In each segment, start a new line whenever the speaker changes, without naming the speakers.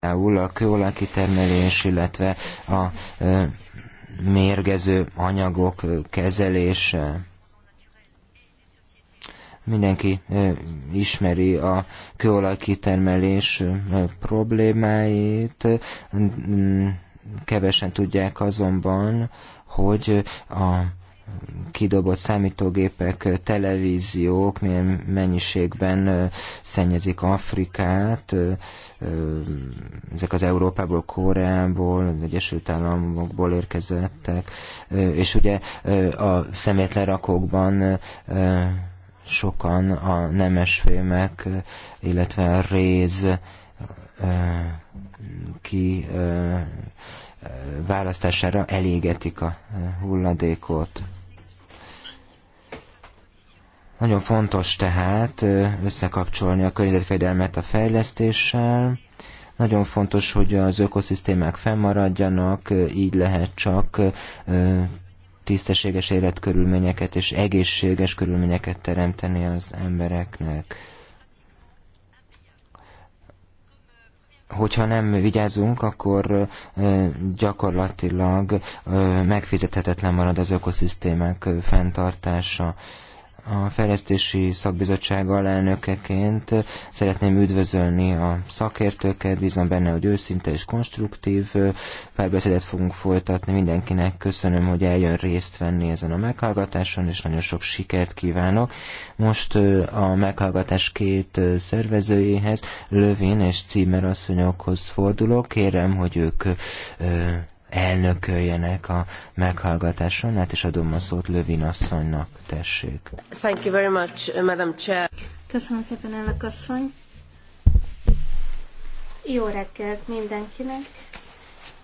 például a kőolajkitermelés, illetve a ö, mérgező anyagok kezelése. Mindenki ö, ismeri a kőolajkitermelés ö, problémáit, kevesen tudják azonban, hogy a kidobott számítógépek, televíziók milyen mennyiségben szennyezik Afrikát, ezek az Európából, Koreából, az Egyesült Államokból érkezettek, és ugye a szemétlen rakókban sokan a nemesfémek, illetve a réz ki választására elégetik a hulladékot. Nagyon fontos tehát összekapcsolni a környezetvédelmet a fejlesztéssel. Nagyon fontos, hogy az ökoszisztémák fennmaradjanak, így lehet csak tisztességes életkörülményeket és egészséges körülményeket teremteni az embereknek. Hogyha nem vigyázunk, akkor gyakorlatilag megfizethetetlen marad az ökoszisztémák fenntartása. A Fejlesztési Szakbizottság alelnökeként szeretném üdvözölni a szakértőket, bízom benne, hogy őszinte és konstruktív párbeszédet fogunk folytatni. Mindenkinek köszönöm, hogy eljön részt venni ezen a meghallgatáson, és nagyon sok sikert kívánok. Most a meghallgatás két szervezőjéhez, Lövin és Címer asszonyokhoz fordulok. Kérem, hogy ők elnököljenek a meghallgatáson. Hát és adom a szót Lövin asszonynak, tessék.
Thank you very much, uh, Madam Chair. Köszönöm szépen, elnök asszony. Jó reggelt mindenkinek,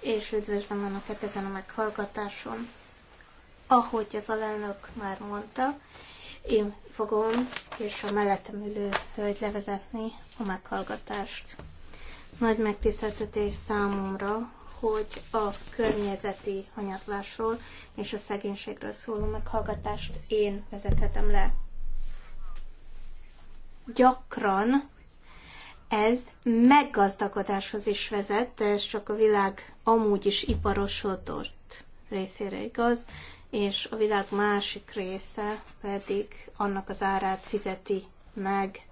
és üdvözlöm Önöket ezen a meghallgatáson. Ahogy az alelnök már mondta, én fogom és a mellettem ülő hölgy levezetni a meghallgatást. Nagy megtiszteltetés számomra, hogy a környezeti hanyatlásról és a szegénységről szóló meghallgatást én vezethetem le. Gyakran ez meggazdagodáshoz is vezet, de ez csak a világ amúgy is iparosodott részére igaz, és a világ másik része pedig annak az árát fizeti meg.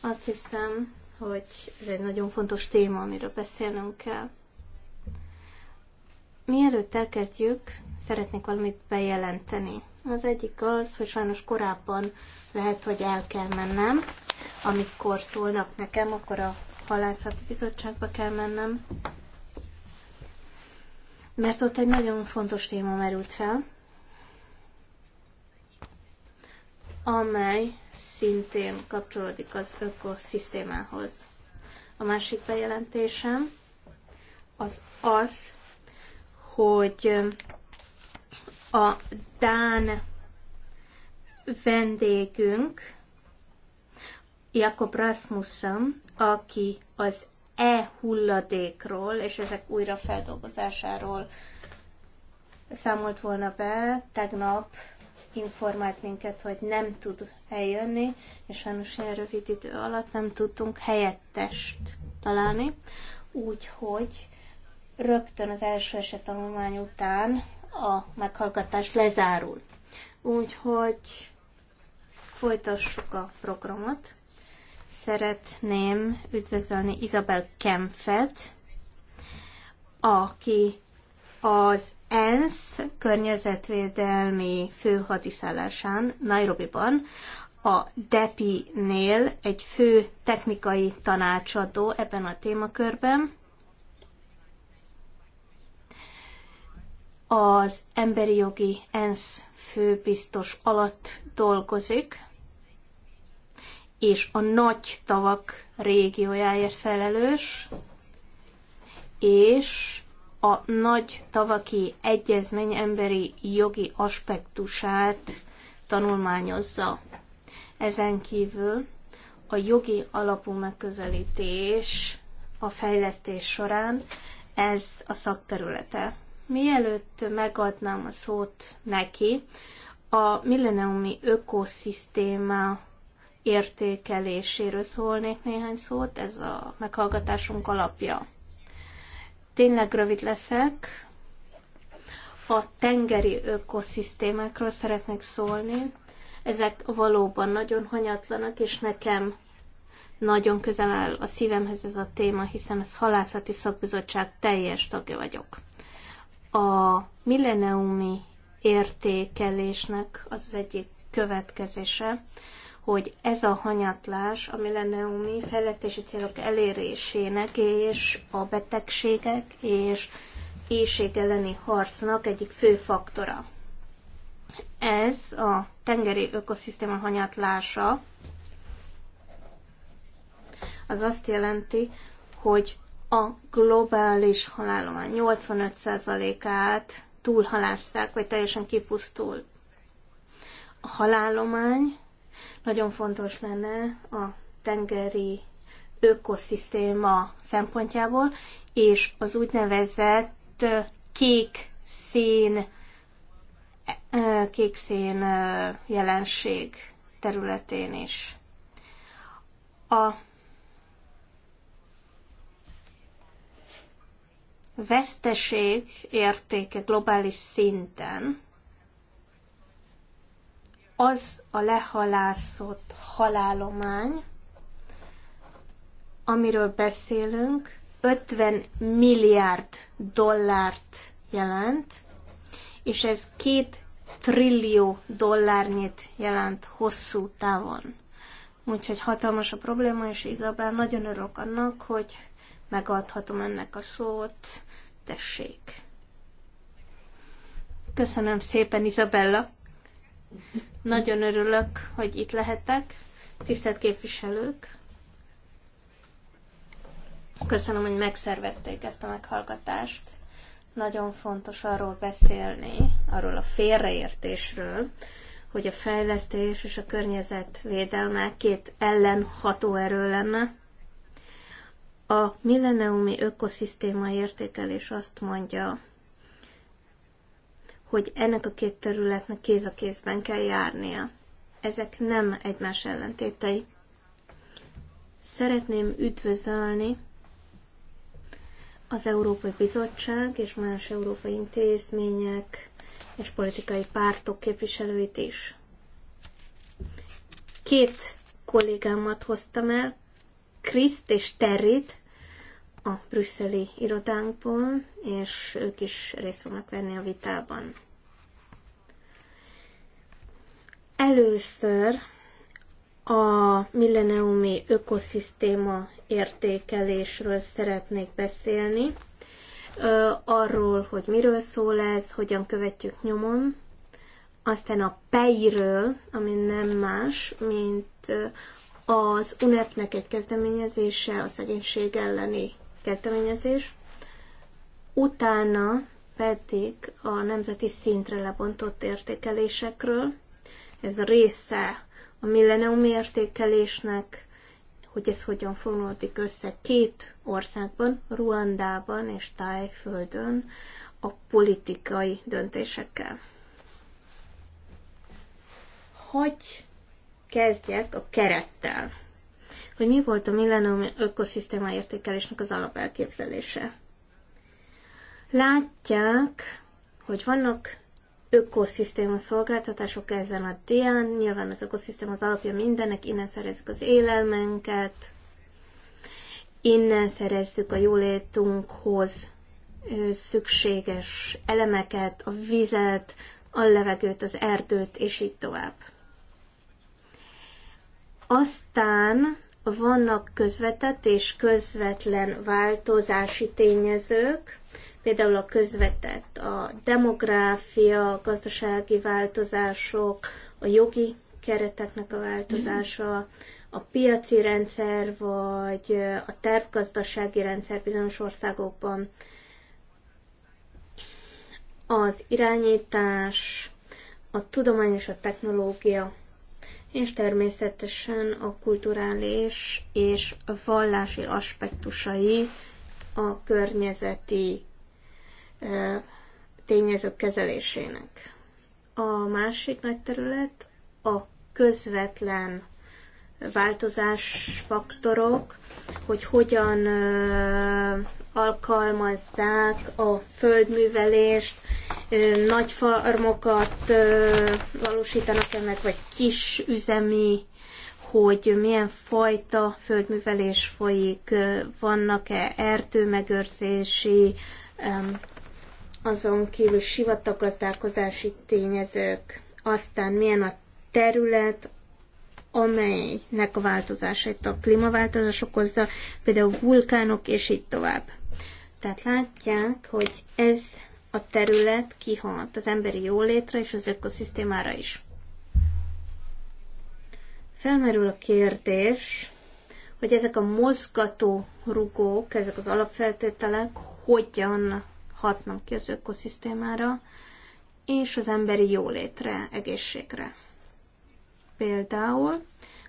Azt hiszem, hogy ez egy nagyon fontos téma, amiről beszélnünk kell. Mielőtt elkezdjük, szeretnék valamit bejelenteni. Az egyik az, hogy sajnos korábban lehet, hogy el kell mennem. Amikor szólnak nekem, akkor a halászati bizottságba kell mennem. Mert ott egy nagyon fontos téma merült fel, amely szintén kapcsolódik az ökoszisztémához. A másik bejelentésem az az, hogy a Dán vendégünk, Jakob Rasmussen, aki az e-hulladékról és ezek újrafeldolgozásáról számolt volna be tegnap informált minket, hogy nem tud eljönni, és sajnos ilyen rövid idő alatt nem tudtunk helyettest találni. Úgyhogy rögtön az első eset tanulmány után a meghallgatás lezárul. Úgyhogy folytassuk a programot. Szeretném üdvözölni Isabel Kempfet, aki az ENSZ környezetvédelmi főhadiszállásán, Nairobiban, a DEPI-nél egy fő technikai tanácsadó ebben a témakörben. Az emberi jogi ENSZ főbiztos alatt dolgozik, és a nagy tavak régiójáért felelős, és a nagy tavaki egyezmény emberi jogi aspektusát tanulmányozza. Ezen kívül a jogi alapú megközelítés a fejlesztés során ez a szakterülete. Mielőtt megadnám a szót neki, a milleniumi ökoszisztéma értékeléséről szólnék néhány szót, ez a meghallgatásunk alapja. Tényleg rövid leszek. A tengeri ökoszisztémákról szeretnék szólni. Ezek valóban nagyon hanyatlanak, és nekem nagyon közel áll a szívemhez ez a téma, hiszen ez halászati szakbizottság teljes tagja vagyok. A milleniumi értékelésnek az, egyik következése, hogy ez a hanyatlás a milleniumi fejlesztési célok elérésének és a betegségek és éjség elleni harcnak egyik fő faktora. Ez a tengeri ökoszisztéma hanyatlása az azt jelenti, hogy a globális halálomány 85%-át túlhalásszák, vagy teljesen kipusztul. A halálomány nagyon fontos lenne a tengeri ökoszisztéma szempontjából, és az úgynevezett kék szén, e, e, kék szén e, jelenség területén is. A veszteség értéke globális szinten az a lehalászott halálomány, amiről beszélünk, 50 milliárd dollárt jelent, és ez két trillió dollárnyit jelent hosszú távon. Úgyhogy hatalmas a probléma, és Izabel, nagyon örülök annak, hogy megadhatom ennek a szót. Tessék! Köszönöm szépen, Izabella! Nagyon örülök, hogy itt lehetek. Tisztelt képviselők! Köszönöm, hogy megszervezték ezt a meghallgatást. Nagyon fontos arról beszélni, arról a félreértésről, hogy a fejlesztés és a környezetvédelme két ellenható erő lenne. A milleniumi ökoszisztéma értékelés azt mondja, hogy ennek a két területnek kéz a kézben kell járnia. Ezek nem egymás ellentétei. Szeretném üdvözölni az Európai Bizottság és más európai intézmények és politikai pártok képviselőit is. Két kollégámat hoztam el, Kriszt és Territ, a brüsszeli irodánkból, és ők is részt fognak venni a vitában. Először a milleniumi ökoszisztéma értékelésről szeretnék beszélni, arról, hogy miről szól ez, hogyan követjük nyomon, aztán a PEI-ről, ami nem más, mint az UNEP-nek egy kezdeményezése a szegénység elleni kezdeményezés, utána pedig a nemzeti szintre lebontott értékelésekről. Ez a része a millenium értékelésnek, hogy ez hogyan fonódik össze két országban, Ruandában és Tájföldön a politikai döntésekkel. Hogy kezdjek a kerettel hogy mi volt a millennium ökoszisztéma értékelésnek az alapelképzelése. Látják, hogy vannak ökoszisztéma szolgáltatások ezen a dián, nyilván az ökoszisztéma az alapja mindennek, innen szerezzük az élelmenket, innen szerezzük a jólétunkhoz szükséges elemeket, a vizet, a levegőt, az erdőt, és így tovább. Aztán vannak közvetett és közvetlen változási tényezők, például a közvetett a demográfia, a gazdasági változások, a jogi kereteknek a változása, a piaci rendszer vagy a tervgazdasági rendszer bizonyos országokban, az irányítás, a tudomány és a technológia és természetesen a kulturális és a vallási aspektusai a környezeti tényezők kezelésének. A másik nagy terület a közvetlen változásfaktorok, hogy hogyan alkalmazzák a földművelést, nagy farmokat valósítanak ennek, vagy kis üzemi, hogy milyen fajta földművelés folyik, vannak-e erdőmegőrzési, azon kívül sivatagazdálkozási tényezők, aztán milyen a terület, amelynek a változásait a klímaváltozás okozza, például vulkánok, és így tovább. Tehát látják, hogy ez a terület kihalt az emberi jólétre és az ökoszisztémára is. Felmerül a kérdés, hogy ezek a mozgató rugók, ezek az alapfeltételek hogyan hatnak ki az ökoszisztémára és az emberi jólétre, egészségre például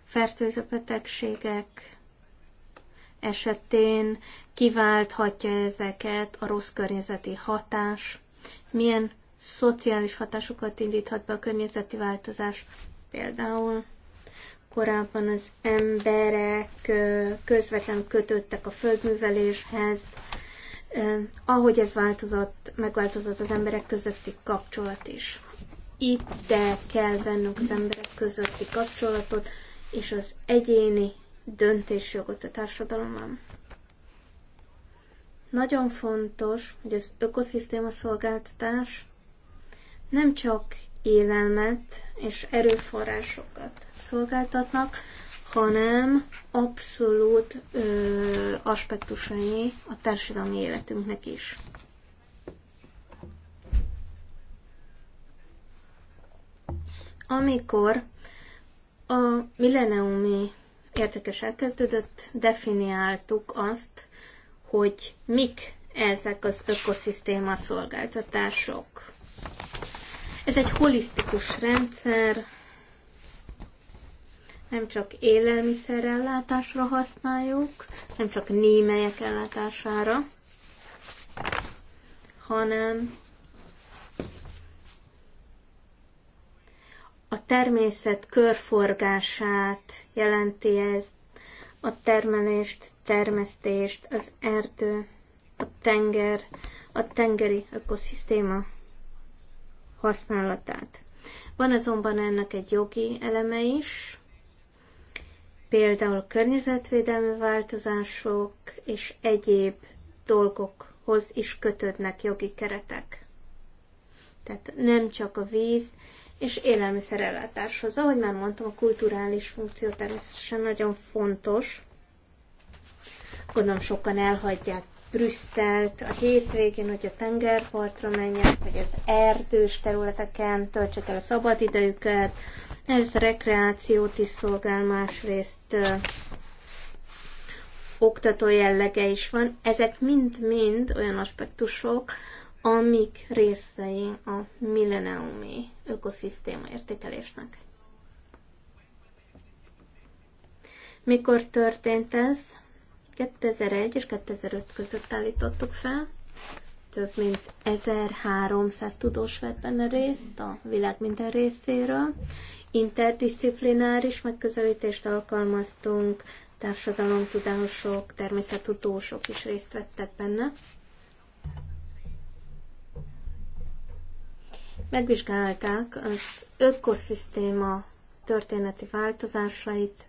fertőző betegségek esetén kiválthatja ezeket a rossz környezeti hatás, milyen szociális hatásokat indíthat be a környezeti változás, például korábban az emberek közvetlenül kötődtek a földműveléshez, ahogy ez változott, megváltozott az emberek közötti kapcsolat is ide kell vennünk az emberek közötti kapcsolatot és az egyéni döntésjogot a társadalomban. Nagyon fontos, hogy az ökoszisztéma szolgáltatás nem csak élelmet és erőforrásokat szolgáltatnak, hanem abszolút ö, aspektusai a társadalmi életünknek is. Amikor a milleniumi értékes elkezdődött, definiáltuk azt, hogy mik ezek az ökoszisztéma szolgáltatások. Ez egy holisztikus rendszer, nem csak élelmiszerellátásra használjuk, nem csak némelyek ellátására, hanem a természet körforgását jelenti ez, a termelést, termesztést, az erdő, a tenger, a tengeri ökoszisztéma használatát. Van azonban ennek egy jogi eleme is, például a környezetvédelmi változások és egyéb dolgokhoz is kötődnek jogi keretek. Tehát nem csak a víz és élelmiszerellátáshoz. Ahogy már mondtam, a kulturális funkció természetesen nagyon fontos. Gondolom sokan elhagyják Brüsszelt a hétvégén, hogy a tengerpartra menjenek, vagy az erdős területeken töltsek el a szabadidejüket. Ez a rekreációt is szolgál, másrészt ö, oktató jellege is van. Ezek mind-mind olyan aspektusok, amik részei a milleniumi ökoszisztéma értékelésnek. Mikor történt ez? 2001 és 2005 között állítottuk fel. Több mint 1300 tudós vett benne részt a világ minden részéről. Interdisziplináris megközelítést alkalmaztunk, társadalomtudósok, természettudósok is részt vettek benne megvizsgálták az ökoszisztéma történeti változásait,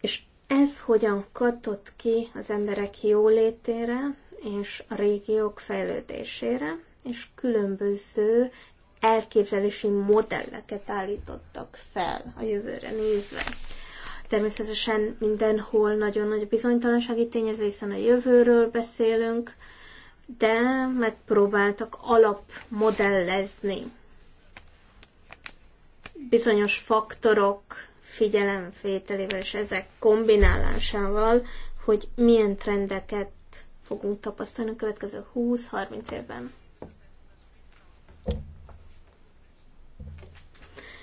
és ez hogyan katott ki az emberek jólétére és a régiók fejlődésére, és különböző elképzelési modelleket állítottak fel a jövőre nézve. Természetesen mindenhol nagyon nagy bizonytalansági tényező, hiszen a jövőről beszélünk, de megpróbáltak alapmodellezni bizonyos faktorok figyelemfételével és ezek kombinálásával, hogy milyen trendeket fogunk tapasztalni a következő 20-30 évben.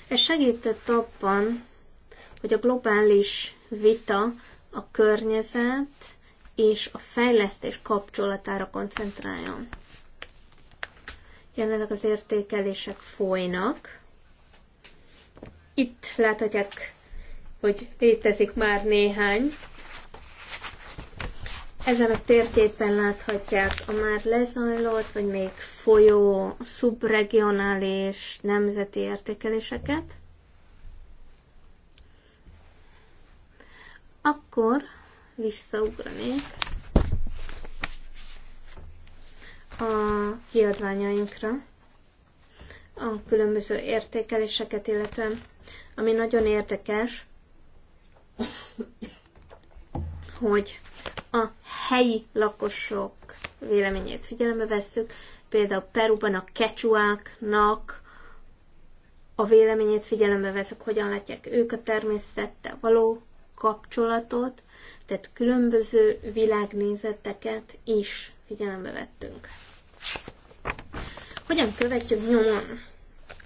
Ez segített abban, hogy a globális vita a környezet és a fejlesztés kapcsolatára koncentráljon. Jelenleg az értékelések folynak. Itt láthatják, hogy létezik már néhány. Ezen a térképen láthatják a már lezajlott, vagy még folyó, szubregionális nemzeti értékeléseket. Akkor visszaugranék a kiadványainkra, a különböző értékeléseket illetve ami nagyon érdekes, hogy a helyi lakosok véleményét figyelembe vesszük, például Peruban a kecsuáknak a véleményét figyelembe veszük, hogyan látják ők a természettel való kapcsolatot, tehát különböző világnézeteket is figyelembe vettünk. Hogyan követjük nyomon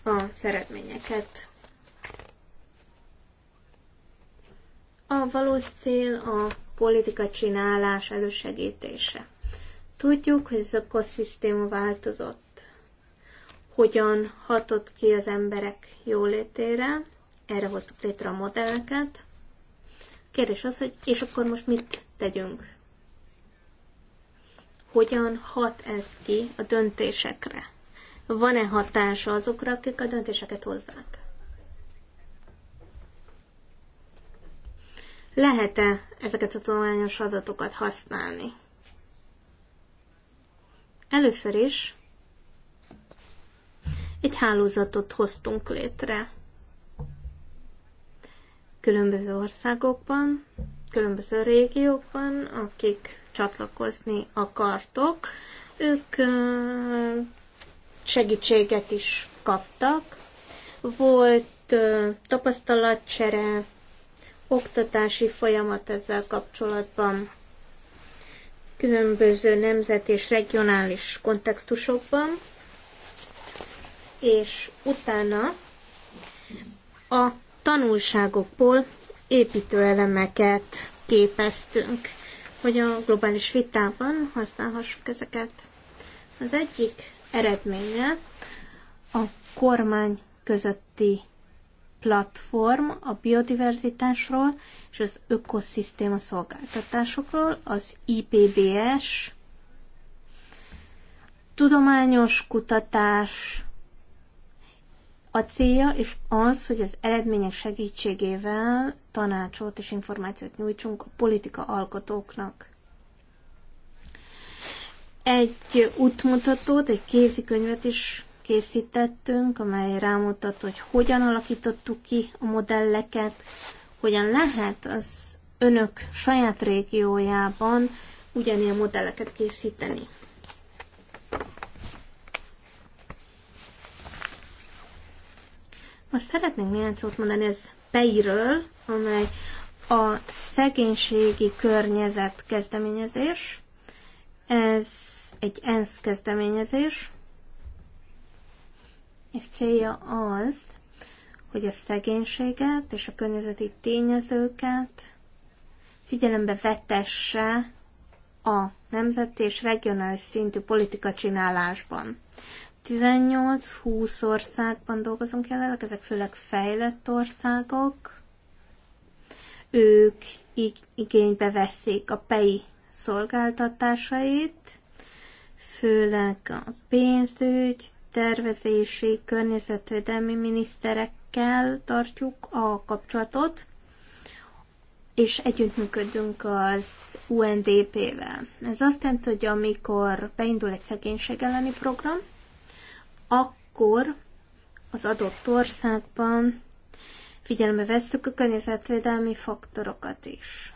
a szeretményeket? A valós cél a politika csinálás elősegítése. Tudjuk, hogy ez a koszisztéma változott, hogyan hatott ki az emberek jólétére, erre hoztuk létre a modelleket, Kérdés az, hogy és akkor most mit tegyünk? Hogyan hat ez ki a döntésekre? Van-e hatása azokra, akik a döntéseket hozzák? Lehet-e ezeket a tudományos adatokat használni? Először is egy hálózatot hoztunk létre különböző országokban, különböző régiókban, akik csatlakozni akartok, ők segítséget is kaptak. Volt tapasztalatcsere, oktatási folyamat ezzel kapcsolatban, különböző nemzet és regionális kontextusokban, és utána a tanulságokból építőelemeket képeztünk, hogy a globális vitában használhassuk ezeket. Az egyik eredménye a kormány közötti platform a biodiverzitásról és az ökoszisztéma szolgáltatásokról, az IPBS, tudományos kutatás, a célja és az, hogy az eredmények segítségével tanácsot és információt nyújtsunk a politika alkotóknak. Egy útmutatót, egy kézikönyvet is készítettünk, amely rámutat, hogy hogyan alakítottuk ki a modelleket, hogyan lehet az önök saját régiójában ugyanilyen modelleket készíteni. most szeretnénk néhány szót mondani az PEI-ről, amely a szegénységi környezet kezdeményezés. Ez egy ENSZ kezdeményezés, és célja az, hogy a szegénységet és a környezeti tényezőket figyelembe vetesse a nemzeti és regionális szintű politika csinálásban. 18-20 országban dolgozunk jelenleg, ezek főleg fejlett országok. Ők igénybe veszik a PEI szolgáltatásait, főleg a pénzügy, tervezési, környezetvédelmi miniszterekkel tartjuk a kapcsolatot, és együttműködünk az UNDP-vel. Ez azt jelenti, hogy amikor beindul egy szegénység elleni program, akkor az adott országban figyelme vesszük a környezetvédelmi faktorokat is.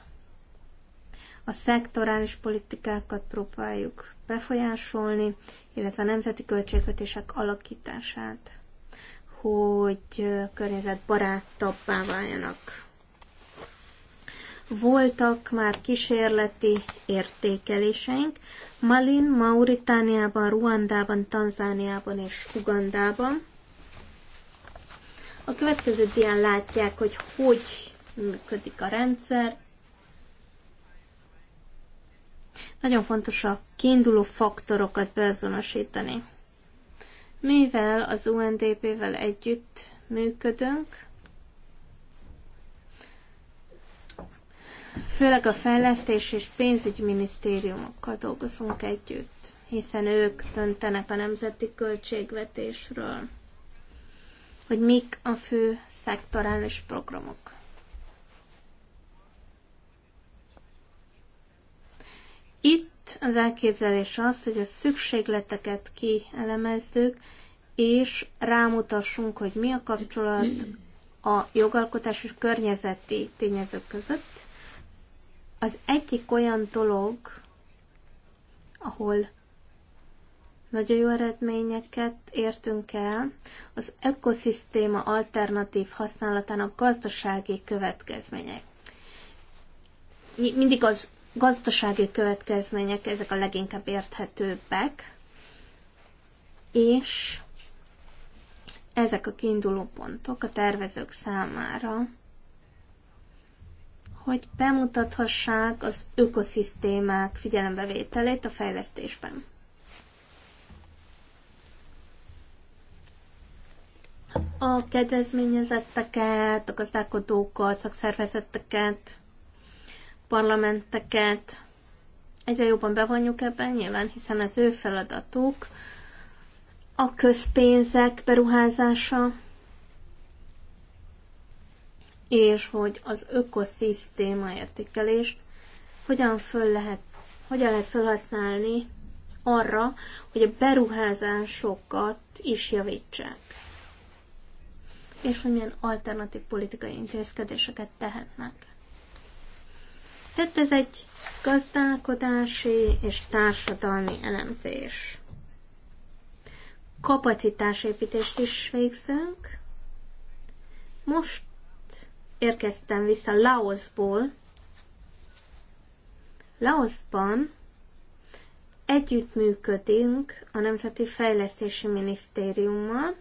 A szektorális politikákat próbáljuk befolyásolni, illetve a nemzeti költségvetések alakítását, hogy környezetbarátabbá váljanak. Voltak már kísérleti értékeléseink Malin, Mauritániában, Ruandában, Tanzániában és Ugandában. A következő dián látják, hogy hogy működik a rendszer. Nagyon fontos a kiinduló faktorokat beazonosítani. Mivel az UNDP-vel együtt működünk, főleg a fejlesztés és pénzügyminisztériumokkal dolgozunk együtt, hiszen ők döntenek a nemzeti költségvetésről, hogy mik a fő szektorális programok. Itt az elképzelés az, hogy a szükségleteket kielemezzük, és rámutassunk, hogy mi a kapcsolat a jogalkotás és környezeti tényezők között, az egyik olyan dolog, ahol nagyon jó eredményeket értünk el, az ökoszisztéma alternatív használatának gazdasági következményei. Mindig az gazdasági következmények, ezek a leginkább érthetőbbek, és ezek a kiinduló pontok a tervezők számára hogy bemutathassák az ökoszisztémák figyelembevételét a fejlesztésben. A kedvezményezetteket, a gazdálkodókat, szakszervezeteket, parlamenteket egyre jobban bevonjuk ebben, nyilván, hiszen az ő feladatuk a közpénzek beruházása, és hogy az ökoszisztéma értékelést hogyan, föl lehet, hogyan lehet felhasználni arra, hogy a beruházásokat is javítsák. És hogy milyen alternatív politikai intézkedéseket tehetnek. Tehát ez egy gazdálkodási és társadalmi elemzés. Kapacitásépítést is végzünk. Most érkeztem vissza Laosból. Laosban együttműködünk a Nemzeti Fejlesztési Minisztériummal.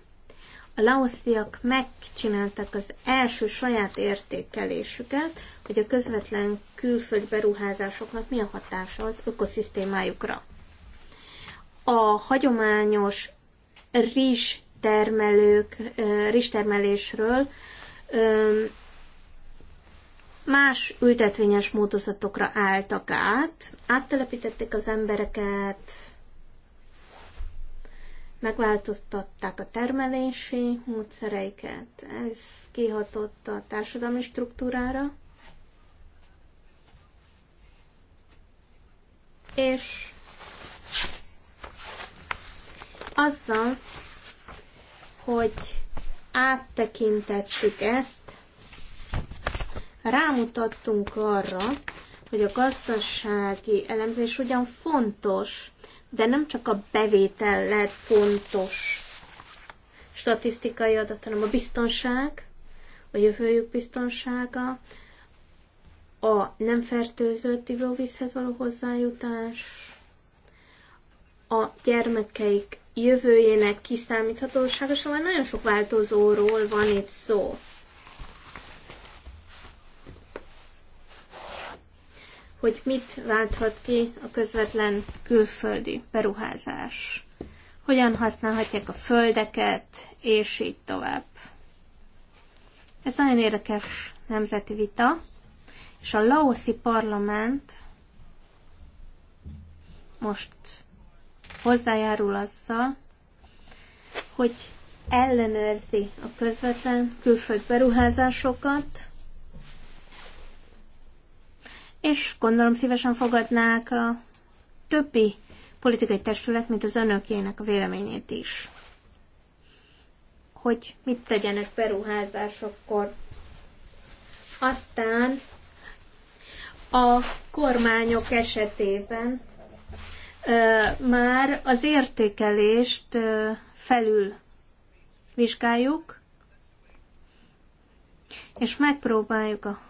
A laosziak megcsináltak az első saját értékelésüket, hogy a közvetlen külföldi beruházásoknak mi a hatása az ökoszisztémájukra. A hagyományos rizs termelők, eh, rizstermelésről más ültetvényes módozatokra álltak át, áttelepítették az embereket, megváltoztatták a termelési módszereiket, ez kihatott a társadalmi struktúrára, és azzal, hogy áttekintettük ezt, rámutattunk arra, hogy a gazdasági elemzés ugyan fontos, de nem csak a bevétel lehet fontos statisztikai adat, hanem a biztonság, a jövőjük biztonsága, a nem fertőzött ivóvízhez való hozzájutás, a gyermekeik jövőjének kiszámíthatósága, szóval nagyon sok változóról van itt szó. hogy mit válthat ki a közvetlen külföldi beruházás, hogyan használhatják a földeket, és így tovább. Ez nagyon érdekes nemzeti vita, és a laoszi parlament most hozzájárul azzal, hogy ellenőrzi a közvetlen külföld beruházásokat, és gondolom szívesen fogadnák a többi politikai testület, mint az önökének a véleményét is. Hogy mit tegyenek beruházásokkor. Aztán a kormányok esetében ö, már az értékelést ö, felül vizsgáljuk, és megpróbáljuk a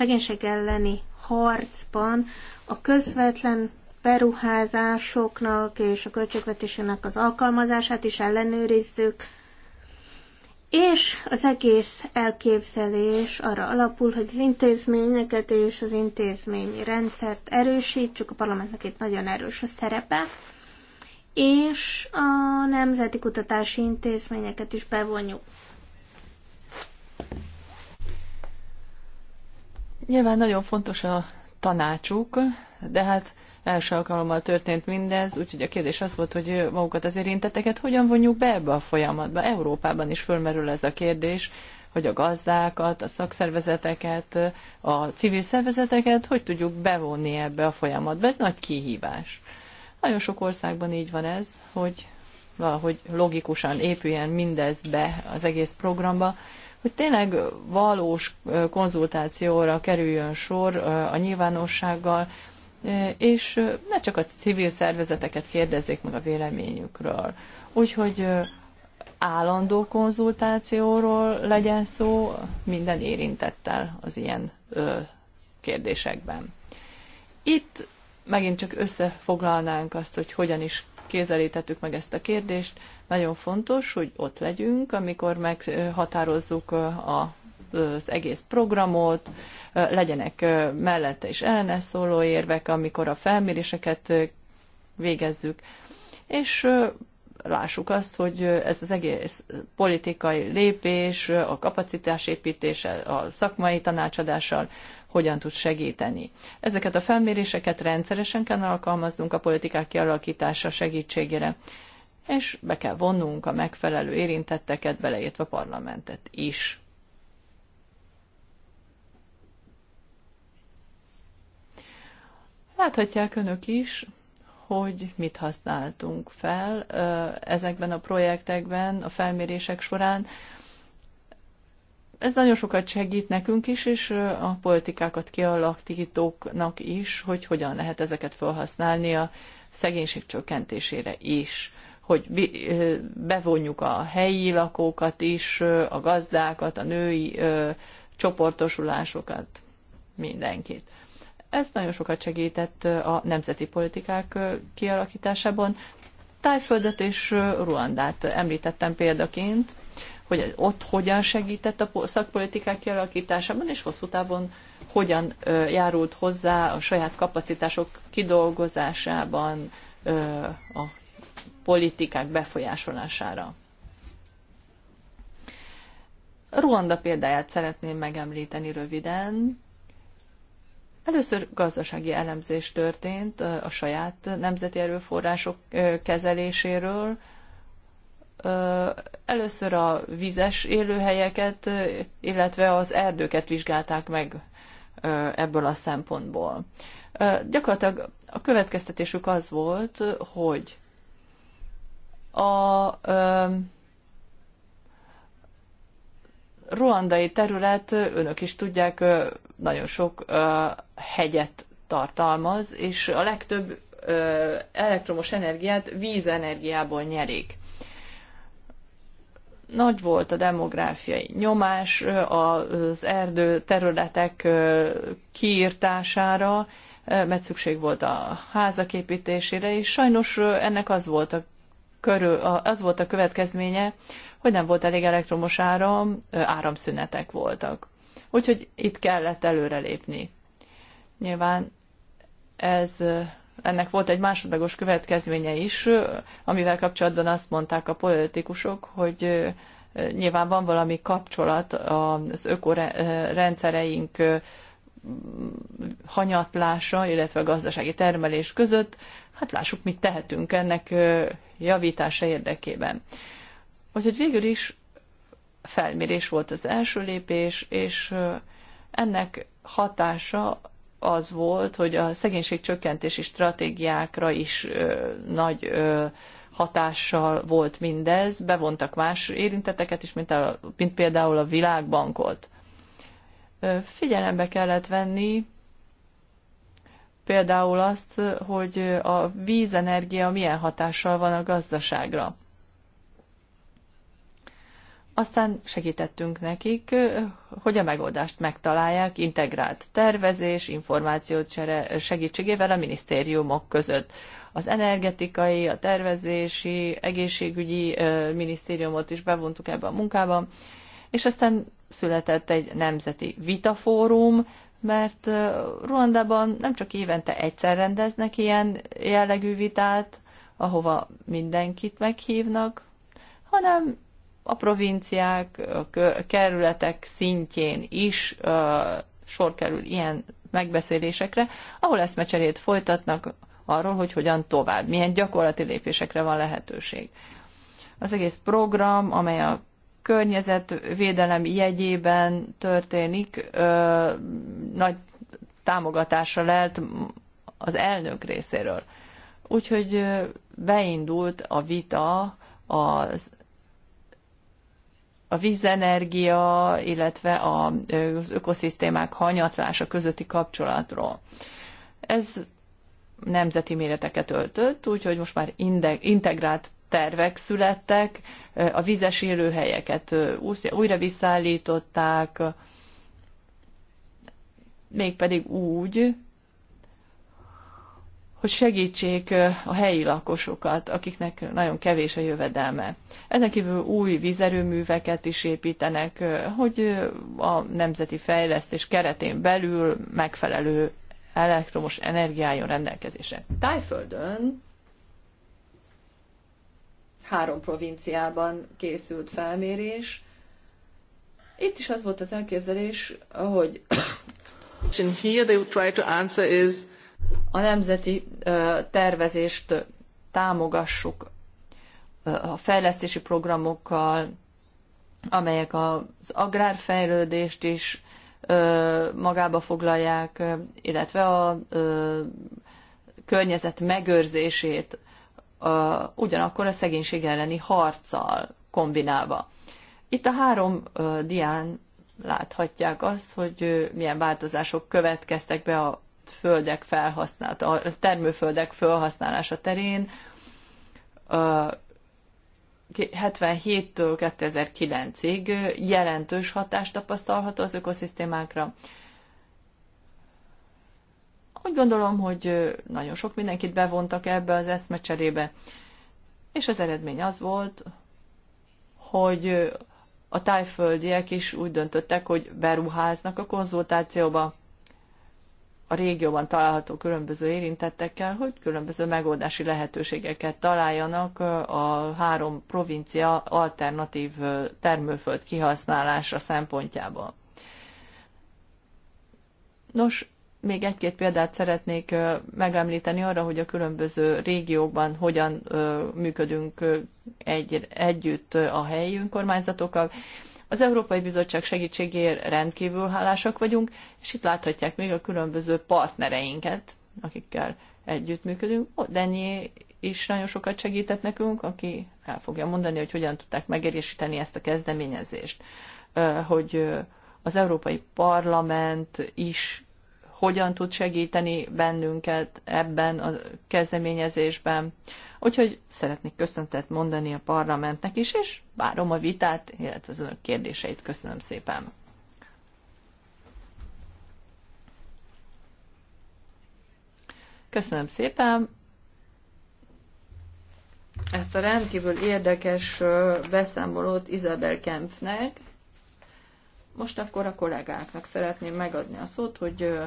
szegénység elleni harcban a közvetlen beruházásoknak és a költségvetésének az alkalmazását is ellenőrizzük, és az egész elképzelés arra alapul, hogy az intézményeket és az intézményi rendszert erősítsük, a parlamentnek itt nagyon erős a szerepe, és a nemzeti kutatási intézményeket is bevonjuk.
Nyilván nagyon fontos a tanácsuk, de hát első alkalommal történt mindez, úgyhogy a kérdés az volt, hogy magukat az érintetteket hogyan vonjuk be ebbe a folyamatba. Európában is fölmerül ez a kérdés, hogy a gazdákat, a szakszervezeteket, a civil szervezeteket hogy tudjuk bevonni ebbe a folyamatba. Ez nagy kihívás. Nagyon sok országban így van ez, hogy valahogy logikusan épüljen mindez be az egész programba, hogy tényleg valós konzultációra kerüljön sor a nyilvánossággal, és ne csak a civil szervezeteket kérdezzék meg a véleményükről. Úgyhogy állandó konzultációról legyen szó minden érintettel az ilyen kérdésekben. Itt megint csak összefoglalnánk azt, hogy hogyan is kézelítettük meg ezt a kérdést. Nagyon fontos, hogy ott legyünk, amikor meghatározzuk a az egész programot, legyenek mellette is ellene szóló érvek, amikor a felméréseket végezzük, és lássuk azt, hogy ez az egész politikai lépés, a kapacitásépítés, a szakmai tanácsadással hogyan tud segíteni. Ezeket a felméréseket rendszeresen kell alkalmaznunk a politikák kialakítása segítségére és be kell vonnunk a megfelelő érintetteket, beleértve a parlamentet is. Láthatják önök is, hogy mit használtunk fel ezekben a projektekben, a felmérések során. Ez nagyon sokat segít nekünk is, és a politikákat kialakítóknak is, hogy hogyan lehet ezeket felhasználni a szegénység csökkentésére is hogy bevonjuk a helyi lakókat is, a gazdákat, a női csoportosulásokat, mindenkit. Ez nagyon sokat segített a nemzeti politikák kialakításában. Tájföldet és Ruandát említettem példaként, hogy ott hogyan segített a szakpolitikák kialakításában, és hosszú távon hogyan járult hozzá a saját kapacitások kidolgozásában, a politikák befolyásolására. Ruanda példáját szeretném megemlíteni röviden. Először gazdasági elemzés történt a saját nemzeti erőforrások kezeléséről. Először a vizes élőhelyeket, illetve az erdőket vizsgálták meg ebből a szempontból. Gyakorlatilag a következtetésük az volt, hogy a ö, ruandai terület, önök is tudják, nagyon sok ö, hegyet tartalmaz, és a legtöbb ö, elektromos energiát vízenergiából nyerik. Nagy volt a demográfiai nyomás az erdő területek kiírtására, mert szükség volt a házak építésére, és sajnos ennek az volt a körül, az volt a következménye, hogy nem volt elég elektromos áram, áramszünetek voltak. Úgyhogy itt kellett előrelépni. Nyilván ez ennek volt egy másodlagos következménye is, amivel kapcsolatban azt mondták a politikusok, hogy nyilván van valami kapcsolat az ökorendszereink hanyatlása, illetve a gazdasági termelés között. Hát lássuk, mit tehetünk ennek javítása érdekében. Úgyhogy végül is felmérés volt az első lépés, és ennek hatása az volt, hogy a szegénység csökkentési stratégiákra is ö, nagy ö, hatással volt mindez, bevontak más érinteteket is, mint, a, mint például a világbankot. Ö, figyelembe kellett venni például azt, hogy a vízenergia milyen hatással van a gazdaságra. Aztán segítettünk nekik, hogy a megoldást megtalálják integrált tervezés, információcsere segítségével a minisztériumok között. Az energetikai, a tervezési, egészségügyi minisztériumot is bevontuk ebbe a munkába, és aztán született egy nemzeti vitafórum, mert Ruandában nem csak évente egyszer rendeznek ilyen jellegű vitát, ahova mindenkit meghívnak, hanem a provinciák, a kerületek szintjén is sor kerül ilyen megbeszélésekre, ahol eszmecserét folytatnak arról, hogy hogyan tovább, milyen gyakorlati lépésekre van lehetőség. Az egész program, amely a környezetvédelem jegyében történik, ö, nagy támogatásra lelt az elnök részéről. Úgyhogy beindult a vita az a vízenergia, illetve az ökoszisztémák hanyatlása közötti kapcsolatról. Ez nemzeti méreteket öltött, úgyhogy most már integrált tervek születtek, a vizes élőhelyeket újra visszaállították, mégpedig úgy, hogy segítsék a helyi lakosokat, akiknek nagyon kevés a jövedelme. Ezen kívül új vízerőműveket is építenek, hogy a nemzeti fejlesztés keretén belül megfelelő elektromos energiájon rendelkezésre. Tájföldön három provinciában készült felmérés. Itt is az volt az elképzelés, hogy a nemzeti tervezést támogassuk a fejlesztési programokkal, amelyek az agrárfejlődést is magába foglalják, illetve a környezet megőrzését a, ugyanakkor a szegénység elleni harccal kombinálva. Itt a három a, dián láthatják azt, hogy milyen változások következtek be a földek felhasználata, a termőföldek felhasználása terén. 77-től 2009-ig jelentős hatást tapasztalható az ökoszisztémákra. Úgy gondolom, hogy nagyon sok mindenkit bevontak ebbe az eszmecserébe. És az eredmény az volt, hogy a tájföldiek is úgy döntöttek, hogy beruháznak a konzultációba a régióban található különböző érintettekkel, hogy különböző megoldási lehetőségeket találjanak a három provincia alternatív termőföld kihasználása szempontjából. Nos, még egy-két példát szeretnék megemlíteni arra, hogy a különböző régiókban hogyan működünk egy, együtt a helyi önkormányzatokkal. Az Európai Bizottság segítségéért rendkívül hálásak vagyunk, és itt láthatják még a különböző partnereinket, akikkel együttműködünk. Dennyi is nagyon sokat segített nekünk, aki el fogja mondani, hogy hogyan tudták megerősíteni ezt a kezdeményezést, hogy az Európai Parlament is hogyan tud segíteni bennünket ebben a kezdeményezésben. Úgyhogy szeretnék köszöntet mondani a parlamentnek is, és várom a vitát, illetve az önök kérdéseit. Köszönöm szépen. Köszönöm szépen ezt a rendkívül érdekes beszámolót Isabel Kempfnek. Most akkor a kollégáknak szeretném megadni a szót, hogy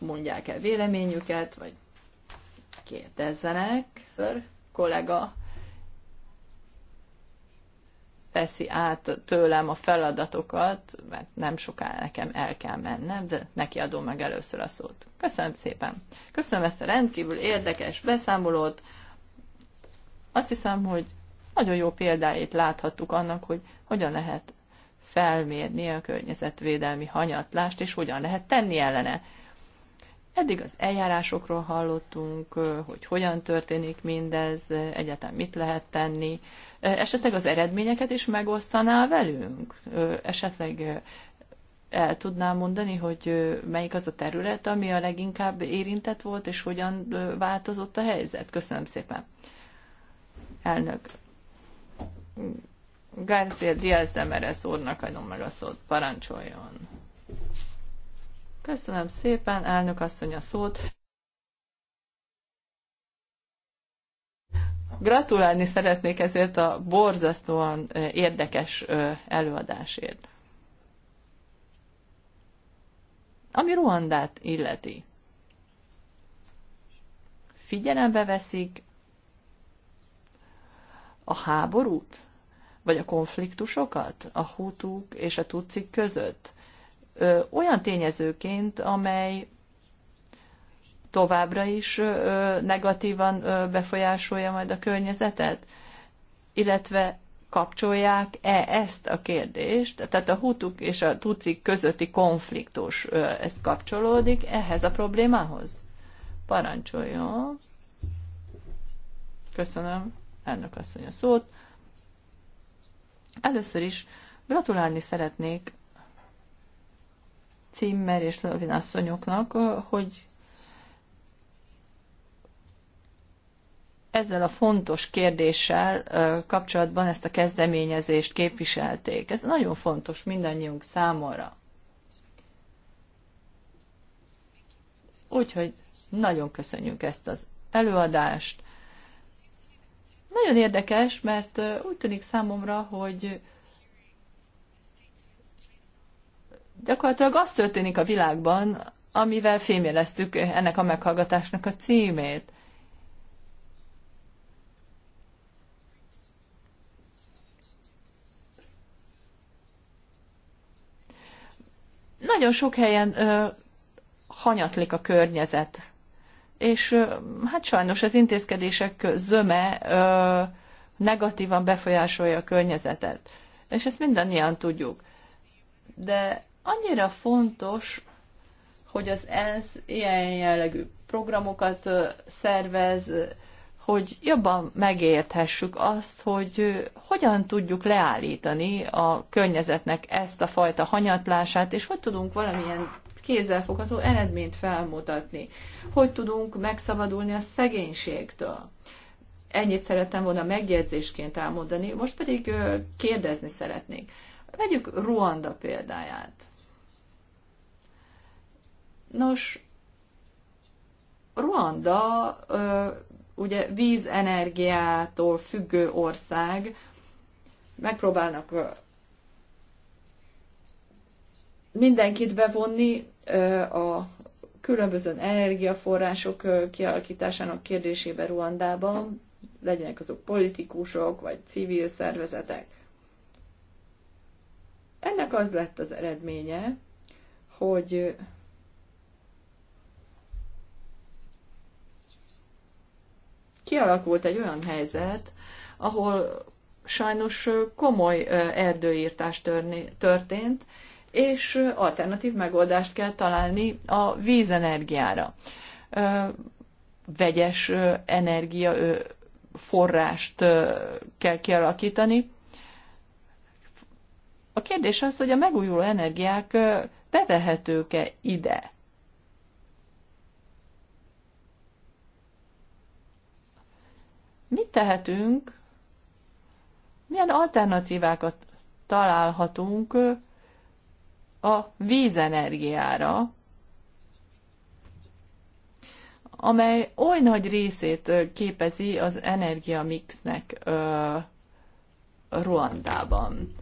mondják el véleményüket, vagy kérdezzenek. Ször kollega veszi át tőlem a feladatokat, mert nem soká nekem el kell mennem, de neki adom meg először a szót. Köszönöm szépen. Köszönöm ezt a rendkívül érdekes beszámolót. Azt hiszem, hogy nagyon jó példáit láthattuk annak, hogy hogyan lehet felmérni a környezetvédelmi hanyatlást, és hogyan lehet tenni ellene. Eddig az eljárásokról hallottunk, hogy hogyan történik mindez, egyáltalán mit lehet tenni. Esetleg az eredményeket is megosztaná velünk? Esetleg el tudnám mondani, hogy melyik az a terület, ami a leginkább érintett volt, és hogyan változott a helyzet? Köszönöm szépen. Elnök. García Diaz de Merez úrnak adom meg a szót. Parancsoljon. Köszönöm szépen, elnök asszony a szót. Gratulálni szeretnék ezért a borzasztóan érdekes előadásért. Ami Ruandát illeti. Figyelembe veszik a háborút, vagy a konfliktusokat a hútuk és a tucik között olyan tényezőként, amely továbbra is negatívan befolyásolja majd a környezetet, illetve kapcsolják-e ezt a kérdést, tehát a hutuk és a tucik közötti konfliktus, ez kapcsolódik ehhez a problémához? Parancsoljon! Köszönöm, elnök asszony a szót. Először is gratulálni szeretnék Cimmer és Lövin asszonyoknak, hogy ezzel a fontos kérdéssel kapcsolatban ezt a kezdeményezést képviselték. Ez nagyon fontos mindannyiunk számára. Úgyhogy nagyon köszönjük ezt az előadást. Nagyon érdekes, mert úgy tűnik számomra, hogy Gyakorlatilag az történik a világban, amivel fémjeleztük ennek a meghallgatásnak a címét. Nagyon sok helyen ö, hanyatlik a környezet, és ö, hát sajnos az intézkedések zöme ö, negatívan befolyásolja a környezetet. És ezt mindannyian tudjuk. De annyira fontos, hogy az ENSZ ilyen jellegű programokat szervez, hogy jobban megérthessük azt, hogy hogyan tudjuk leállítani a környezetnek ezt a fajta hanyatlását, és hogy tudunk valamilyen kézzelfogható eredményt felmutatni, hogy tudunk megszabadulni a szegénységtől. Ennyit szerettem volna megjegyzésként elmondani, most pedig kérdezni szeretnék. Vegyük Ruanda példáját. Nos, Ruanda ugye vízenergiától függő ország, megpróbálnak mindenkit bevonni a különböző energiaforrások kialakításának kérdésébe Ruandában, legyenek azok politikusok vagy civil szervezetek. Ennek az lett az eredménye, hogy kialakult egy olyan helyzet, ahol sajnos komoly erdőírtás történt, és alternatív megoldást kell találni a vízenergiára. Vegyes energia forrást kell kialakítani. A kérdés az, hogy a megújuló energiák bevehetők-e ide? Mit tehetünk? Milyen alternatívákat találhatunk a vízenergiára, amely oly nagy részét képezi az energiamixnek Ruandában.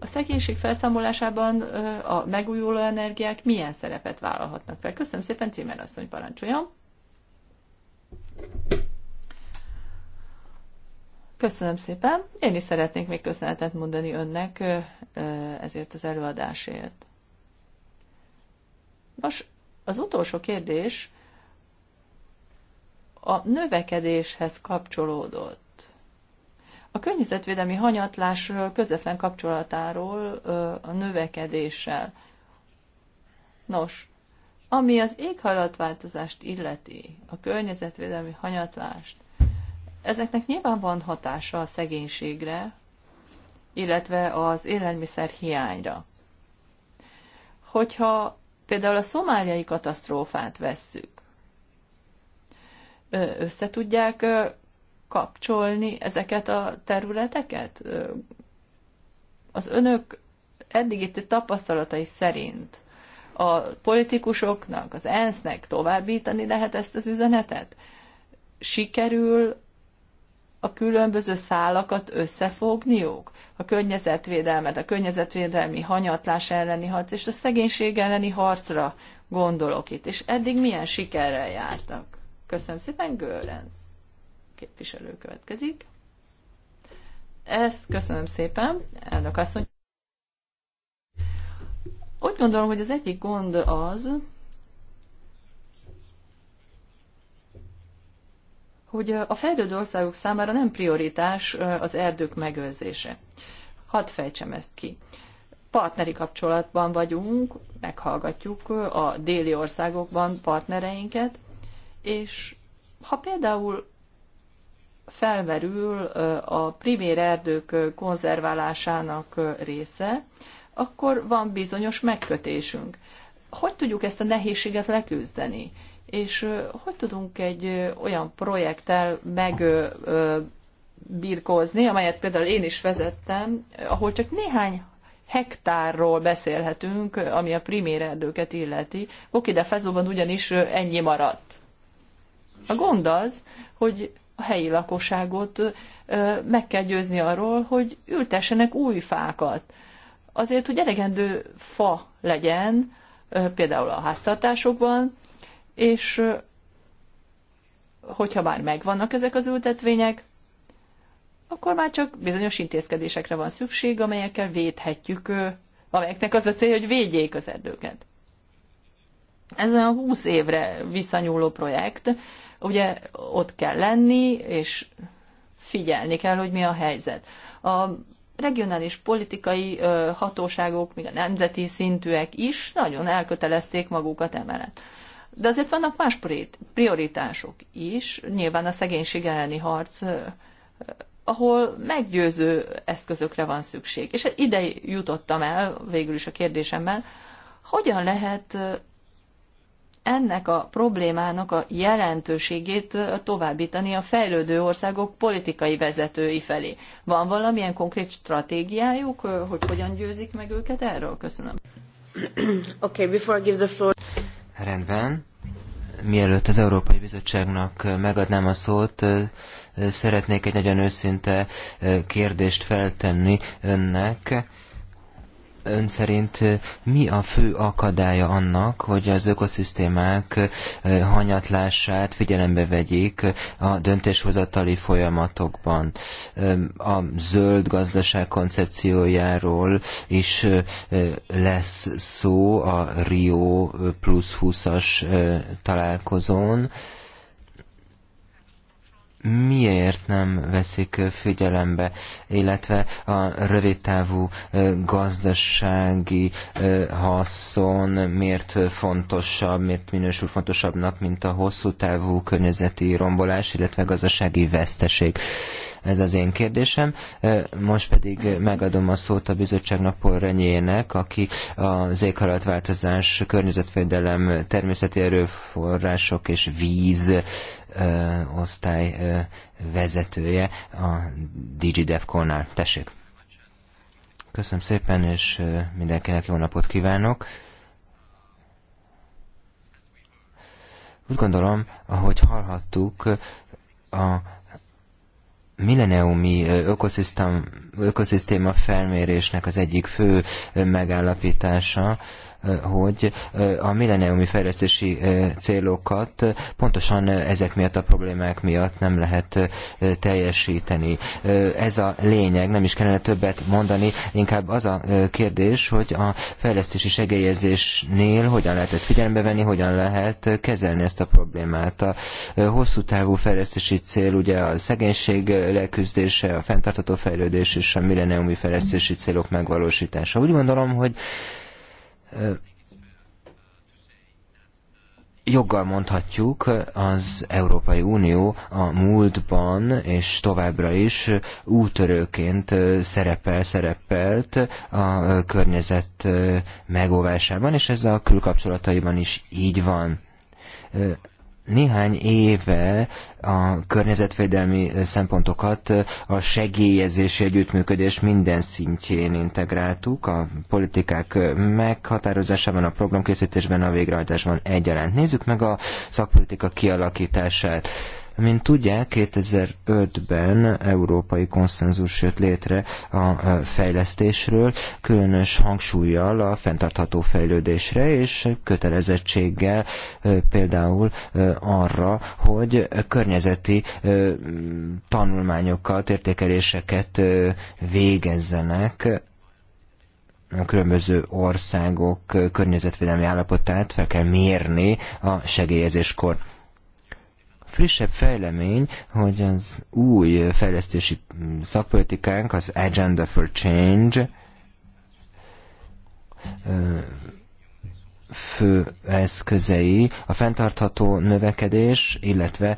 A szegénység felszámolásában a megújuló energiák milyen szerepet vállalhatnak fel? Köszönöm szépen, Címer asszony, parancsoljon! Köszönöm szépen. Én is szeretnék még köszönetet mondani önnek ezért az előadásért. Nos, az utolsó kérdés a növekedéshez kapcsolódott. A környezetvédelmi hanyatlás közvetlen kapcsolatáról a növekedéssel. Nos, ami az éghajlatváltozást illeti, a környezetvédelmi hanyatlást, Ezeknek nyilván van hatása a szegénységre, illetve az élelmiszer hiányra. Hogyha például a szomáliai katasztrófát vesszük, összetudják kapcsolni ezeket a területeket? Az önök itt tapasztalatai szerint a politikusoknak, az ENSZ-nek továbbítani lehet ezt az üzenetet? Sikerül a különböző szálakat összefogniuk? A környezetvédelmet, a környezetvédelmi hanyatlás elleni harc és a szegénység elleni harcra gondolok itt. És eddig milyen sikerrel jártak? Köszönöm szépen, Görenc képviselő következik. Ezt köszönöm szépen, elnök asszony. Úgy gondolom, hogy az egyik gond az, hogy a fejlődő országok számára nem prioritás az erdők megőrzése. Hadd fejtsem ezt ki. Partneri kapcsolatban vagyunk, meghallgatjuk a déli országokban partnereinket, és ha például felmerül a primér erdők konzerválásának része, akkor van bizonyos megkötésünk. Hogy tudjuk ezt a nehézséget leküzdeni? és hogy tudunk egy olyan projekttel megbirkózni, amelyet például én is vezettem, ahol csak néhány hektárról beszélhetünk, ami a primér erdőket illeti. de Fezóban ugyanis ennyi maradt. A gond az, hogy a helyi lakosságot meg kell győzni arról, hogy ültessenek új fákat. Azért, hogy elegendő fa legyen, például a háztartásokban, és hogyha már megvannak ezek az ültetvények, akkor már csak bizonyos intézkedésekre van szükség, amelyekkel védhetjük, amelyeknek az a cél, hogy védjék az erdőket. Ez olyan 20 évre visszanyúló projekt, ugye ott kell lenni, és figyelni kell, hogy mi a helyzet. A regionális politikai hatóságok, még a nemzeti szintűek is nagyon elkötelezték magukat emellett. De azért vannak más prioritások is, nyilván a szegénység elleni harc, ahol meggyőző eszközökre van szükség. És ide jutottam el végül is a kérdésemmel, hogyan lehet ennek a problémának a jelentőségét továbbítani a fejlődő országok politikai vezetői felé. Van valamilyen konkrét stratégiájuk, hogy hogyan győzik meg őket erről? Köszönöm.
Okay, before I give the floor...
Rendben. Mielőtt az Európai Bizottságnak megadnám a szót, szeretnék egy nagyon őszinte kérdést feltenni önnek ön szerint mi a fő akadálya annak, hogy az ökoszisztémák hanyatlását figyelembe vegyék a döntéshozatali folyamatokban? A zöld gazdaság koncepciójáról is lesz szó a Rio plusz 20-as találkozón miért nem veszik figyelembe, illetve a rövidtávú gazdasági haszon miért fontosabb, miért minősül fontosabbnak, mint a hosszú távú környezeti rombolás, illetve gazdasági veszteség. Ez az én kérdésem. Most pedig megadom a szót a bizottságnak Paul Renyének, aki az éghajlatváltozás, környezetvédelem, természeti erőforrások és víz osztály vezetője a DigiDevCon-nál. Tessék! Köszönöm szépen, és mindenkinek jó napot kívánok! Úgy gondolom, ahogy hallhattuk, a milleniumi ökoszisztéma felmérésnek az egyik fő megállapítása, hogy a milleniumi fejlesztési célokat pontosan ezek miatt a problémák miatt nem lehet teljesíteni. Ez a lényeg, nem is kellene többet mondani, inkább az a kérdés, hogy a fejlesztési segélyezésnél hogyan lehet ezt figyelembe venni, hogyan lehet kezelni ezt a problémát. A hosszú távú fejlesztési cél ugye a szegénység leküzdése, a fenntartható fejlődés és a milleniumi fejlesztési célok megvalósítása. Úgy gondolom, hogy joggal mondhatjuk, az Európai Unió a múltban és továbbra is útörőként szerepel, szerepelt a környezet megóvásában, és ez a külkapcsolataiban is így van néhány éve a környezetvédelmi szempontokat a segélyezési együttműködés minden szintjén integráltuk, a politikák meghatározásában, a programkészítésben, a végrehajtásban egyaránt. Nézzük meg a szakpolitika kialakítását. Mint tudják, 2005-ben európai konszenzus jött létre a e, fejlesztésről, különös hangsúlyjal a fenntartható fejlődésre, és kötelezettséggel e, például e, arra, hogy környezeti tanulmányokat, értékeléseket végezzenek a különböző országok környezetvédelmi állapotát fel kell mérni a segélyezéskor frissebb fejlemény, hogy az új fejlesztési szakpolitikánk, az Agenda for Change, fő eszközei a fenntartható növekedés, illetve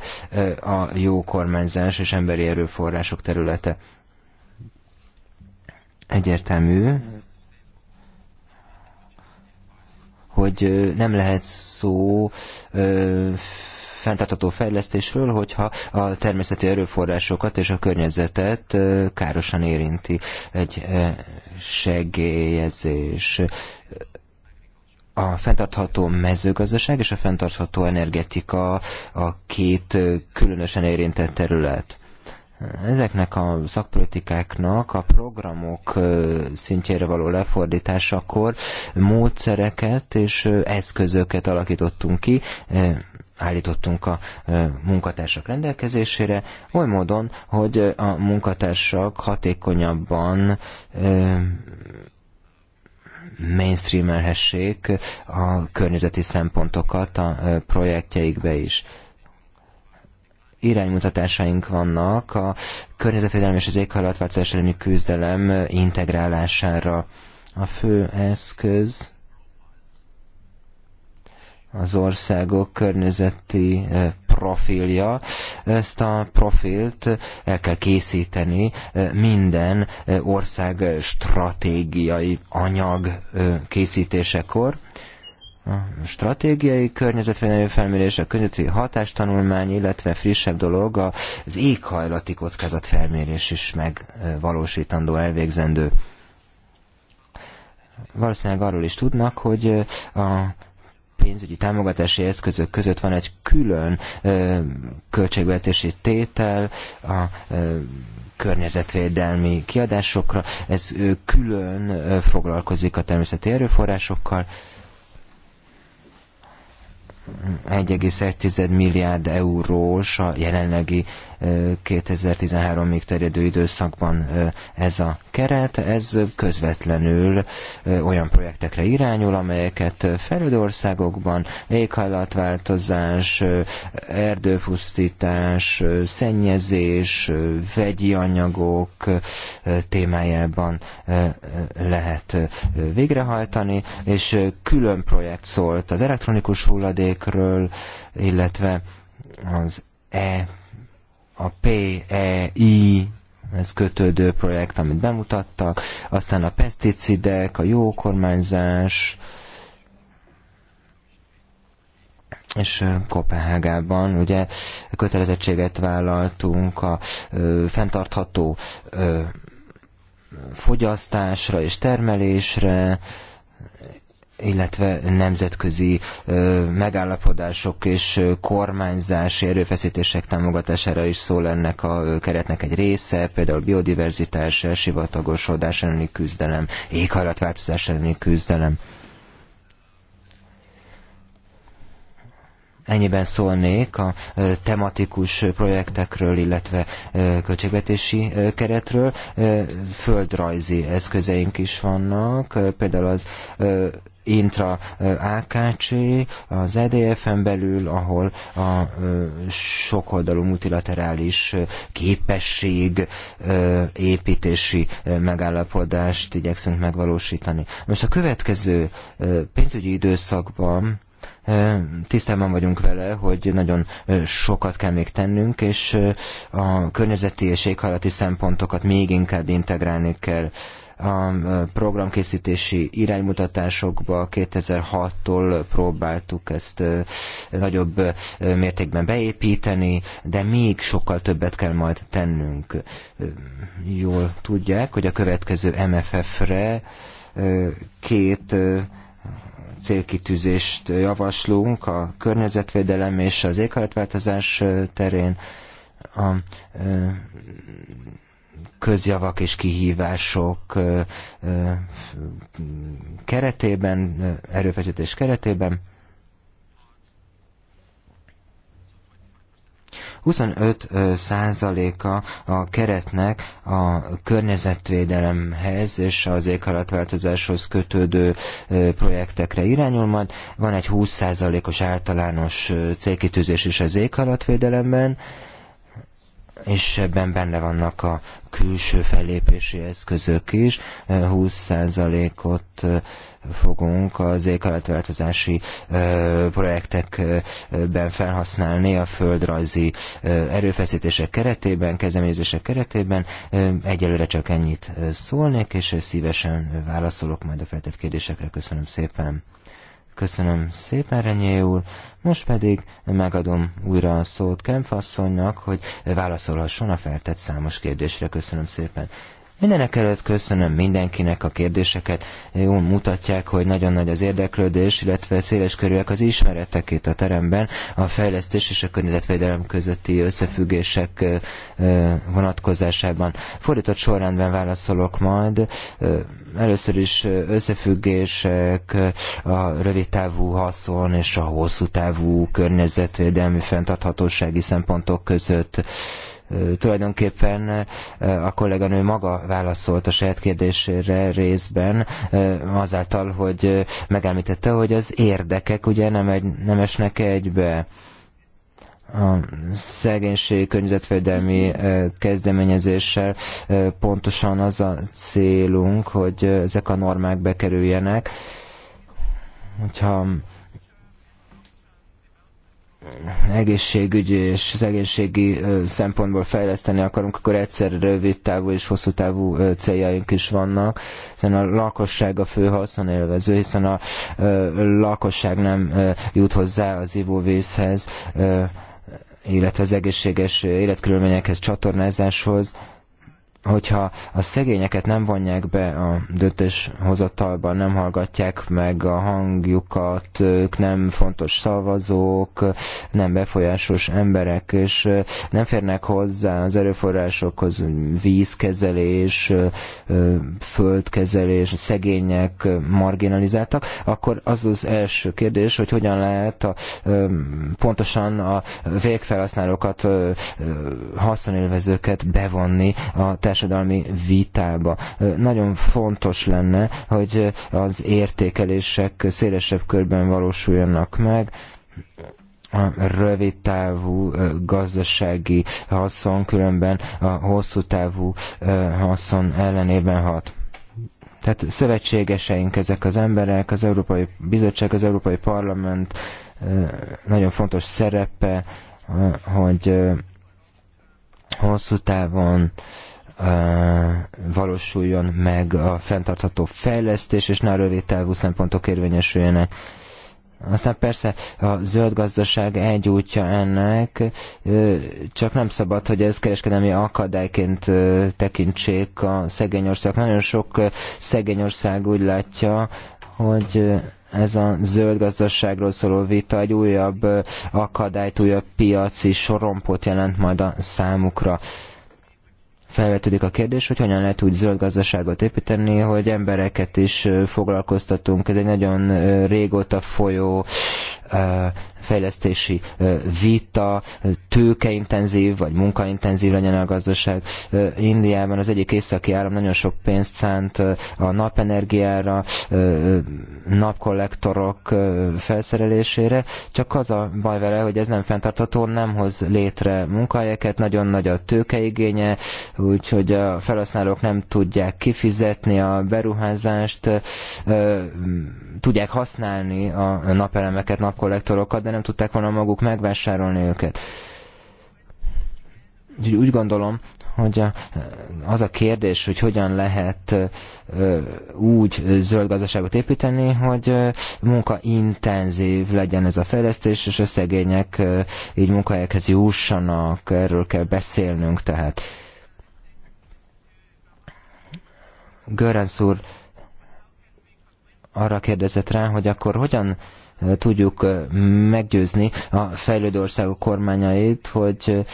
a jó kormányzás és emberi erőforrások területe. Egyértelmű, hogy nem lehet szó fenntartható fejlesztésről, hogyha a természeti erőforrásokat és a környezetet károsan érinti egy segélyezés a fenntartható mezőgazdaság és a fenntartható energetika a két különösen érintett terület. Ezeknek a szakpolitikáknak a programok szintjére való lefordításakor módszereket és eszközöket alakítottunk ki, állítottunk a munkatársak rendelkezésére, oly módon, hogy a munkatársak hatékonyabban mainstreamelhessék a környezeti szempontokat a projektjeikbe is iránymutatásaink vannak a környezetvédelem és az éghajlatváltozás elleni küzdelem integrálására. A fő eszköz az országok környezeti eh, profilja. Ezt a profilt eh, el kell készíteni eh, minden ország stratégiai anyag készítésekor. A stratégiai környezetvédelmi felmérés, a környezeti hatástanulmány, illetve frissebb dolog az éghajlati kockázatfelmérés is megvalósítandó, elvégzendő valószínűleg arról is tudnak, hogy a pénzügyi támogatási eszközök között van egy külön ö, költségvetési tétel a ö, környezetvédelmi kiadásokra. Ez ö, külön ö, foglalkozik a természeti erőforrásokkal. 1,1 milliárd eurós a jelenlegi 2013-ig terjedő időszakban ez a keret, ez közvetlenül olyan projektekre irányul, amelyeket fejlődő országokban éghajlatváltozás, erdőpusztítás, szennyezés, vegyi anyagok témájában lehet végrehajtani, és külön projekt szólt az elektronikus hulladékről, illetve az e a PEI ez kötődő projekt, amit bemutattak, aztán a peszticidek, a jó kormányzás, és Kopenhágában ugye kötelezettséget vállaltunk a ö, fenntartható ö, fogyasztásra és termelésre, illetve nemzetközi megállapodások és kormányzási erőfeszítések támogatására is szól ennek a keretnek egy része, például biodiverzitás, sivatagosodás elleni küzdelem, éghajlatváltozás elleni küzdelem. Ennyiben szólnék a tematikus projektekről, illetve költségvetési keretről. Földrajzi eszközeink is vannak, például az Intra AKC, az EDF-en belül, ahol a sokoldalú multilaterális képesség építési megállapodást igyekszünk megvalósítani. Most a következő pénzügyi időszakban tisztában vagyunk vele, hogy nagyon sokat kell még tennünk, és a környezeti és éghajlati szempontokat még inkább integrálni kell a programkészítési iránymutatásokba 2006-tól próbáltuk ezt nagyobb mértékben beépíteni, de még sokkal többet kell majd tennünk. Jól tudják, hogy a következő MFF-re két célkitűzést javaslunk a környezetvédelem és az éghajlatváltozás terén. A közjavak és kihívások keretében, erőfeszítés keretében. 25 százaléka a keretnek a környezetvédelemhez és az éghalatváltozáshoz kötődő projektekre irányul majd. Van egy 20 százalékos általános célkitűzés is az éghalatvédelemben és ebben benne vannak a külső fellépési eszközök is. 20%-ot fogunk az éghajlatváltozási projektekben felhasználni a földrajzi erőfeszítések keretében, kezdeményezések keretében. Egyelőre csak ennyit szólnék, és szívesen válaszolok majd a feltett kérdésekre. Köszönöm szépen. Köszönöm szépen, Renyé úr. Most pedig megadom újra a szót Kempfasszonynak, hogy válaszolhasson a feltett számos kérdésre. Köszönöm szépen. Mindenek előtt köszönöm mindenkinek a kérdéseket, jól mutatják, hogy nagyon nagy az érdeklődés, illetve széles körűek az ismeretek itt a teremben, a fejlesztés és a környezetvédelem közötti összefüggések vonatkozásában. Fordított sorrendben válaszolok majd, először is összefüggések, a távú haszon és a hosszú távú környezetvédelmi fenntarthatósági szempontok között Tulajdonképpen a kolléganő maga válaszolt a saját kérdésére részben, azáltal, hogy megemlítette, hogy az érdekek ugye nem, egy, nem esnek egybe a szegénység környezetvédelmi kezdeményezéssel pontosan az a célunk, hogy ezek a normák bekerüljenek. Hogyha egészségügyi és az egészségi szempontból fejleszteni akarunk, akkor egyszer rövid távú és hosszú távú céljaink is vannak, hiszen a lakosság a fő haszonélvező, hiszen a lakosság nem jut hozzá az ivóvízhez, illetve az egészséges életkörülményekhez, csatornázáshoz, hogyha a szegényeket nem vonják be a döntéshozatalban, nem hallgatják meg a hangjukat, ők nem fontos szavazók, nem befolyásos emberek, és nem férnek hozzá az erőforrásokhoz, vízkezelés, földkezelés, szegények, marginalizáltak, akkor az az első kérdés, hogy hogyan lehet a, pontosan a végfelhasználókat, haszonélvezőket bevonni a társadalmi társadalmi vitába. Nagyon fontos lenne, hogy az értékelések szélesebb körben valósuljanak meg, a rövid távú gazdasági haszon különben a hosszú távú haszon ellenében hat. Tehát szövetségeseink ezek az emberek, az Európai Bizottság, az Európai Parlament nagyon fontos szerepe, hogy hosszú távon valósuljon meg a fenntartható fejlesztés, és ne a rövid távú szempontok érvényesüljenek. Aztán persze a zöld gazdaság egy útja ennek, csak nem szabad, hogy ez kereskedelmi akadályként tekintsék a szegény ország. Nagyon sok szegény ország úgy látja, hogy ez a zöld gazdaságról szóló vita egy újabb akadályt, újabb piaci sorompot jelent majd a számukra felvetődik a kérdés, hogy hogyan lehet úgy zöld gazdaságot építeni, hogy embereket is foglalkoztatunk. Ez egy nagyon régóta folyó fejlesztési vita, tőkeintenzív vagy munkaintenzív legyen a gazdaság. Indiában az egyik északi állam nagyon sok pénzt szánt a napenergiára, napkollektorok felszerelésére, csak az a baj vele, hogy ez nem fenntartható, nem hoz létre munkahelyeket, nagyon nagy a tőkeigénye, úgyhogy a felhasználók nem tudják kifizetni a beruházást, tudják használni a napelemeket, nap kollektorokat, de nem tudták volna maguk megvásárolni őket. Úgy, úgy gondolom, hogy a, az a kérdés, hogy hogyan lehet ö, úgy zöld gazdaságot építeni, hogy ö, munkaintenzív legyen ez a fejlesztés, és a szegények ö, így munkahelyekhez jussanak, erről kell beszélnünk tehát. Görensz úr arra kérdezett rá, hogy akkor hogyan tudjuk meggyőzni a fejlődő országok kormányait, hogy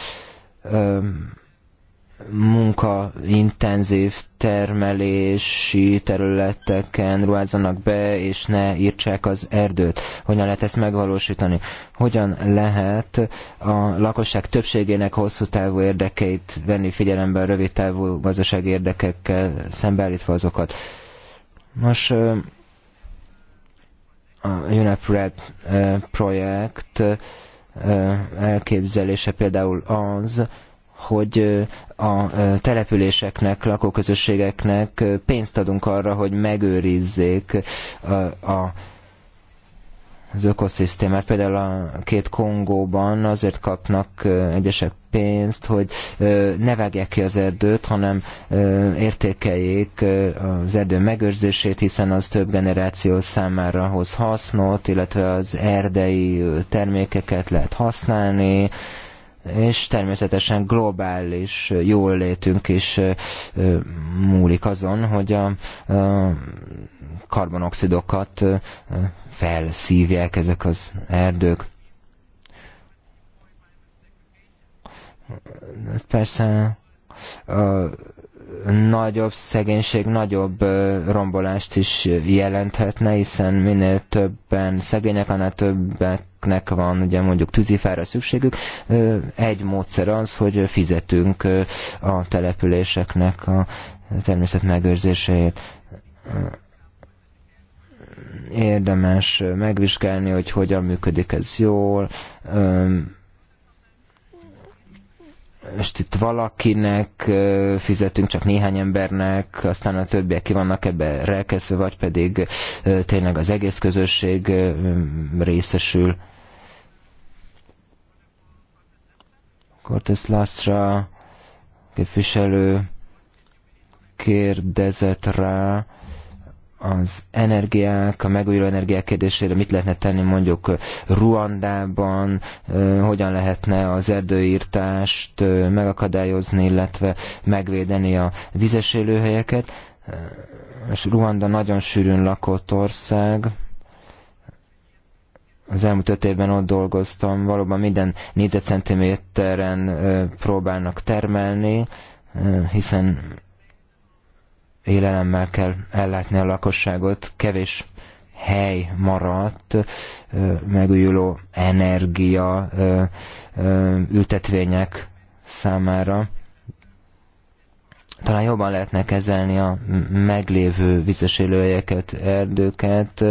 munkaintenzív termelési területeken ruházzanak be, és ne írtsák az erdőt. Hogyan lehet ezt megvalósítani? Hogyan lehet a lakosság többségének hosszú távú érdekeit venni figyelembe a rövid távú gazdasági érdekekkel szembeállítva azokat? Most a UNEP-RED eh, projekt eh, elképzelése például az, hogy eh, a településeknek, lakóközösségeknek pénzt adunk arra, hogy megőrizzék a az ökoszisztémát. Például a két Kongóban azért kapnak egyesek pénzt, hogy ne vegyek ki az erdőt, hanem értékeljék az erdő megőrzését, hiszen az több generáció számára hoz hasznot, illetve az erdei termékeket lehet használni, és természetesen globális jólétünk is múlik azon, hogy a karbonoxidokat felszívják ezek az erdők. Persze a nagyobb szegénység nagyobb rombolást is jelenthetne, hiszen minél többen szegények, annál többet akiknek van ugye mondjuk tűzifára szükségük, egy módszer az, hogy fizetünk a településeknek a természet megőrzéséért érdemes megvizsgálni, hogy hogyan működik ez jól. Most itt valakinek fizetünk, csak néhány embernek, aztán a többiek ki vannak ebbe rekeszve, vagy pedig tényleg az egész közösség részesül. Cortez Lastra képviselő kérdezett rá az energiák, a megújuló energiák kérdésére mit lehetne tenni mondjuk Ruandában, hogyan lehetne az erdőírtást megakadályozni, illetve megvédeni a vizes élőhelyeket. És Ruanda nagyon sűrűn lakott ország, az elmúlt öt évben ott dolgoztam, valóban minden négyzetcentiméteren próbálnak termelni, hiszen élelemmel kell ellátni a lakosságot, kevés hely maradt, megújuló energia ültetvények számára. Talán jobban lehetne kezelni a meglévő vizesélőjeket, erdőket,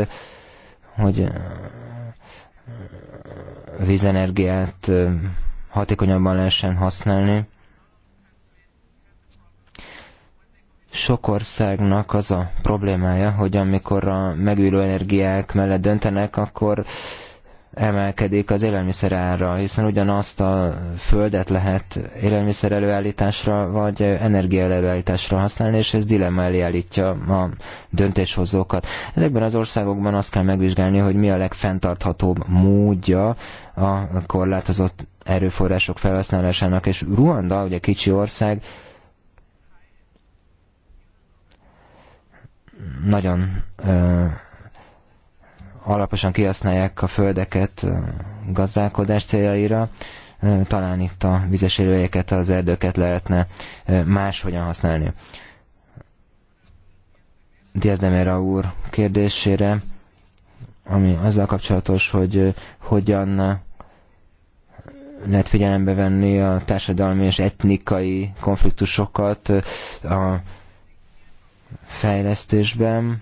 hogy vízenergiát hatékonyabban lehessen használni. Sok országnak az a problémája, hogy amikor a megújuló energiák mellett döntenek, akkor emelkedik az élelmiszer ára, hiszen ugyanazt a földet lehet élelmiszer előállításra vagy energia előállításra használni, és ez dilemma elé állítja a döntéshozókat. Ezekben az országokban azt kell megvizsgálni, hogy mi a legfenntarthatóbb módja a korlátozott erőforrások felhasználásának, és Ruanda, ugye kicsi ország, nagyon alaposan kihasználják a földeket gazdálkodás céljaira, talán itt a vizes élőjéket, az erdőket lehetne máshogyan használni. Diaz Demera úr kérdésére, ami azzal kapcsolatos, hogy hogyan lehet figyelembe venni a társadalmi és etnikai konfliktusokat a fejlesztésben.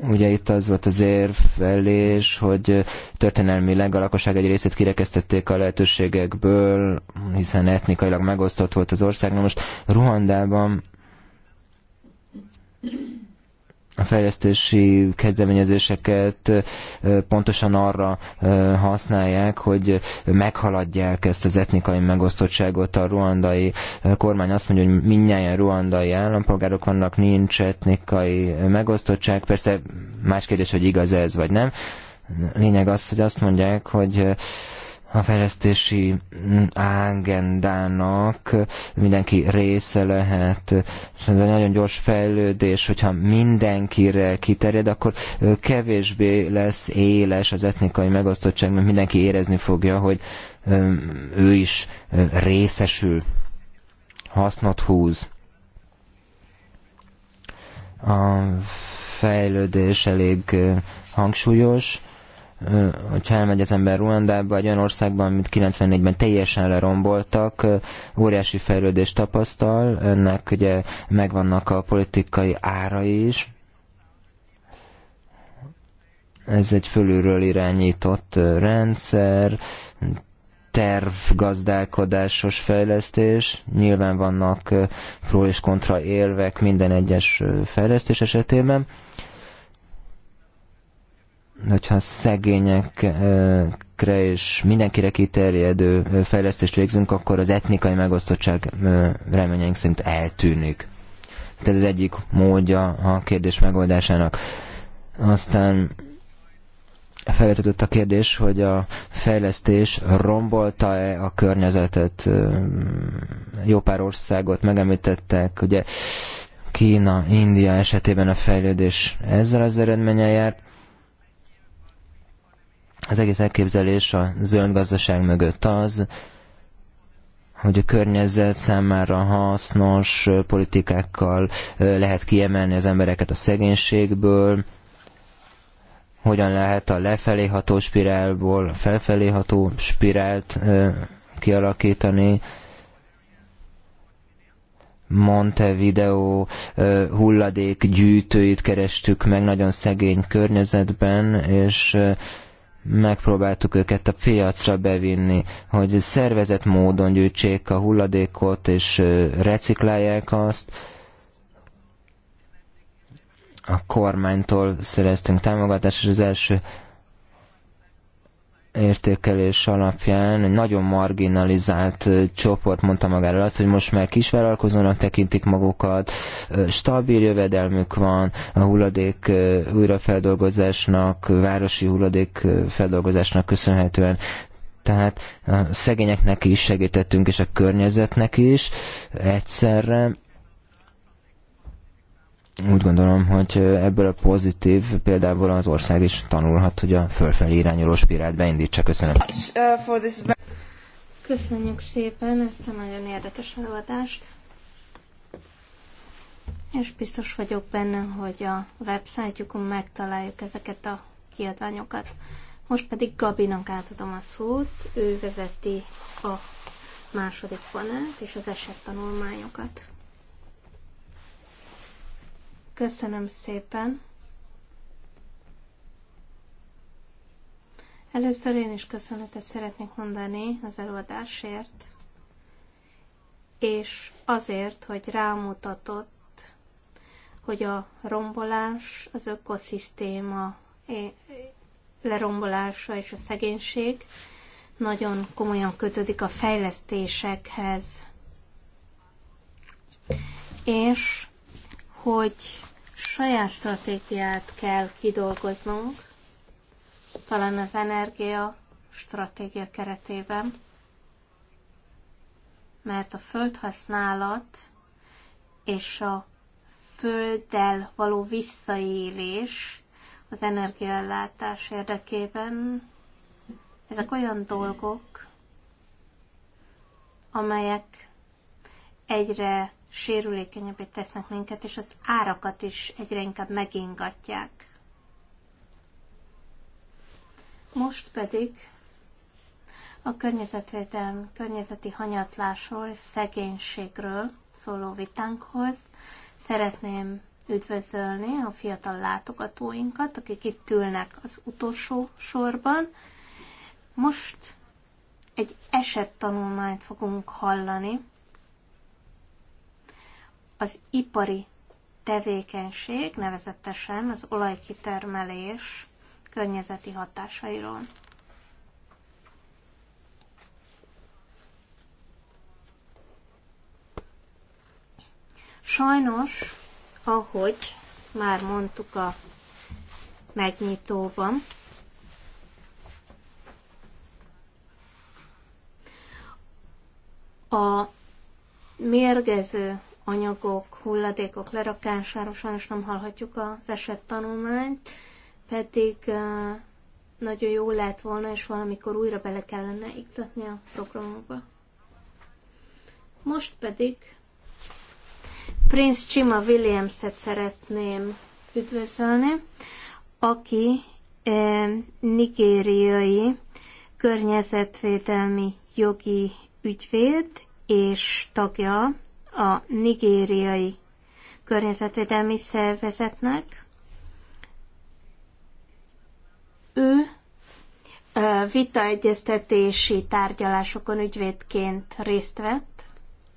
Ugye itt az volt az érvelés, hogy történelmileg a lakosság egy részét kirekesztették a lehetőségekből, hiszen etnikailag megosztott volt az ország. Na most Ruandában a fejlesztési kezdeményezéseket pontosan arra használják, hogy meghaladják ezt az etnikai megosztottságot. A ruandai kormány azt mondja, hogy mindnyáján ruandai állampolgárok vannak, nincs etnikai megosztottság. Persze más kérdés, hogy igaz ez vagy nem. Lényeg az, hogy azt mondják, hogy a fejlesztési agendának mm, mindenki része lehet, és ez egy nagyon gyors fejlődés, hogyha mindenkire kiterjed, akkor kevésbé lesz éles az etnikai megosztottság, mert mindenki érezni fogja, hogy ő is részesül, hasznot húz. A fejlődés elég hangsúlyos, hogyha elmegy az ember Ruandába, egy olyan országban, amit 94-ben teljesen leromboltak, óriási fejlődést tapasztal, ennek ugye megvannak a politikai árai is. Ez egy fölülről irányított rendszer, tervgazdálkodásos fejlesztés. Nyilván vannak pro és kontra élvek minden egyes fejlesztés esetében hogyha szegényekre és mindenkire kiterjedő fejlesztést végzünk, akkor az etnikai megosztottság reményeink szerint eltűnik. Tehát ez az egyik módja a kérdés megoldásának. Aztán felvetődött a kérdés, hogy a fejlesztés rombolta-e a környezetet. Jó pár országot megemlítettek, ugye Kína, India esetében a fejlődés ezzel az eredménnyel járt. Az egész elképzelés a zöld gazdaság mögött az, hogy a környezet számára hasznos politikákkal lehet kiemelni az embereket a szegénységből, hogyan lehet a lefelé ható spirálból a felfelé ható spirált kialakítani. Montevideo hulladék gyűjtőit kerestük meg nagyon szegény környezetben, és megpróbáltuk őket a piacra bevinni, hogy szervezett módon gyűjtsék a hulladékot és reciklálják azt. A kormánytól szereztünk támogatást, és az első értékelés alapján egy nagyon marginalizált csoport mondta magáról azt, hogy most már kisvállalkozónak tekintik magukat, stabil jövedelmük van, a hulladék újrafeldolgozásnak, városi hulladék feldolgozásnak köszönhetően tehát a szegényeknek is segítettünk, és a környezetnek is egyszerre úgy gondolom, hogy ebből a pozitív példából az ország is tanulhat, hogy a fölfelé irányuló spirált beindítsa. Köszönöm.
Köszönjük szépen ezt a nagyon érdekes előadást. És biztos vagyok benne, hogy a websájtjukon megtaláljuk ezeket a kiadványokat. Most pedig Gabinak átadom a szót, ő vezeti a második panelt és az esettanulmányokat. Köszönöm szépen. Először én is köszönetet szeretnék mondani az előadásért, és azért, hogy rámutatott, hogy a rombolás, az ökoszisztéma lerombolása és a szegénység nagyon komolyan kötődik a fejlesztésekhez. És hogy saját stratégiát kell kidolgoznunk, talán az energia stratégia keretében, mert a földhasználat és a földdel való visszaélés az energiaellátás érdekében, ezek olyan dolgok, amelyek egyre sérülékenyebbé tesznek minket, és az árakat is egyre inkább megingatják. Most pedig a környezetvédelmi, környezeti hanyatlásról, szegénységről szóló vitánkhoz szeretném üdvözölni a fiatal látogatóinkat, akik itt ülnek az utolsó sorban. Most egy esettanulmányt fogunk hallani az ipari tevékenység, nevezetesen az olajkitermelés környezeti hatásairól. Sajnos, ahogy már mondtuk a megnyitóban, a mérgező anyagok, hulladékok lerakására sajnos nem hallhatjuk az tanulmányt, pedig nagyon jó lett volna, és valamikor újra bele kellene iktatni a programokba. Most pedig Prince Chima Williams-et szeretném üdvözölni, aki eh, nigériai környezetvédelmi jogi ügyvéd és tagja a nigériai környezetvédelmi szervezetnek. Ő vitaegyeztetési tárgyalásokon ügyvédként részt vett,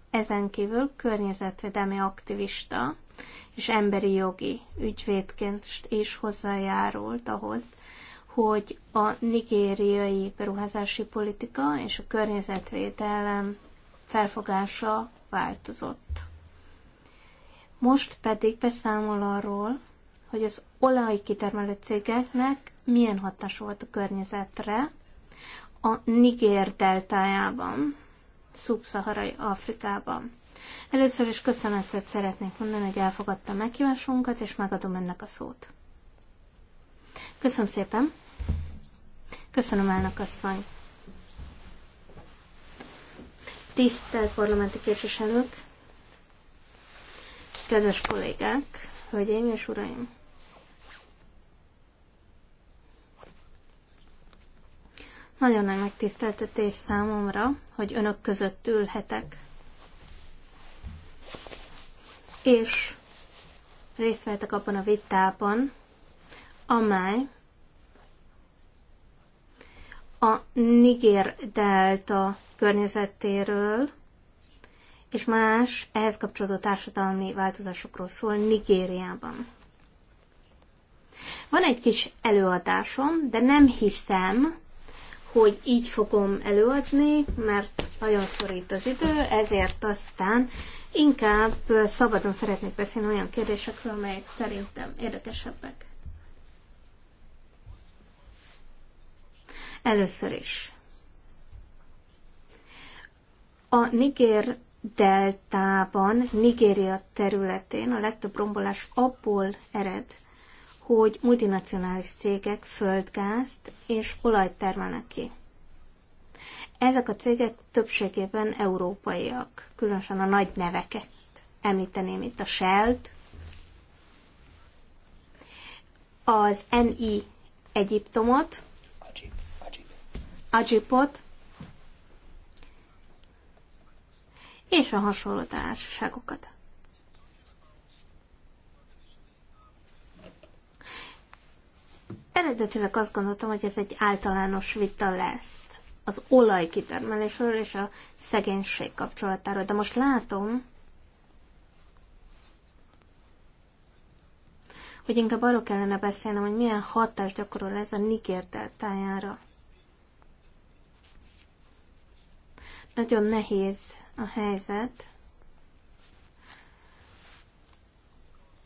ezen kívül környezetvédelmi aktivista és emberi jogi ügyvédként is hozzájárult ahhoz, hogy a nigériai beruházási politika és a környezetvédelem felfogása változott. Most pedig beszámol arról, hogy az olajkitermelő cégeknek milyen hatása volt a környezetre a Niger deltájában, szubszaharai Afrikában. Először is köszönetet szeretnék mondani, hogy elfogadta meghívásunkat, és megadom ennek a szót. Köszönöm szépen! Köszönöm, elnök asszony! Tisztelt parlamenti képviselők, kedves kollégák, hölgyeim és uraim! Nagyon nagy megtiszteltetés számomra, hogy önök között ülhetek, és részt vettek abban a vitában, amely a Niger delta környezetéről, és más ehhez kapcsolódó társadalmi változásokról szól Nigériában. Van egy kis előadásom, de nem hiszem, hogy így fogom előadni, mert nagyon szorít az idő, ezért aztán inkább szabadon szeretnék beszélni olyan kérdésekről, amelyek szerintem érdekesebbek. Először is. A Niger deltában, Nigéria területén a legtöbb rombolás abból ered, hogy multinacionális cégek földgázt és olajt termelnek ki. Ezek a cégek többségében európaiak, különösen a nagy neveket. Említeném itt a Shell-t, az NI Egyiptomot,
Ajib, Ajib.
Ajipot, és a hasonló társaságokat. Eredetileg azt gondoltam, hogy ez egy általános vita lesz az olaj kitermelésről és a szegénység kapcsolatáról, de most látom, hogy inkább arról kellene beszélnem, hogy milyen hatást gyakorol ez a Niger deltájára. Nagyon nehéz a helyzet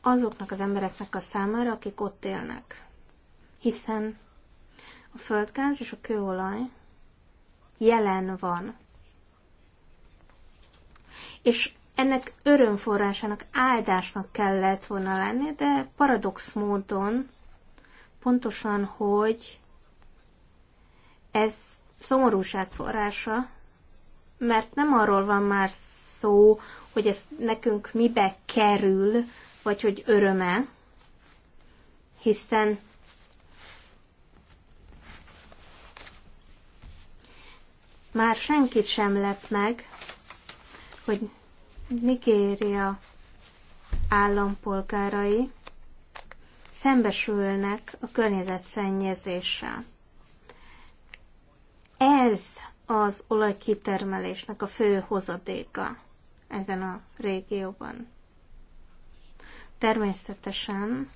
azoknak az embereknek a számára, akik ott élnek. Hiszen a földgáz és a kőolaj jelen van. És ennek örömforrásának, áldásnak kellett volna lenni, de paradox módon pontosan, hogy ez szomorúság forrása, mert nem arról van már szó, hogy ez nekünk mibe kerül, vagy hogy öröme, hiszen már senkit sem lep meg, hogy Nigéria állampolgárai szembesülnek a környezetszennyezéssel. Ez az olajkitermelésnek a fő hozadéka ezen a régióban. Természetesen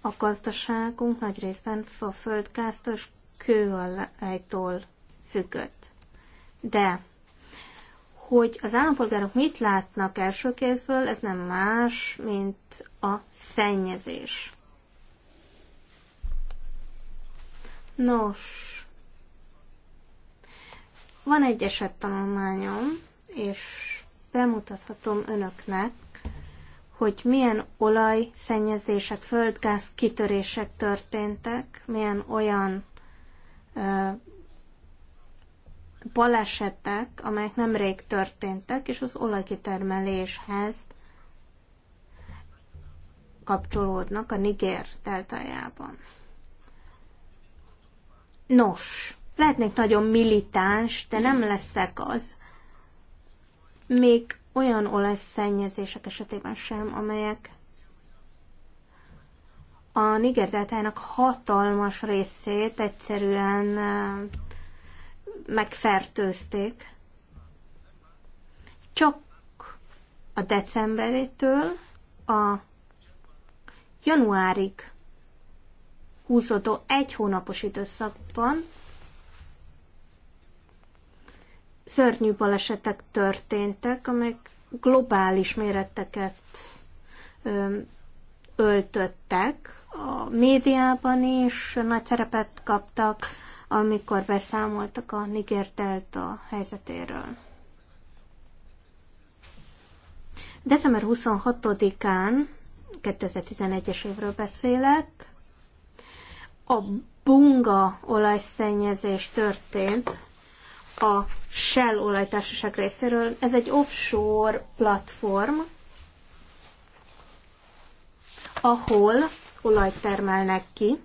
a gazdaságunk nagy részben a földgáztos és függött. De hogy az állampolgárok mit látnak első kézből, ez nem más, mint a szennyezés. Nos, van egy eset tanulmányom, és bemutathatom önöknek, hogy milyen olajszennyezések, földgáz kitörések történtek, milyen olyan ö, balesetek, amelyek nemrég történtek, és az olajkitermeléshez kapcsolódnak a Niger deltájában. Nos, Lehetnék nagyon militáns, de nem leszek az. Még olyan olajszennyezések esetében sem, amelyek a Niger deltájának hatalmas részét egyszerűen megfertőzték. Csak a decemberétől a januárig húzódó egy hónapos időszakban szörnyű balesetek történtek, amelyek globális méreteket öltöttek. A médiában is nagy szerepet kaptak, amikor beszámoltak a Niger Delta helyzetéről. December 26-án, 2011-es évről beszélek, a bunga olajszennyezés történt a Shell olajtársaság részéről. Ez egy offshore platform, ahol olajt termelnek ki,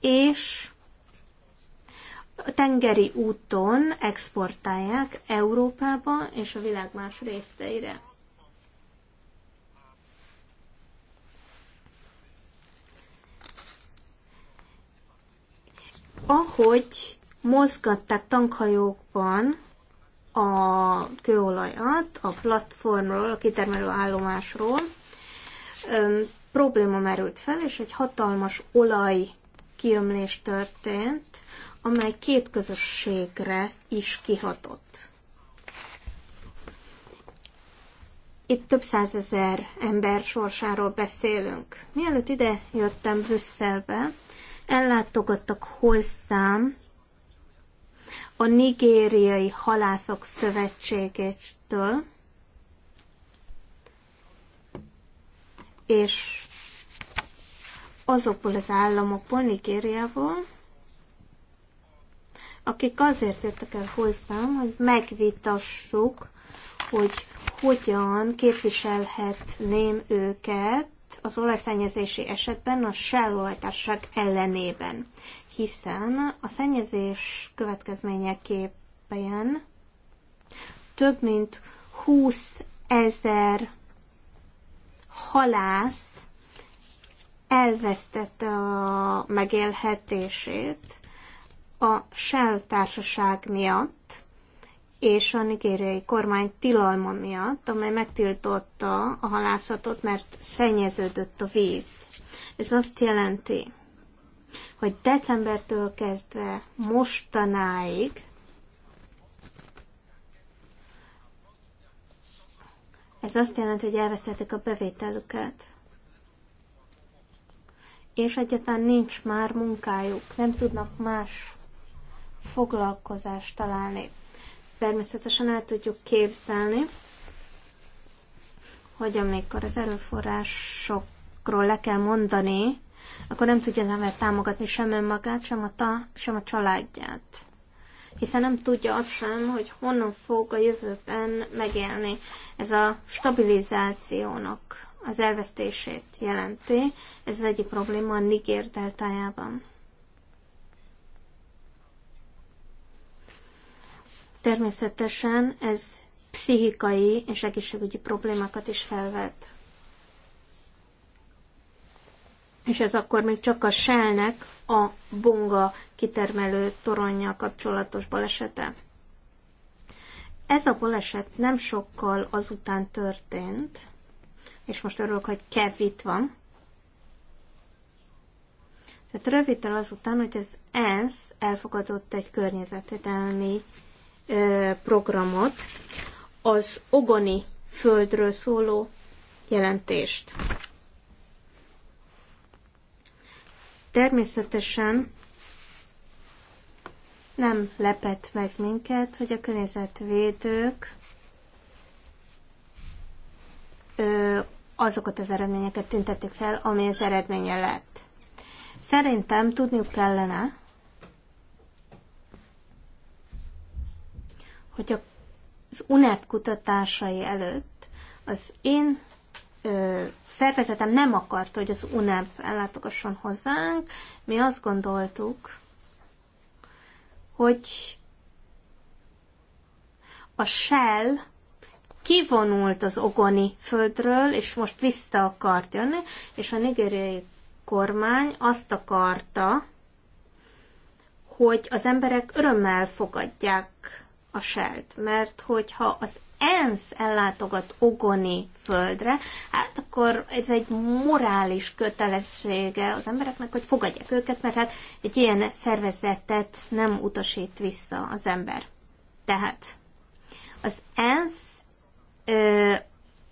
és tengeri úton exportálják Európába és a világ más részeire. Ahogy mozgatták tankhajókban a kőolajat a platformról, a kitermelő állomásról. Öm, probléma merült fel, és egy hatalmas olaj kiömlés történt, amely két közösségre is kihatott. Itt több százezer ember sorsáról beszélünk. Mielőtt ide jöttem Brüsszelbe, ellátogattak hozzám a Nigériai Halászok Szövetségétől, és azokból az államokból, Nigériából, akik azért jöttek el hozzám, hogy megvitassuk, hogy hogyan képviselhetném őket az olajszennyezési esetben a sellolajtárság ellenében hiszen a szennyezés következményeképpen több mint 20 ezer halász elvesztette a megélhetését a Shell társaság miatt, és a nigériai kormány tilalma miatt, amely megtiltotta a halászatot, mert szennyeződött a víz. Ez azt jelenti, hogy decembertől kezdve mostanáig ez azt jelenti, hogy elvesztették a bevételüket. És egyáltalán nincs már munkájuk, nem tudnak más foglalkozást találni. Természetesen el tudjuk képzelni, hogy amikor az erőforrásokról le kell mondani, akkor nem tudja az ember támogatni sem önmagát, sem a, ta, sem a családját. Hiszen nem tudja azt sem, hogy honnan fog a jövőben megélni. Ez a stabilizációnak az elvesztését jelenti. Ez az egyik probléma a Niger deltájában. Természetesen ez pszichikai és egészségügyi problémákat is felvet és ez akkor még csak a Shellnek a bonga kitermelő toronya kapcsolatos balesete. Ez a baleset nem sokkal azután történt, és most örülök, hogy Kev itt van. Tehát röviddel azután, hogy az ENSZ elfogadott egy környezetvédelmi programot, az Ogoni földről szóló jelentést. Természetesen nem lepett meg minket, hogy a környezetvédők ö, azokat az eredményeket tüntették fel, ami az eredménye lett. Szerintem tudniuk kellene, hogy az UNEP kutatásai előtt az én ö, szervezetem nem akart, hogy az UNEP ellátogasson hozzánk. Mi azt gondoltuk, hogy a Shell kivonult az Ogoni földről, és most vissza akart jönni, és a nigériai kormány azt akarta, hogy az emberek örömmel fogadják a selt, mert hogyha az ENSZ ellátogat Ogoni földre, hát akkor ez egy morális kötelessége az embereknek, hogy fogadják őket, mert hát egy ilyen szervezetet nem utasít vissza az ember. Tehát az ENSZ ö,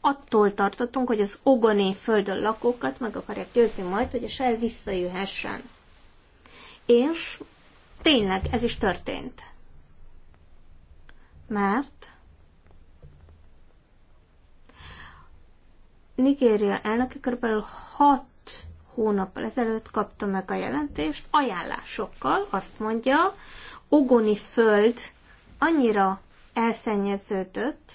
attól tartottunk, hogy az Ogoni földön lakókat meg akarják győzni majd, hogy a sel visszajöhessen. És tényleg ez is történt. Mert Nigéria elnöke kb. 6 hónap. ezelőtt kapta meg a jelentést, ajánlásokkal azt mondja, Ogoni föld annyira elszennyeződött,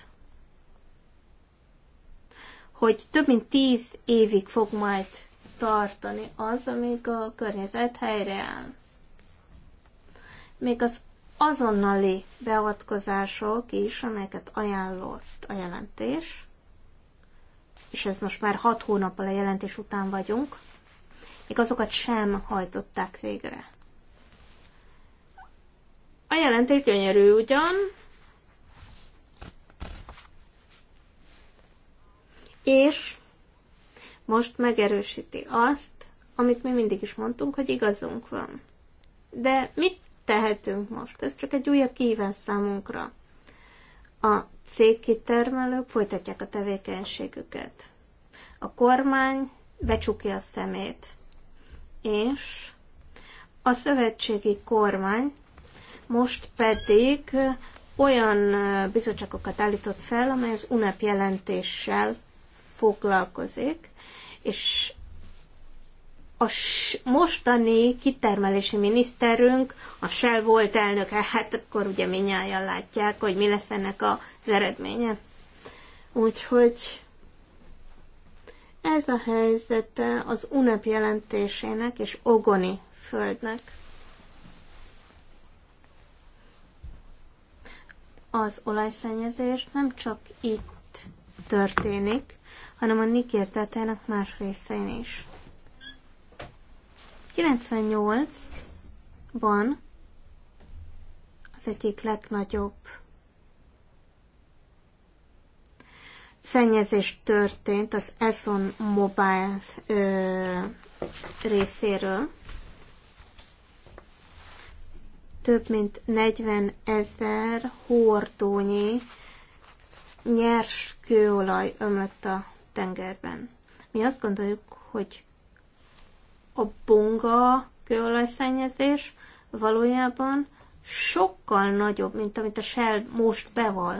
hogy több mint tíz évig fog majd tartani az, amíg a környezet helyreáll. Még az azonnali beavatkozások is, amelyeket ajánlott a jelentés, és ez most már hat hónap a jelentés után vagyunk, még azokat sem hajtották végre. A jelentés gyönyörű ugyan, és most megerősíti azt, amit mi mindig is mondtunk, hogy igazunk van. De mit tehetünk most? Ez csak egy újabb kihívás számunkra. A cégkitermelők folytatják a tevékenységüket. A kormány becsukja a szemét, és a szövetségi kormány most pedig olyan bizottságokat állított fel, amely az UNEP jelentéssel foglalkozik, és a mostani kitermelési miniszterünk, a Shell volt elnöke, hát akkor ugye minnyáján látják, hogy mi lesz ennek a az eredménye. Úgyhogy ez a helyzete az UNEP jelentésének és Ogoni földnek. Az olajszennyezés nem csak itt történik, hanem a Nikér más részein is. 98-ban az egyik legnagyobb szennyezés történt az Eson Mobile ö, részéről. Több mint 40 ezer hordónyi nyers kőolaj ömlött a tengerben. Mi azt gondoljuk, hogy a bonga kőolajszennyezés valójában sokkal nagyobb, mint amit a Shell most beval,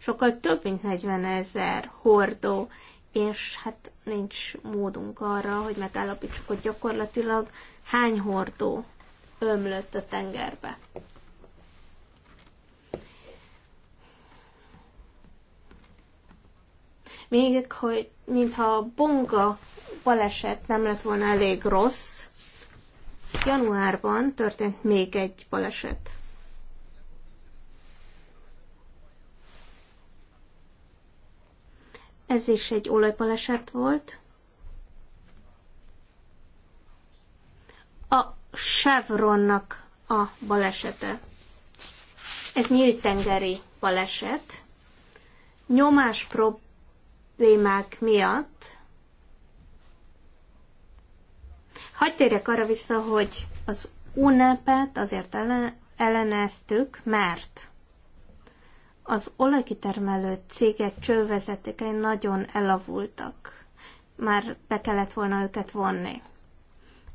sokkal több, mint 40 ezer hordó, és hát nincs módunk arra, hogy megállapítsuk, hogy gyakorlatilag hány hordó ömlött a tengerbe. Még hogy, mintha a bonga baleset nem lett volna elég rossz, januárban történt még egy baleset. Ez is egy olajbaleset volt. A Chevronnak a balesete. Ez nyílt tengeri baleset. Nyomás problémák miatt. Hagy térjek arra vissza, hogy az UNEP-et azért elleneztük, mert az olajkitermelő cégek csővezetékei nagyon elavultak. Már be kellett volna őket vonni.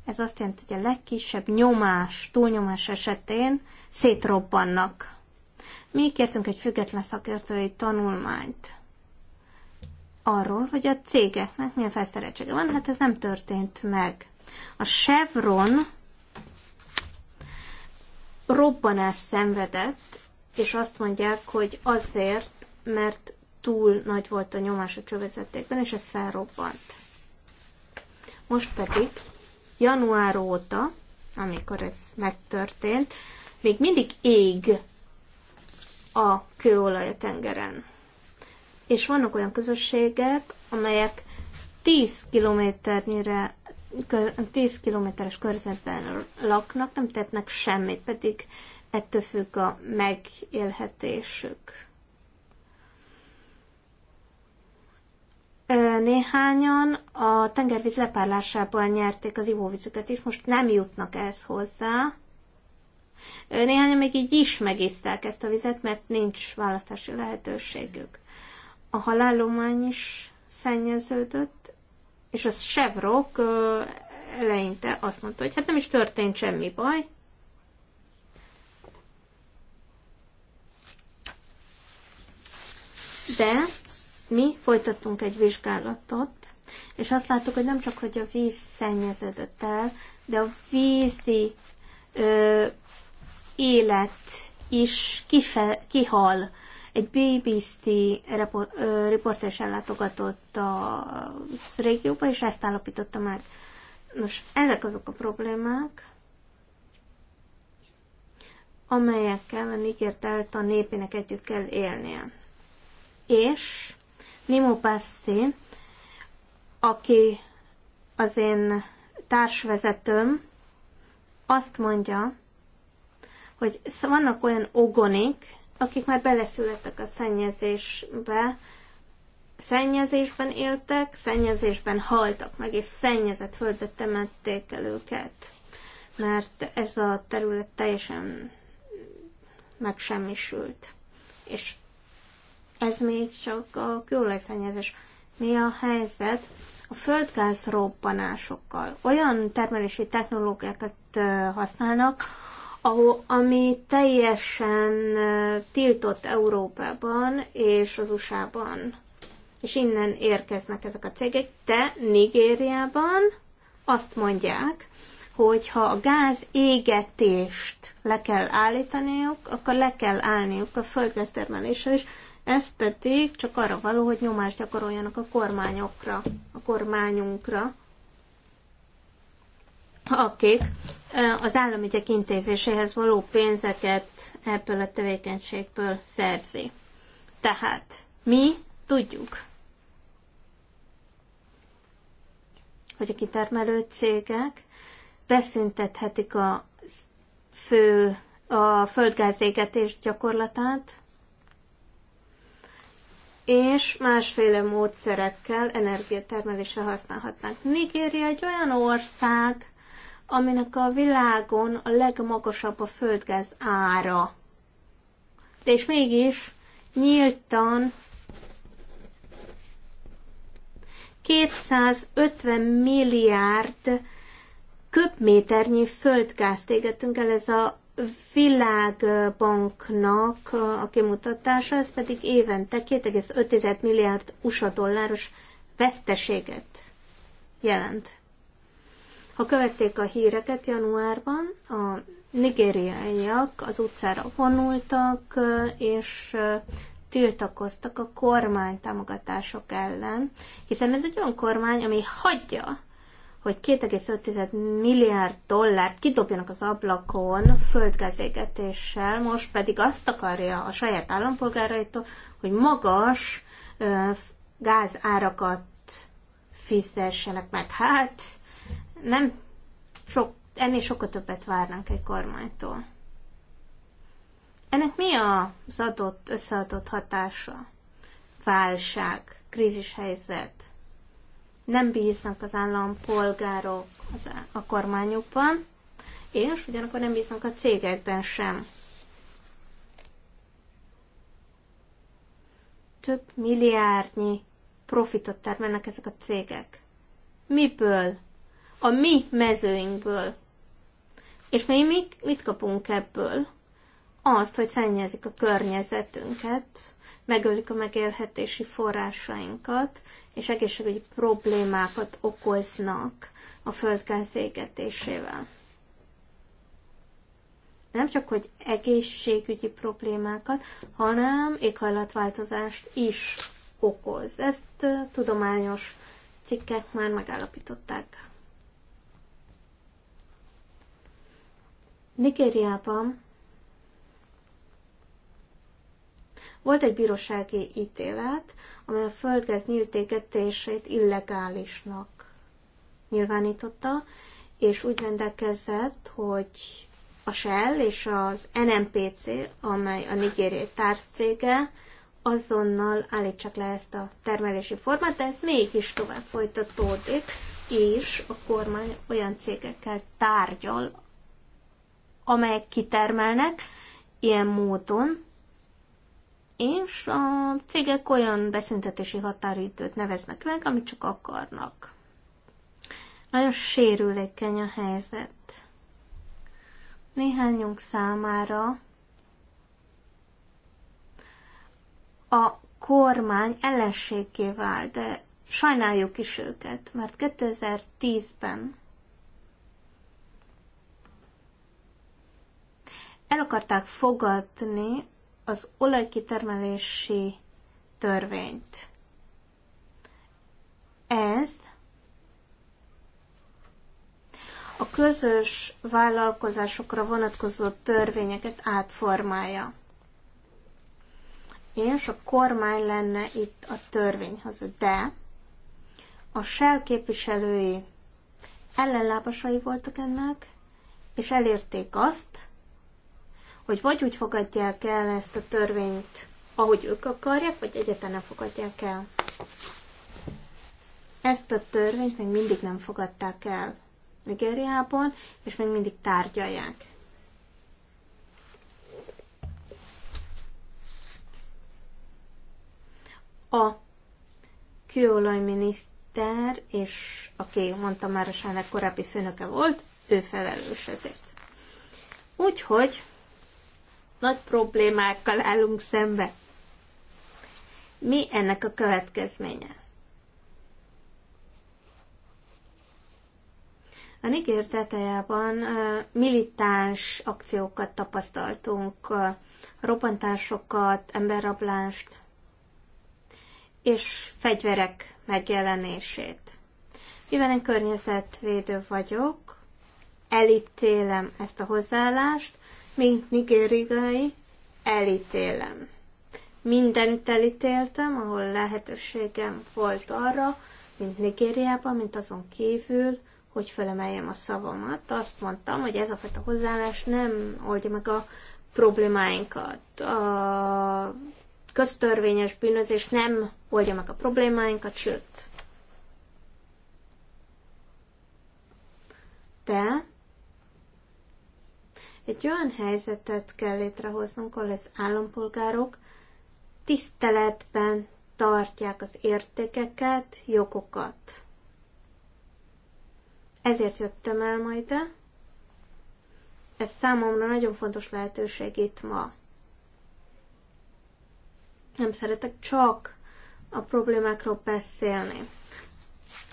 Ez azt jelenti, hogy a legkisebb nyomás, túlnyomás esetén szétrobbannak. Mi kértünk egy független szakértői tanulmányt arról, hogy a cégeknek milyen felszereltsége van, hát ez nem történt meg. A Chevron robbanás szenvedett és azt mondják, hogy azért, mert túl nagy volt a nyomás a csövezetékben, és ez felrobbant. Most pedig január óta, amikor ez megtörtént, még mindig ég a kőolaj a tengeren. És vannak olyan közösségek, amelyek 10 kilométernyire 10 kilométeres körzetben laknak, nem tettnek semmit, pedig ettől függ a megélhetésük. Néhányan a tengervíz lepárlásában nyerték az ivóvizüket is, most nem jutnak ehhez hozzá. Néhányan még így is megiszták ezt a vizet, mert nincs választási lehetőségük. A halállomány is szennyeződött, és a Sevrok eleinte azt mondta, hogy hát nem is történt semmi baj, De mi folytattunk egy vizsgálatot, és azt láttuk, hogy nem csak, hogy a víz szennyezedett el, de a vízi ö, élet is kife, kihal. Egy BBC riporters ellátogatott a régióba, és ezt állapította meg. Nos, ezek azok a problémák, amelyekkel a Nigért a népének együtt kell élnie és Nimo Passi, aki az én társvezetőm, azt mondja, hogy vannak olyan ogonik, akik már beleszülettek a szennyezésbe, szennyezésben éltek, szennyezésben haltak meg, és szennyezett földbe temették el őket, mert ez a terület teljesen megsemmisült. És ez még csak a kőolajszennyezés. Mi a helyzet a földgáz robbanásokkal? Olyan termelési technológiákat használnak, ahol, ami teljesen tiltott Európában és az USA-ban. És innen érkeznek ezek a cégek, de Nigériában azt mondják, hogy ha a gáz égetést le kell állítaniuk, akkor le kell állniuk a földgáztermeléssel is, ez pedig csak arra való, hogy nyomást gyakoroljanak a kormányokra, a kormányunkra, akik az államügyek intézéséhez való pénzeket ebből a tevékenységből szerzi. Tehát mi tudjuk, hogy a kitermelő cégek beszüntethetik a fő a földgázégetés gyakorlatát, és másféle módszerekkel energiatermelésre használhatnánk. Nigéria egy olyan ország, aminek a világon a legmagasabb a földgáz ára. De és mégis nyíltan 250 milliárd köbméternyi földgázt égettünk el, ez a világbanknak a kimutatása, ez pedig évente 2,5 milliárd USA dolláros veszteséget jelent. Ha követték a híreket januárban, a nigériaiak az utcára vonultak, és tiltakoztak a kormány támogatások ellen, hiszen ez egy olyan kormány, ami hagyja, hogy 2,5 milliárd dollárt kidobjanak az ablakon földgázégetéssel, most pedig azt akarja a saját állampolgáraitól, hogy magas gázárakat fizessenek meg. Hát nem sok, ennél sokkal többet várnak egy kormánytól. Ennek mi az adott, összeadott hatása? Válság, krízishelyzet, nem bíznak az állampolgárok az, a kormányukban, és ugyanakkor nem bíznak a cégekben sem. Több milliárdnyi profitot termelnek ezek a cégek. Miből? A mi mezőinkből. És mi mit, mit kapunk ebből? Azt, hogy szennyezik a környezetünket, megölik a megélhetési forrásainkat, és egészségügyi problémákat okoznak a földgáz égetésével. Nem csak, hogy egészségügyi problémákat, hanem éghajlatváltozást is okoz. Ezt tudományos cikkek már megállapították. Nigériában Volt egy bírósági ítélet, amely a földgáz nyíltégetését illegálisnak nyilvánította, és úgy rendelkezett, hogy a Shell és az NMPC, amely a nigériai tárccége, azonnal állítsak le ezt a termelési formát, de ez mégis tovább folytatódik, és a kormány olyan cégekkel tárgyal, amelyek kitermelnek ilyen módon, és a cégek olyan beszüntetési határidőt neveznek meg, amit csak akarnak. Nagyon sérülékeny a helyzet. Néhányunk számára a kormány ellenségé vált, de sajnáljuk is őket, mert 2010-ben el akarták fogadni az olajkitermelési törvényt. Ez a közös vállalkozásokra vonatkozó törvényeket átformálja. És a kormány lenne itt a törvényhoz, de a Shell képviselői ellenlábasai voltak ennek, és elérték azt, hogy vagy úgy fogadják el ezt a törvényt, ahogy ők akarják, vagy egyáltalán nem fogadják el. Ezt a törvényt még mindig nem fogadták el Nigériában, és még mindig tárgyalják. A kőolajminiszter, és aki mondtam már a korábbi főnöke volt, ő felelős ezért. Úgyhogy nagy problémákkal állunk szembe. Mi ennek a következménye? A Niger tetejában militáns akciókat tapasztaltunk, robbantásokat, emberrablást és fegyverek megjelenését. Mivel én környezetvédő vagyok, elítélem ezt a hozzáállást, mint nigérigai, elítélem. Mindent elítéltem, ahol lehetőségem volt arra, mint Nigériában, mint azon kívül, hogy felemeljem a szavamat. Azt mondtam, hogy ez a fajta hozzáállás nem oldja meg a problémáinkat. A köztörvényes bűnözés nem oldja meg a problémáinkat, sőt. De egy olyan helyzetet kell létrehoznunk, ahol az állampolgárok tiszteletben tartják az értékeket, jogokat. Ezért jöttem el majd ide. Ez számomra nagyon fontos lehetőség itt ma. Nem szeretek csak a problémákról beszélni.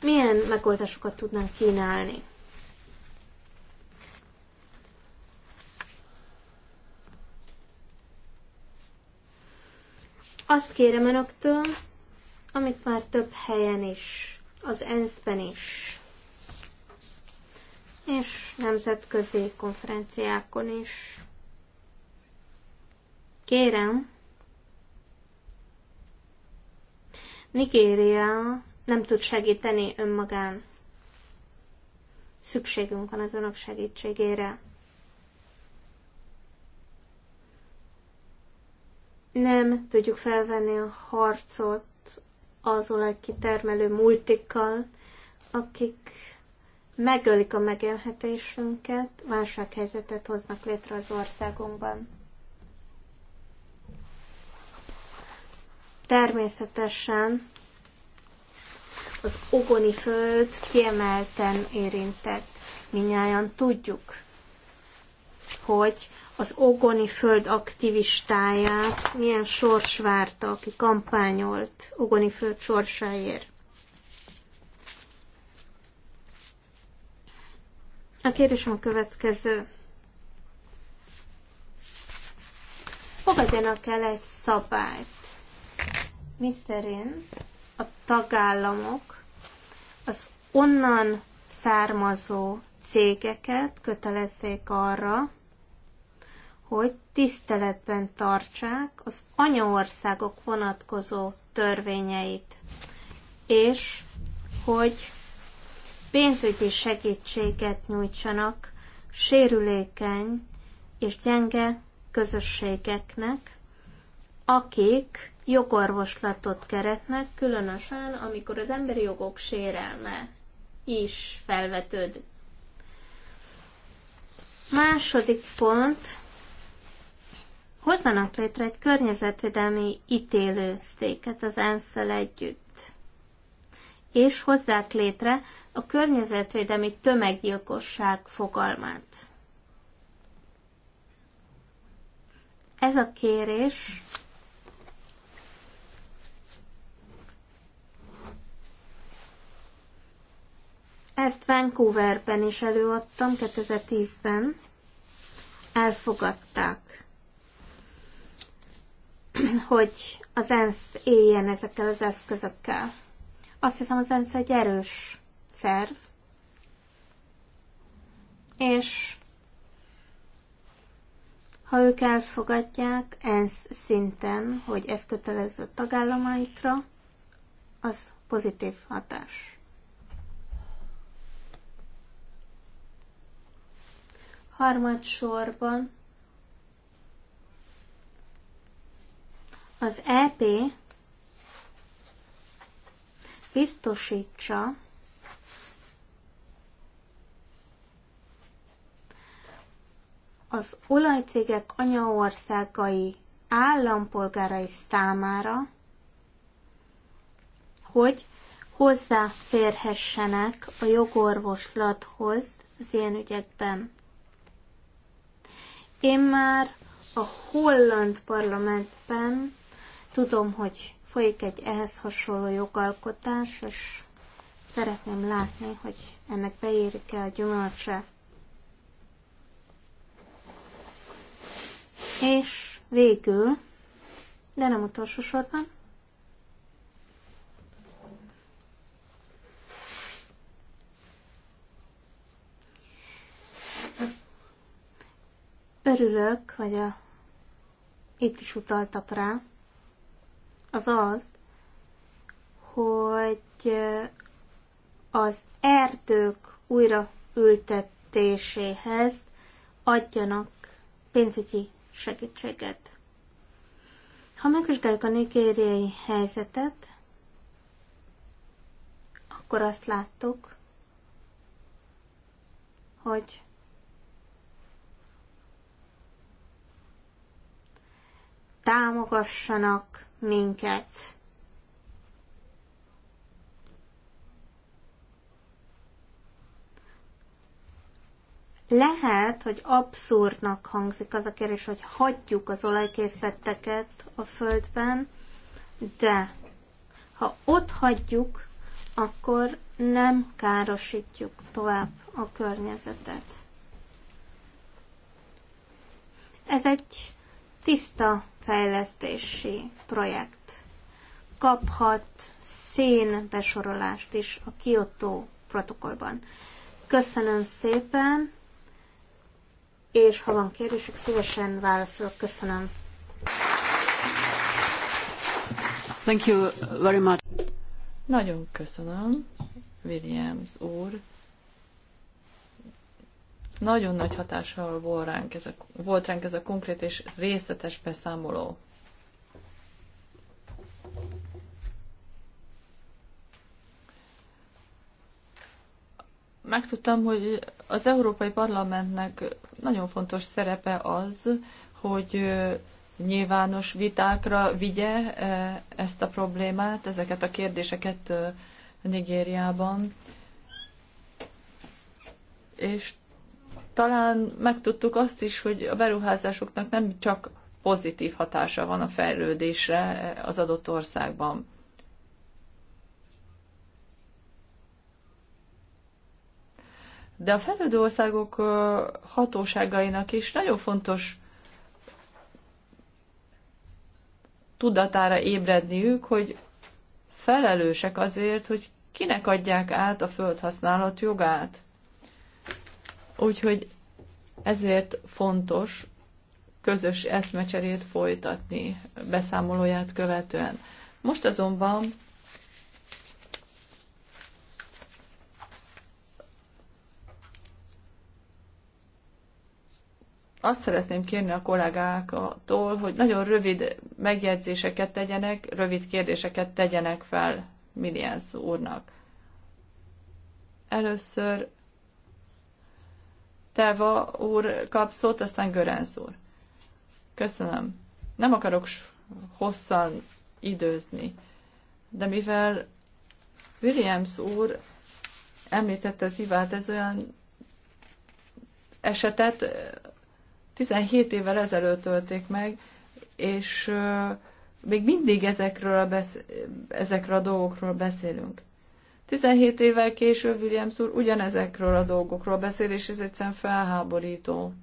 Milyen megoldásokat tudnánk kínálni? Azt kérem önöktől, amit már több helyen is, az ENSZ-ben is, és nemzetközi konferenciákon is. Kérem, Nigéria nem tud segíteni önmagán. Szükségünk van az önök segítségére. nem tudjuk felvenni a harcot az kitermelő multikkal, akik megölik a megélhetésünket, válsághelyzetet hoznak létre az országunkban. Természetesen az ogoni föld kiemelten érintett. Minnyáján tudjuk, hogy az Ogoni Föld aktivistáját, milyen sors várta, aki kampányolt Ogoni Föld sorsáért. A kérdésem a következő. Fogadjanak el egy szabályt, miszerint a tagállamok az onnan származó cégeket kötelezzék arra, hogy tiszteletben tartsák az anyaországok vonatkozó törvényeit, és hogy pénzügyi segítséget nyújtsanak sérülékeny és gyenge közösségeknek, akik jogorvoslatot keretnek, különösen amikor az emberi jogok sérelme is felvetődik. Második pont, hozzanak létre egy környezetvédelmi széket az ensz együtt, és hozzák létre a környezetvédelmi tömeggyilkosság fogalmát. Ez a kérés Ezt Vancouverben is előadtam 2010-ben. Elfogadták. hogy az ENSZ éljen ezekkel az eszközökkel. Azt hiszem, az ENSZ egy erős szerv, és ha ők elfogadják ENSZ szinten, hogy ez kötelező tagállamaikra, az pozitív hatás. Harmadsorban az EP biztosítsa, az olajcégek anyaországai állampolgárai számára, hogy hozzáférhessenek a jogorvoslathoz az ilyen ügyekben. Én már a holland parlamentben Tudom, hogy folyik egy ehhez hasonló jogalkotás, és szeretném látni, hogy ennek beérik-e a gyümölcse. És végül, de nem utolsó sorban, örülök, vagy a, itt is utaltak rá, az az, hogy az erdők újra ültetéséhez adjanak pénzügyi segítséget. Ha megvizsgáljuk a nigériai helyzetet, akkor azt láttuk, hogy támogassanak minket. Lehet, hogy abszurdnak hangzik az a kérdés, hogy hagyjuk az olajkészleteket a földben, de ha ott hagyjuk, akkor nem károsítjuk tovább a környezetet. Ez egy tiszta fejlesztési projekt kaphat szén besorolást is a Kyoto protokollban. Köszönöm szépen, és ha van kérdésük, szívesen válaszolok. Köszönöm.
Thank you very much. Nagyon köszönöm, Williams úr. Nagyon nagy hatással volt ránk ez a, volt ránk ez a konkrét és részletes beszámoló. Megtudtam, hogy az Európai Parlamentnek nagyon fontos szerepe az, hogy nyilvános vitákra vigye ezt a problémát, ezeket a kérdéseket Nigériában. És talán megtudtuk azt is, hogy a beruházásoknak nem csak pozitív hatása van a fejlődésre az adott országban. De a fejlődő országok hatóságainak is nagyon fontos tudatára ébredniük, hogy felelősek azért, hogy kinek adják át a földhasználat jogát. Úgyhogy ezért fontos közös eszmecserét folytatni beszámolóját követően. Most azonban azt szeretném kérni a kollégáktól, hogy nagyon rövid megjegyzéseket tegyenek, rövid kérdéseket tegyenek fel Milliens úrnak. Először Teva úr kap szót, aztán Görenz úr. Köszönöm. Nem akarok hosszan időzni, de mivel Williams úr említette az ivát, ez olyan esetet 17 évvel ezelőtt tölték meg, és még mindig ezekről a, besz- ezekről a dolgokról beszélünk. 17 évvel később Williams úr ugyanezekről a dolgokról beszél, és ez egyszerűen felháborító.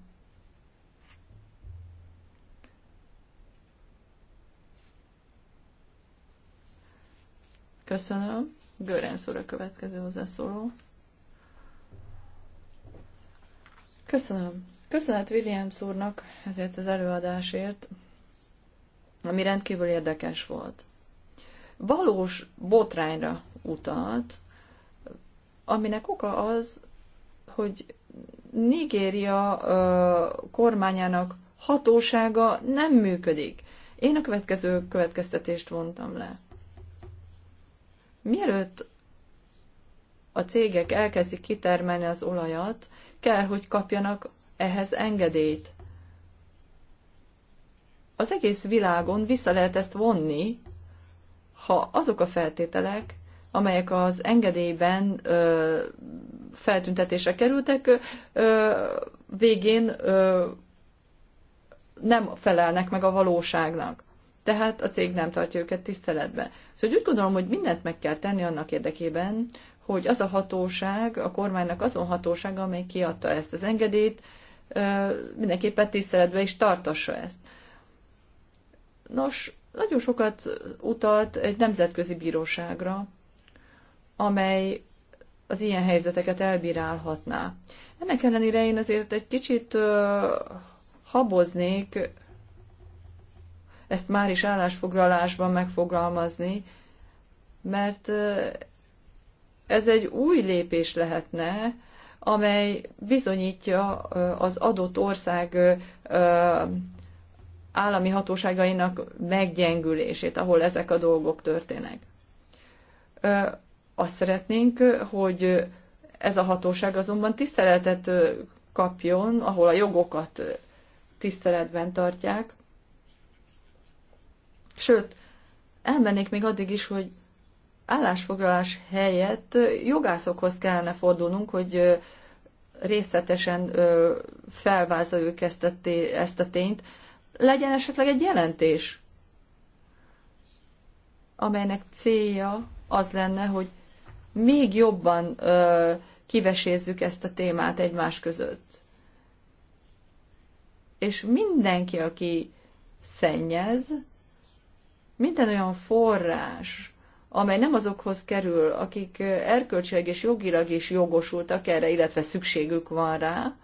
Köszönöm. Görenc úr a következő hozzászóló. Köszönöm. Köszönet Williams úrnak ezért az előadásért, ami rendkívül érdekes volt valós botrányra utalt, aminek oka az, hogy Nigéria ö, kormányának hatósága nem működik. Én a következő következtetést vontam le. Mielőtt a cégek elkezdik kitermelni az olajat, kell, hogy kapjanak ehhez engedélyt. Az egész világon vissza lehet ezt vonni, ha azok a feltételek, amelyek az engedélyben ö, feltüntetésre kerültek, ö, végén ö, nem felelnek meg a valóságnak. Tehát a cég nem tartja őket tiszteletben. Szóval úgy gondolom, hogy mindent meg kell tenni annak érdekében, hogy az a hatóság, a kormánynak azon hatóság, amely kiadta ezt az engedélyt, mindenképpen tiszteletbe is tartassa ezt. Nos, nagyon sokat utalt egy nemzetközi bíróságra, amely az ilyen helyzeteket elbírálhatná. Ennek ellenére én azért egy kicsit haboznék ezt már is állásfoglalásban megfogalmazni, mert ez egy új lépés lehetne, amely bizonyítja az adott ország állami hatóságainak meggyengülését, ahol ezek a dolgok történnek. Azt szeretnénk, hogy ez a hatóság azonban tiszteletet kapjon, ahol a jogokat tiszteletben tartják. Sőt, elmennék még addig is, hogy állásfoglalás helyett jogászokhoz kellene fordulnunk, hogy részletesen felvázoljuk ezt a, tényt, legyen esetleg egy jelentés, amelynek célja az lenne, hogy még jobban ö, kivesézzük ezt a témát egymás között. És mindenki, aki szennyez, minden olyan forrás, amely nem azokhoz kerül, akik erkölcsileg és jogilag is jogosultak erre, illetve szükségük van rá,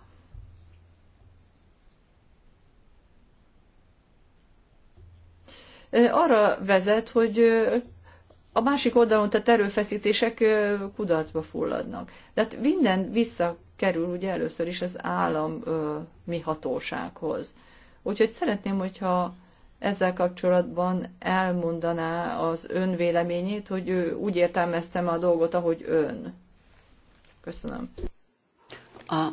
arra vezet, hogy a másik oldalon tehát erőfeszítések kudarcba fulladnak. Tehát minden visszakerül ugye először is az állam mi hatósághoz. Úgyhogy szeretném, hogyha ezzel kapcsolatban elmondaná az ön véleményét, hogy ő úgy értelmeztem a dolgot, ahogy ön. Köszönöm. Uh,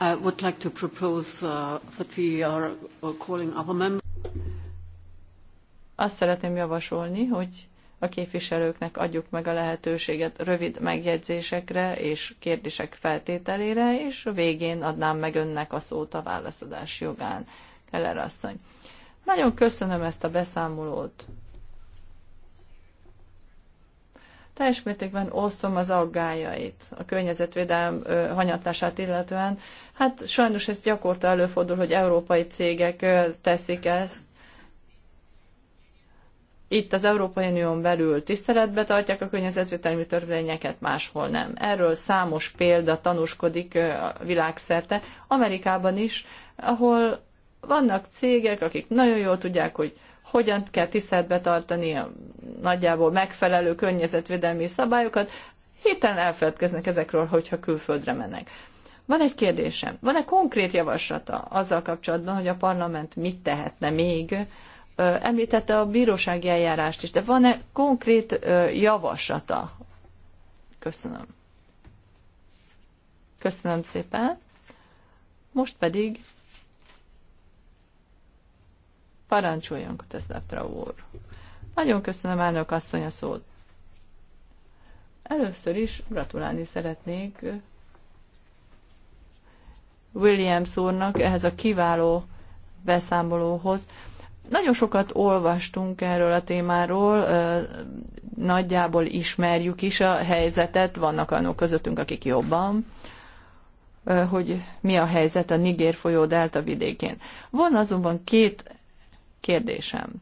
I would like to propose uh, that we are uh, calling our members. Azt szeretném javasolni, hogy a képviselőknek adjuk meg a lehetőséget rövid megjegyzésekre és kérdések feltételére, és a végén adnám meg önnek a szót a válaszadás jogán, Keller asszony. Nagyon köszönöm ezt a beszámolót. Teljes mértékben osztom az aggájait a környezetvédelem hanyatlását illetően. Hát sajnos ez gyakorta előfordul, hogy európai cégek teszik ezt, itt az Európai Unión belül tiszteletbe tartják a környezetvédelmi törvényeket, máshol nem. Erről számos példa tanúskodik világszerte, Amerikában is, ahol vannak cégek, akik nagyon jól tudják, hogy hogyan kell tiszteletbe tartani a nagyjából megfelelő környezetvédelmi szabályokat, hirtelen elfeledkeznek ezekről, hogyha külföldre mennek. Van egy kérdésem. Van-e konkrét javaslata azzal kapcsolatban, hogy a parlament mit tehetne még említette a bírósági eljárást is, de van-e konkrét javaslata? Köszönöm. Köszönöm szépen. Most pedig parancsoljon Kuteszleptra úr. Nagyon köszönöm elnök asszony a szót. Először is gratulálni szeretnék Williams úrnak ehhez a kiváló beszámolóhoz. Nagyon sokat olvastunk erről a témáról, nagyjából ismerjük is a helyzetet, vannak annak közöttünk, akik jobban, hogy mi a helyzet a Niger folyó delta vidékén. Van azonban két kérdésem.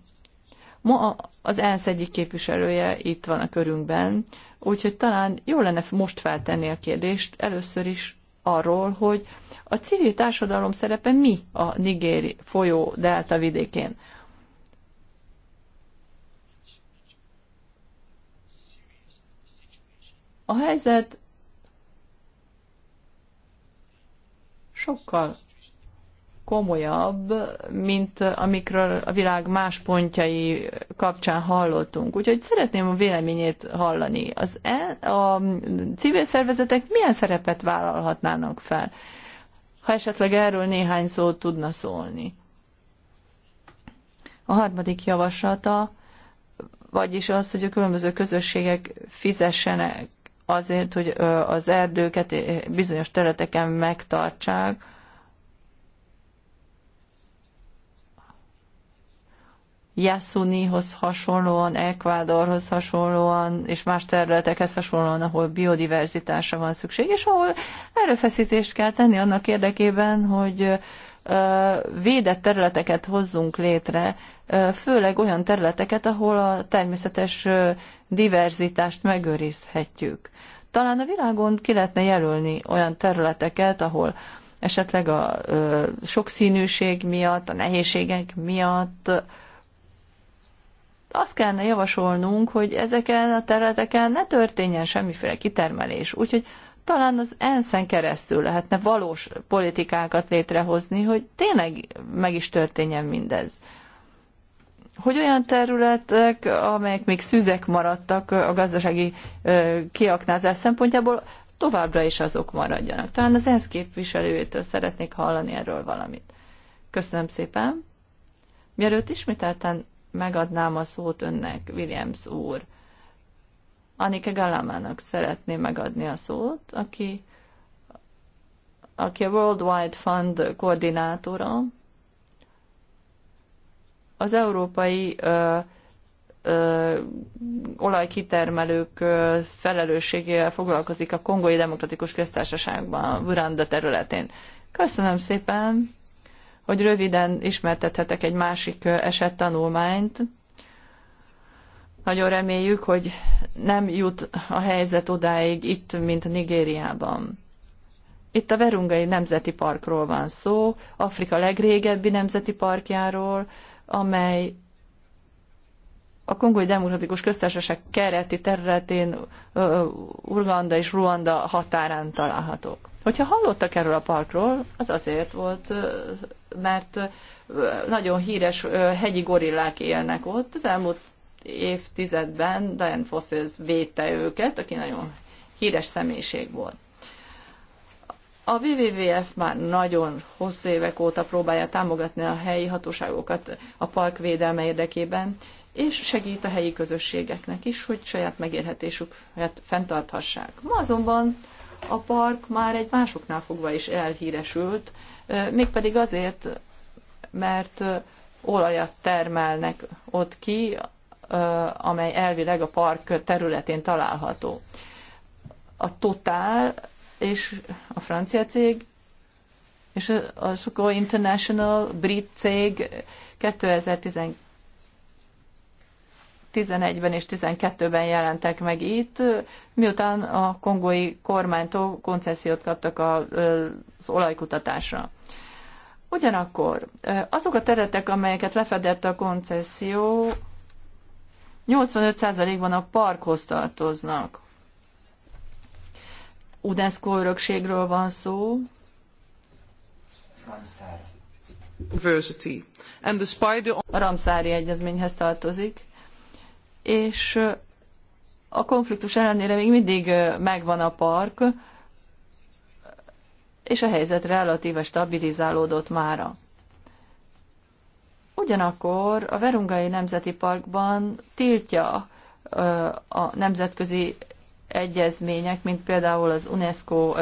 Ma az ENSZ egyik képviselője itt van a körünkben, úgyhogy talán jó lenne most feltenni a kérdést először is arról, hogy a civil társadalom szerepe mi a Nigéri folyó delta vidékén. A helyzet sokkal komolyabb, mint amikről a világ más pontjai kapcsán hallottunk. Úgyhogy szeretném a véleményét hallani. Az e, a civil szervezetek milyen szerepet vállalhatnának fel? Ha esetleg erről néhány szót tudna szólni. A harmadik javaslata, vagyis az, hogy a különböző közösségek fizessenek azért, hogy az erdőket eh, bizonyos területeken megtartsák. Yasunihoz hasonlóan, Ekvádorhoz hasonlóan, és más területekhez hasonlóan, ahol biodiverzitásra van szükség, és ahol erőfeszítést kell tenni annak érdekében, hogy védett területeket hozzunk létre, főleg olyan területeket, ahol a természetes diverzitást megőrizhetjük. Talán a világon ki lehetne jelölni olyan területeket, ahol esetleg a sokszínűség miatt, a nehézségek miatt azt kellene javasolnunk, hogy ezeken a területeken ne történjen semmiféle kitermelés. Úgyhogy talán az ENSZ-en keresztül lehetne valós politikákat létrehozni, hogy tényleg meg is történjen mindez. Hogy olyan területek, amelyek még szüzek maradtak a gazdasági kiaknázás szempontjából, továbbra is azok maradjanak. Talán az ENSZ képviselőjétől szeretnék hallani erről valamit. Köszönöm szépen. Mielőtt ismételten megadnám a szót önnek, Williams úr, Anike Galamának szeretné megadni a szót, aki, aki a World Wide Fund koordinátora. Az európai ö, ö, olajkitermelők ö, felelősségével foglalkozik a Kongói Demokratikus Köztársaságban, Vuranda területén. Köszönöm szépen, hogy röviden ismertethetek egy másik esettanulmányt. tanulmányt nagyon reméljük, hogy nem jut a helyzet odáig itt, mint Nigériában. Itt a Verungai Nemzeti Parkról van szó, Afrika legrégebbi nemzeti parkjáról, amely a Kongói Demokratikus Köztársaság kereti területén Urganda és Ruanda határán találhatók. Hogyha hallottak erről a parkról, az azért volt, mert nagyon híres hegyi gorillák élnek ott. Az elmúlt évtizedben Diane Fossils védte őket, aki nagyon híres személyiség volt. A WWF már nagyon hosszú évek óta próbálja támogatni a helyi hatóságokat a park védelme érdekében, és segít a helyi közösségeknek is, hogy saját megérhetésüket fenntarthassák. Ma azonban a park már egy másoknál fogva is elhíresült, mégpedig azért, mert olajat termelnek ott ki, amely elvileg a park területén található. A Total és a francia cég és a Soko International brit cég 2011-ben és 2012-ben jelentek meg itt, miután a kongói kormánytól koncesziót kaptak az olajkutatásra. Ugyanakkor azok a területek, amelyeket lefedett a koncesszió, 85%-ban a parkhoz tartoznak. UNESCO örökségről van szó. And the spider... A Ramszári egyezményhez tartozik. És a konfliktus ellenére még mindig megvan a park, és a helyzet relatíve stabilizálódott mára. Ugyanakkor a Verungai Nemzeti Parkban tiltja a nemzetközi egyezmények, mint például az UNESCO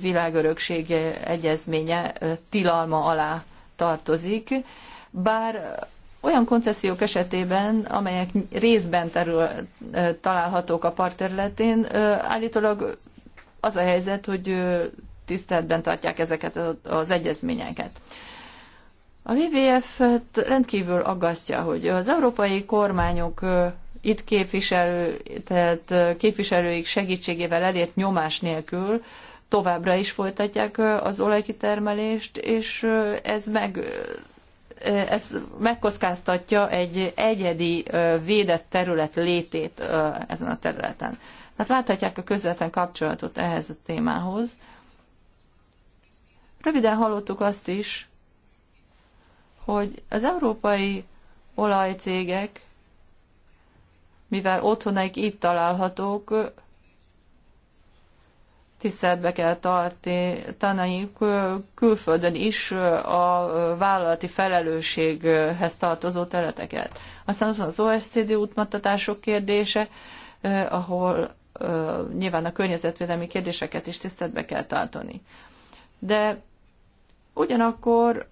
világörökség egyezménye tilalma alá tartozik, bár olyan koncesziók esetében, amelyek részben terül, találhatók a park területén, állítólag az a helyzet, hogy tiszteletben tartják ezeket az egyezményeket. A WWF rendkívül aggasztja, hogy az európai kormányok itt képviselő, tehát képviselőik segítségével elért nyomás nélkül továbbra is folytatják az olajkitermelést, és ez meg ez megkockáztatja egy egyedi védett terület létét ezen a területen. Tehát láthatják a közvetlen kapcsolatot ehhez a témához. Röviden hallottuk azt is, hogy az európai olajcégek, mivel otthonaik itt találhatók, tiszteletbe kell tartani külföldön is a vállalati felelősséghez tartozó területeket. Aztán az az OSCD útmattatások kérdése, ahol nyilván a környezetvédelmi kérdéseket is tiszteletbe kell tartani. De ugyanakkor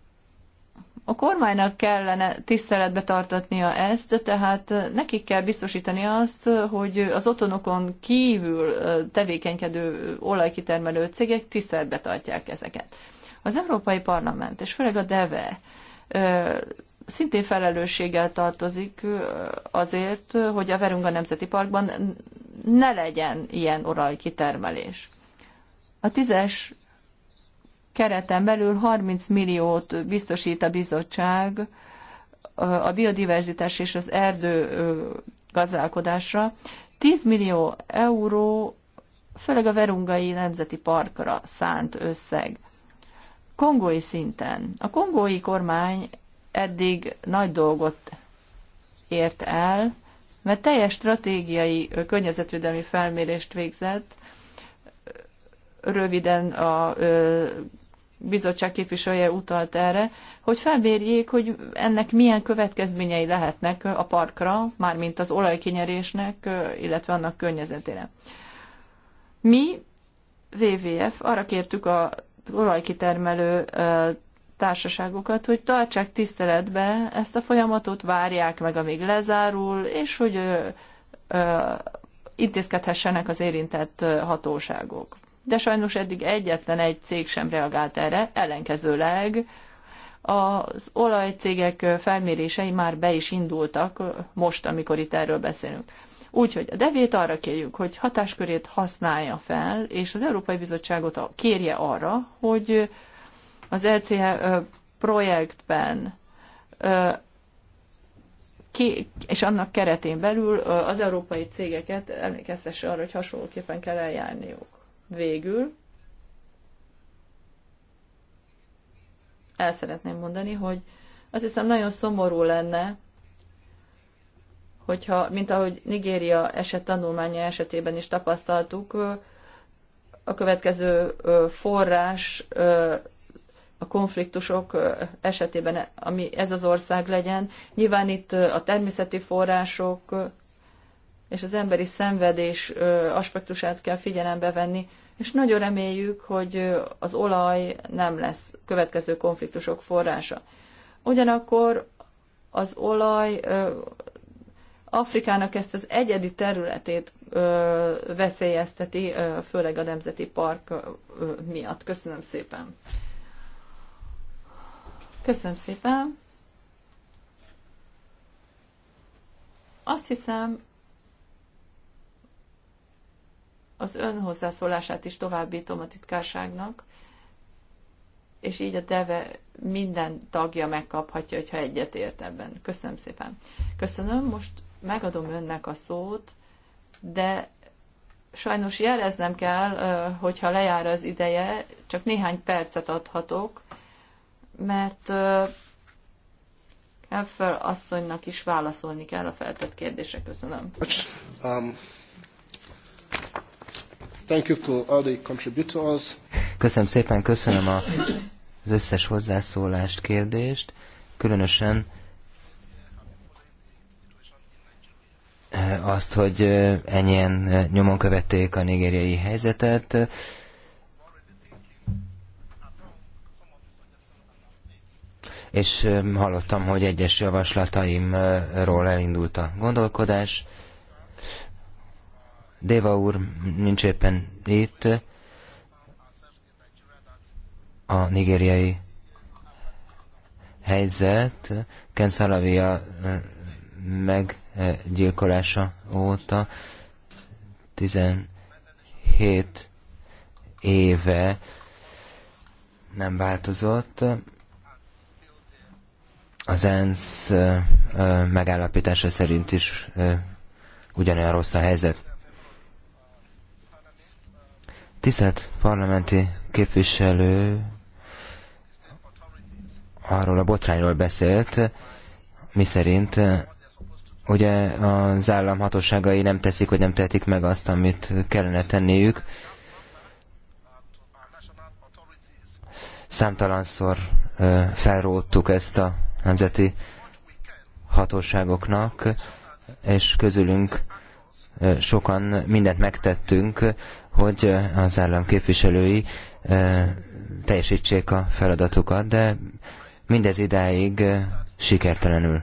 a kormánynak kellene tiszteletbe tartatnia ezt, tehát nekik kell biztosítani azt, hogy az otthonokon kívül tevékenykedő olajkitermelő cégek tiszteletbe tartják ezeket. Az Európai Parlament, és főleg a DEVE, szintén felelősséggel tartozik azért, hogy a Verunga Nemzeti Parkban ne legyen ilyen olajkitermelés. A tízes kereten belül 30 milliót biztosít a bizottság a biodiverzitás és az erdő gazdálkodásra, 10 millió euró főleg a Verungai Nemzeti Parkra szánt összeg. Kongói szinten. A kongói kormány eddig nagy dolgot ért el, mert teljes stratégiai környezetvédelmi felmérést végzett, röviden a bizottság képviselője utalt erre, hogy felmérjék, hogy ennek milyen következményei lehetnek a parkra, mármint az olajkinyerésnek, illetve annak környezetére. Mi, WWF, arra kértük a olajkitermelő társaságokat, hogy tartsák tiszteletbe ezt a folyamatot, várják meg, amíg lezárul, és hogy intézkedhessenek az érintett hatóságok de sajnos eddig egyetlen egy cég sem reagált erre, ellenkezőleg az olajcégek felmérései már be is indultak most, amikor itt erről beszélünk. Úgyhogy a devét arra kérjük, hogy hatáskörét használja fel, és az Európai Bizottságot kérje arra, hogy az LCH e projektben és annak keretén belül az európai cégeket emlékeztesse arra, hogy hasonlóképpen kell eljárniuk. Végül el szeretném mondani, hogy azt hiszem nagyon szomorú lenne, hogyha, mint ahogy Nigéria eset tanulmánya esetében is tapasztaltuk, a következő forrás a konfliktusok esetében, ami ez az ország legyen. Nyilván itt a természeti források, és az emberi szenvedés aspektusát kell figyelembe venni, és nagyon reméljük, hogy az olaj nem lesz következő konfliktusok forrása. Ugyanakkor az olaj Afrikának ezt az egyedi területét veszélyezteti, főleg a Nemzeti Park miatt. Köszönöm szépen. Köszönöm szépen. Azt hiszem, az ön hozzászólását is továbbítom a titkárságnak, és így a DEVE minden tagja megkaphatja, hogyha egyet ért ebben. Köszönöm szépen. Köszönöm, most megadom önnek a szót, de sajnos jeleznem kell, hogyha lejár az ideje, csak néhány percet adhatok, mert Elfel asszonynak is válaszolni kell a feltett kérdésre. Köszönöm.
Um. Thank you to all the contributors. Köszönöm szépen, köszönöm a, az összes hozzászólást, kérdést, különösen eh, azt, hogy eh, ennyien eh, nyomon követték a nigériai helyzetet. És hallottam, hogy egyes javaslataimról elindult a gondolkodás. Deva úr nincs éppen itt. A nigériai helyzet Ken Salavia meggyilkolása óta 17 éve nem változott. Az ENSZ megállapítása szerint is ugyanolyan rossz a helyzet. Tisztelt parlamenti képviselő arról a botrányról beszélt, miszerint eh, ugye az állam hatóságai nem teszik, vagy nem tehetik meg azt, amit kellene tenniük. Számtalanszor eh, felróttuk ezt a nemzeti hatóságoknak, és közülünk sokan mindent megtettünk, hogy az állam képviselői teljesítsék a feladatukat, de mindez idáig sikertelenül.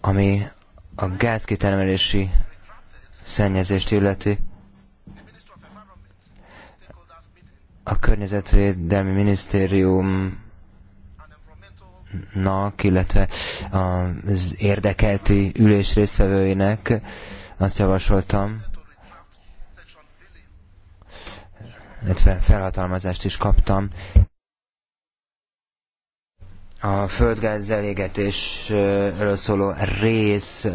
Ami a gázkitermelési szennyezést illeti, a környezetvédelmi minisztérium nak, illetve az érdekelti ülés résztvevőinek azt javasoltam, illetve felhatalmazást is kaptam. A földgáz elégetésről szóló rész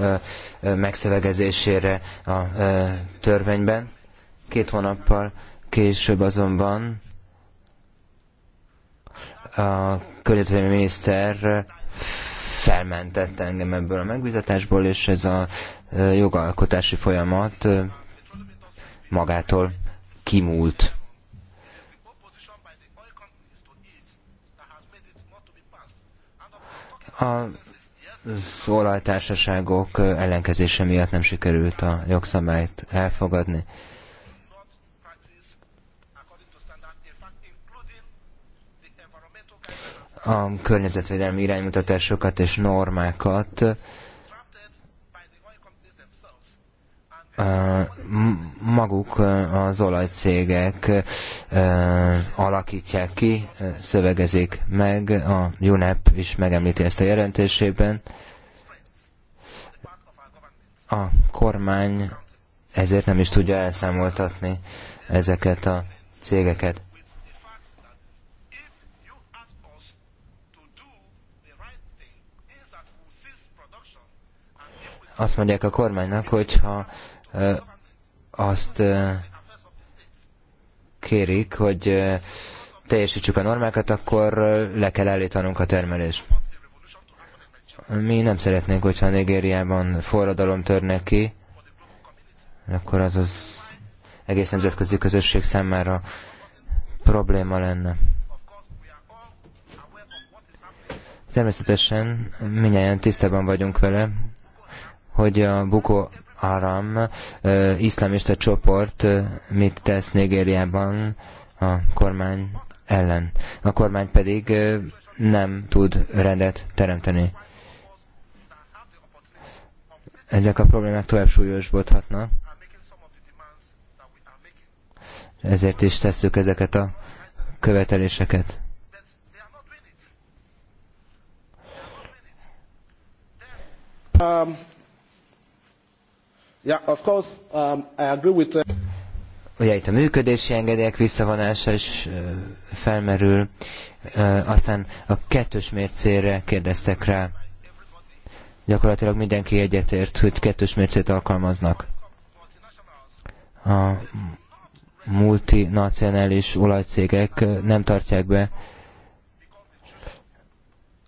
megszövegezésére a törvényben. Két hónappal később azonban a környezetvédelmi miniszter felmentette engem ebből a megbizatásból, és ez a jogalkotási folyamat magától kimúlt. A olajtársaságok ellenkezése miatt nem sikerült a jogszabályt elfogadni. a környezetvédelmi iránymutatásokat és normákat maguk az olajcégek alakítják ki, szövegezik meg, a UNEP is megemlíti ezt a jelentésében. A kormány ezért nem is tudja elszámoltatni ezeket a cégeket. azt mondják a kormánynak, hogyha azt kérik, hogy teljesítsük a normákat, akkor le kell állítanunk a termelést. Mi nem szeretnénk, hogyha Nigériában forradalom törne ki, akkor az az egész nemzetközi közösség számára probléma lenne. Természetesen minnyáján tisztában vagyunk vele, hogy a Boko Haram iszlamista csoport mit tesz Nigériában a kormány ellen. A kormány pedig nem tud rendet teremteni. Ezek a problémák tovább súlyosbodhatnak. Ezért is tesszük ezeket a követeléseket. Um Yeah, of course, um, I agree with... Uh, Ugye itt a működési engedélyek visszavonása is felmerül, aztán a kettős mércére kérdeztek rá. Gyakorlatilag mindenki egyetért, hogy kettős mércét alkalmaznak. A multinacionális olajcégek nem tartják be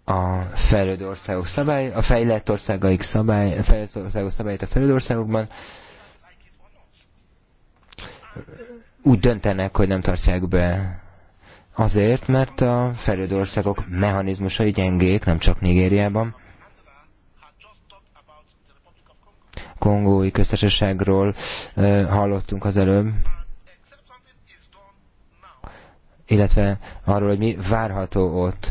a fejlődő országok szabály, a fejlett országaik szabály, a fejlett országok szabályt a fejlődő országokban, úgy döntenek, hogy nem tartják be. Azért, mert a fejlődő országok mechanizmusai gyengék, nem csak Nigériában. Kongói köztársaságról hallottunk az előbb, illetve arról, hogy mi várható ott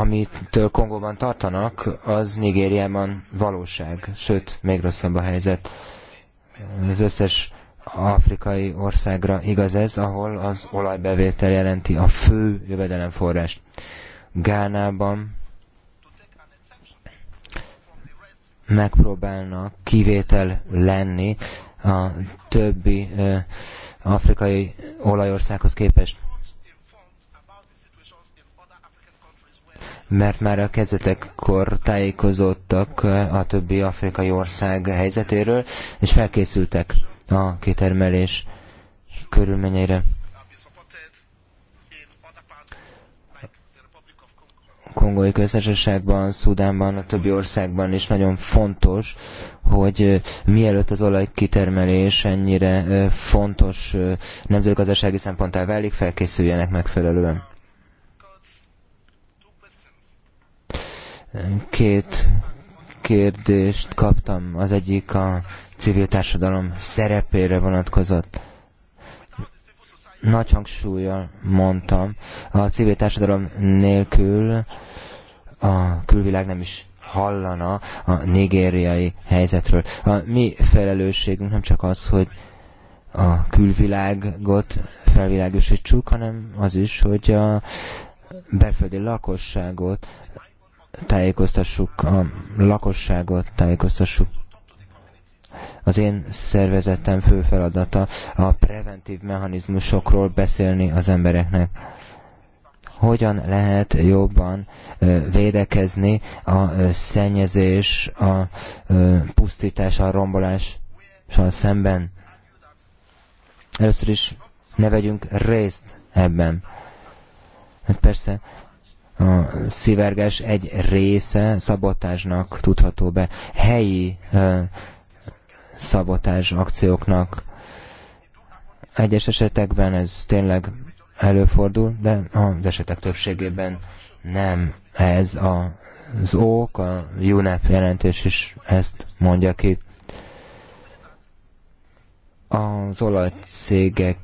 amit Kongóban tartanak, az Nigériában valóság, sőt, még rosszabb a helyzet. Az összes afrikai országra igaz ez, ahol az olajbevétel jelenti a fő jövedelemforrást. Gánában megpróbálnak kivétel lenni a többi ö, afrikai olajországhoz képest. mert már a kezdetekkor tájékozódtak eh, a többi afrikai ország helyzetéről, és felkészültek a kitermelés körülményeire. Kongói Köztársaságban, Szudánban, a többi országban is nagyon fontos, hogy eh, mielőtt az olajkitermelés ennyire eh, fontos nemzetgazdasági szemponttá válik, felkészüljenek megfelelően. Két kérdést kaptam, az egyik a civil társadalom szerepére vonatkozott. Nagy hangsúlyjal mondtam, a civil társadalom nélkül a külvilág nem is hallana a nigériai helyzetről. A mi felelősségünk nem csak az, hogy a külvilágot felvilágosítsuk, hanem az is, hogy a belföldi lakosságot tájékoztassuk a lakosságot, tájékoztassuk az én szervezetem fő feladata a preventív mechanizmusokról beszélni az embereknek. Hogyan lehet jobban védekezni a szennyezés, a pusztítás, a rombolással szemben? Először is ne vegyünk részt ebben. Hát persze a szivárgás egy része szabotásnak tudható be, helyi szabotás akcióknak. Egyes esetekben ez tényleg előfordul, de az esetek többségében nem ez a, az ok, a UNEP jelentés is ezt mondja ki. Az olajcégeket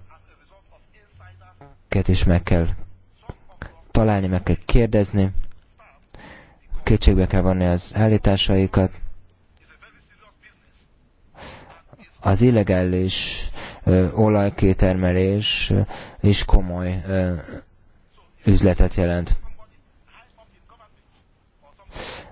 is meg kell találni, meg kell kérdezni, kétségbe kell vonni az állításaikat. Az illegális ö, olajkétermelés is komoly ö, üzletet jelent.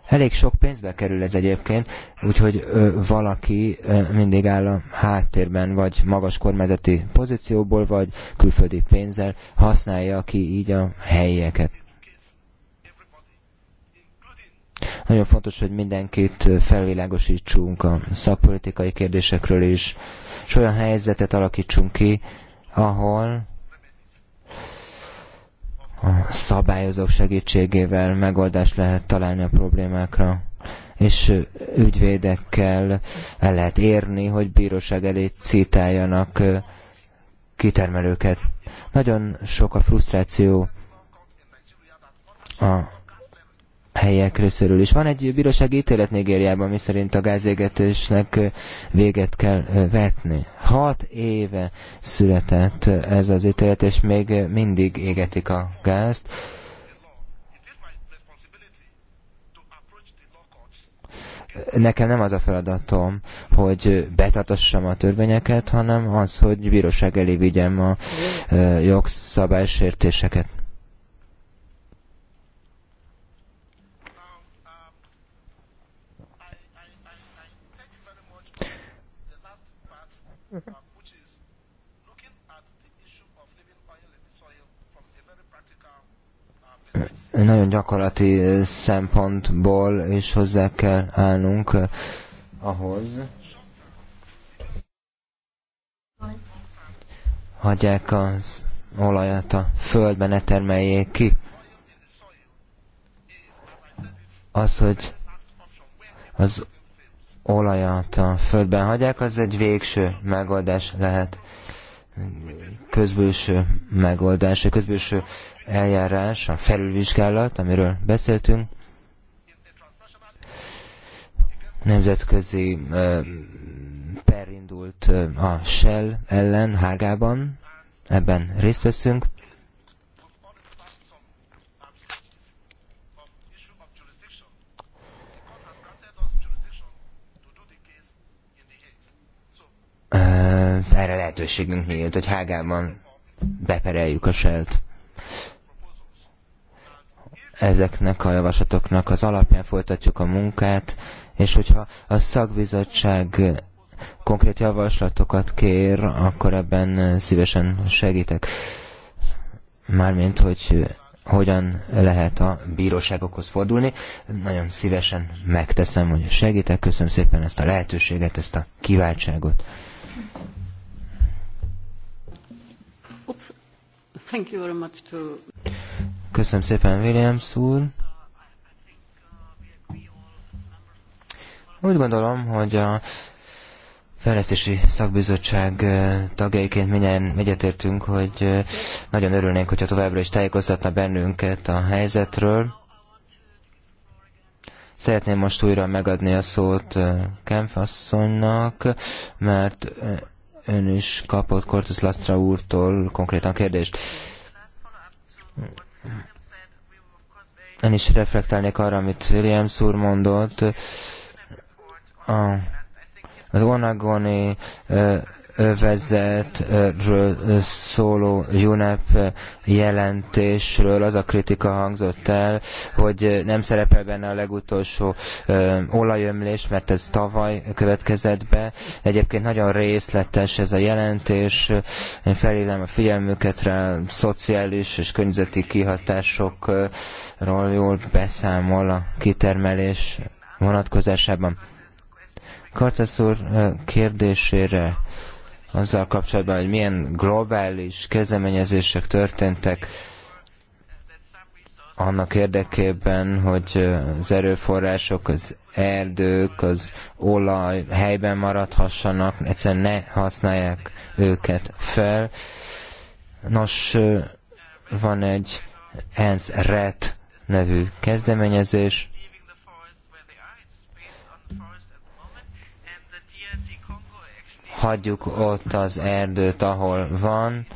Elég sok pénzbe kerül ez egyébként, úgyhogy valaki mindig áll a háttérben, vagy magas kormányzati pozícióból, vagy külföldi pénzzel használja ki így a helyieket. Nagyon fontos, hogy mindenkit felvilágosítsunk a szakpolitikai kérdésekről is, és olyan helyzetet alakítsunk ki, ahol a szabályozók segítségével megoldást lehet találni a problémákra és ügyvédekkel el lehet érni, hogy bíróság elé citáljanak kitermelőket. Nagyon sok a frusztráció a helyek részéről is. Van egy bírósági ítélet Nigériában, miszerint a gázégetésnek véget kell vetni. Hat éve született ez az ítélet, és még mindig égetik a gázt. Nekem nem az a feladatom, hogy betartassam a törvényeket, hanem az, hogy bíróság elé vigyem a jogszabálysértéseket. Nagyon gyakorlati szempontból is hozzá kell állnunk ahhoz, hagyják az olajat a földbe, ne termeljék ki. Az, hogy az olajat a földben hagyják, az egy végső megoldás lehet, közbőső megoldás, egy közbőső eljárás, a felülvizsgálat, amiről beszéltünk, nemzetközi perindult a Shell ellen Hágában, ebben részt veszünk. erre lehetőségünk nyílt, hogy Hágában bepereljük a selt. Ezeknek a javaslatoknak az alapján folytatjuk a munkát, és hogyha a szakbizottság konkrét javaslatokat kér, akkor ebben szívesen segítek. Mármint, hogy hogyan lehet a bíróságokhoz fordulni. Nagyon szívesen megteszem, hogy segítek. Köszönöm szépen ezt a lehetőséget, ezt a kiváltságot. Köszönöm szépen, Williams úr. Úgy gondolom, hogy a fejlesztési szakbizottság tagjaiként mindjárt egyetértünk, hogy nagyon örülnénk, hogyha továbbra is tájékoztatna bennünket a helyzetről. Szeretném most újra megadni a szót Kempf asszonynak, mert ön is kapott Cortes Lastra úrtól konkrétan kérdést. Én is reflektálnék arra, amit Williams úr mondott. A, az Onagoni övezetről szóló UNEP jelentésről az a kritika hangzott el, hogy nem szerepel benne a legutolsó olajömlés, mert ez tavaly következett be. Egyébként nagyon részletes ez a jelentés. Én felhívnám a figyelmüket rá, szociális és környezeti kihatásokról jól beszámol a kitermelés vonatkozásában. Kartasz úr kérdésére azzal kapcsolatban, hogy milyen globális kezdeményezések történtek annak érdekében, hogy az erőforrások, az erdők, az olaj helyben maradhassanak, egyszerűen ne használják őket fel. Nos, van egy ENSZ RET nevű kezdeményezés, hagyjuk ott az erdőt, ahol van,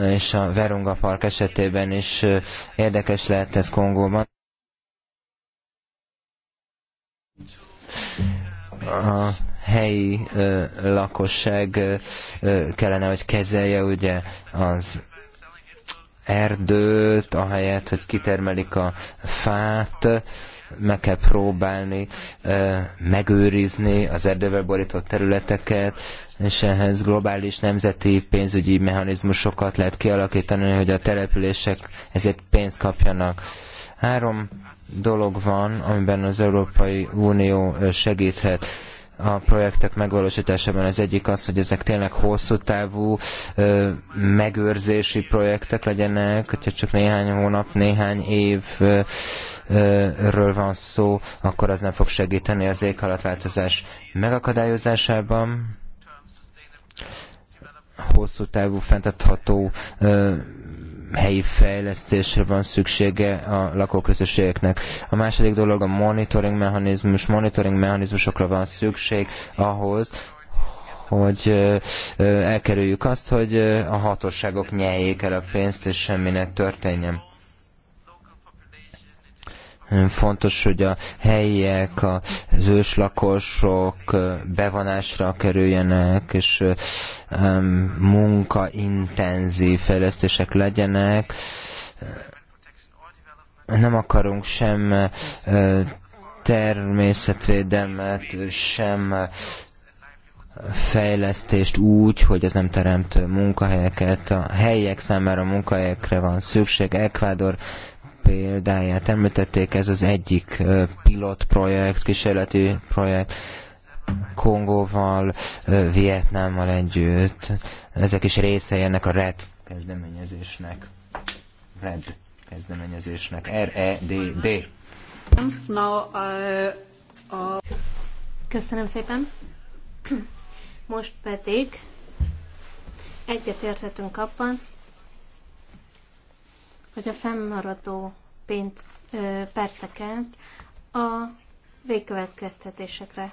és a Verunga Park esetében is érdekes lehet ez Kongóban. A helyi ö, lakosság ö, kellene, hogy kezelje ugye az erdőt, ahelyett, hogy kitermelik a fát meg kell próbálni megőrizni az erdővel borított területeket, és ehhez globális nemzeti pénzügyi mechanizmusokat lehet kialakítani, hogy a települések ezért pénzt kapjanak. Három dolog van, amiben az Európai Unió segíthet a projektek megvalósításában. Az egyik az, hogy ezek tényleg hosszú távú megőrzési projektek legyenek, hogyha csak néhány hónap, néhány év ről van szó, akkor az nem fog segíteni az éghalatváltozás megakadályozásában. Hosszú távú fenntartható helyi fejlesztésre van szüksége a lakóközösségeknek. A második dolog a monitoring mechanizmus. Monitoring mechanizmusokra van szükség ahhoz, hogy elkerüljük azt, hogy a hatóságok nyeljék el a pénzt, és semmi ne történjen. Fontos, hogy a helyiek, az őslakosok bevonásra kerüljenek, és um, munkaintenzív fejlesztések legyenek. Nem akarunk sem természetvédelmet, sem fejlesztést úgy, hogy ez nem teremt munkahelyeket. A helyiek számára munkahelyekre van szükség. Ecuador példáját említették, ez az egyik projekt, kísérleti projekt, Kongóval, Vietnámmal együtt. Ezek is részei ennek a RED kezdeményezésnek. RED kezdeményezésnek. R-E-D-D.
Uh, uh, Köszönöm szépen. Most pedig egyetérthetünk abban, hogy a fennmaradó pénz, ö, perceket a végkövetkeztetésekre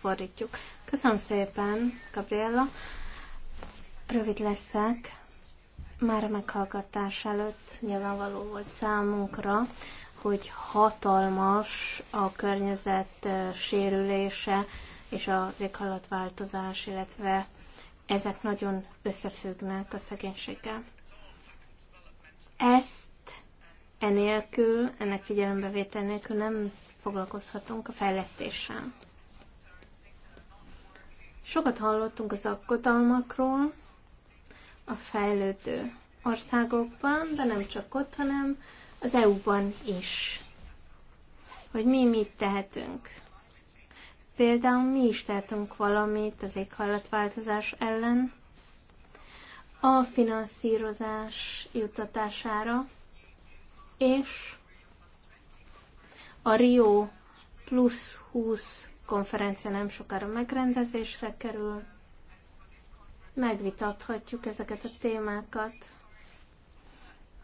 fordítjuk. Köszönöm szépen, Gabriella. Rövid leszek. Már a meghallgatás előtt nyilvánvaló volt számunkra, hogy hatalmas a környezet sérülése és az éghajlatváltozás, illetve ezek nagyon összefüggnek a szegénységgel. Ezt enélkül, ennek figyelembevétel nélkül nem foglalkozhatunk a fejlesztéssel. Sokat hallottunk az aggodalmakról a fejlődő országokban, de nem csak ott, hanem az EU-ban is. Hogy mi mit tehetünk. Például mi is tehetünk valamit az éghajlatváltozás ellen, a finanszírozás juttatására, és a Rio Plus 20 konferencia nem sokára megrendezésre kerül. Megvitathatjuk ezeket a témákat,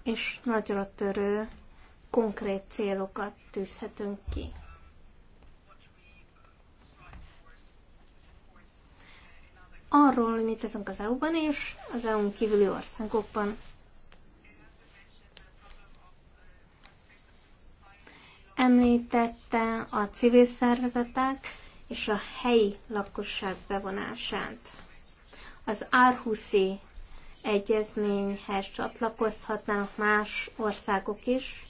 és nagyra törő konkrét célokat tűzhetünk ki. arról, hogy mit teszünk az EU-ban és az EU-n kívüli országokban. Említette a civil szervezetek és a helyi lakosság bevonását. Az Árhuszi egyezményhez csatlakozhatnának más országok is,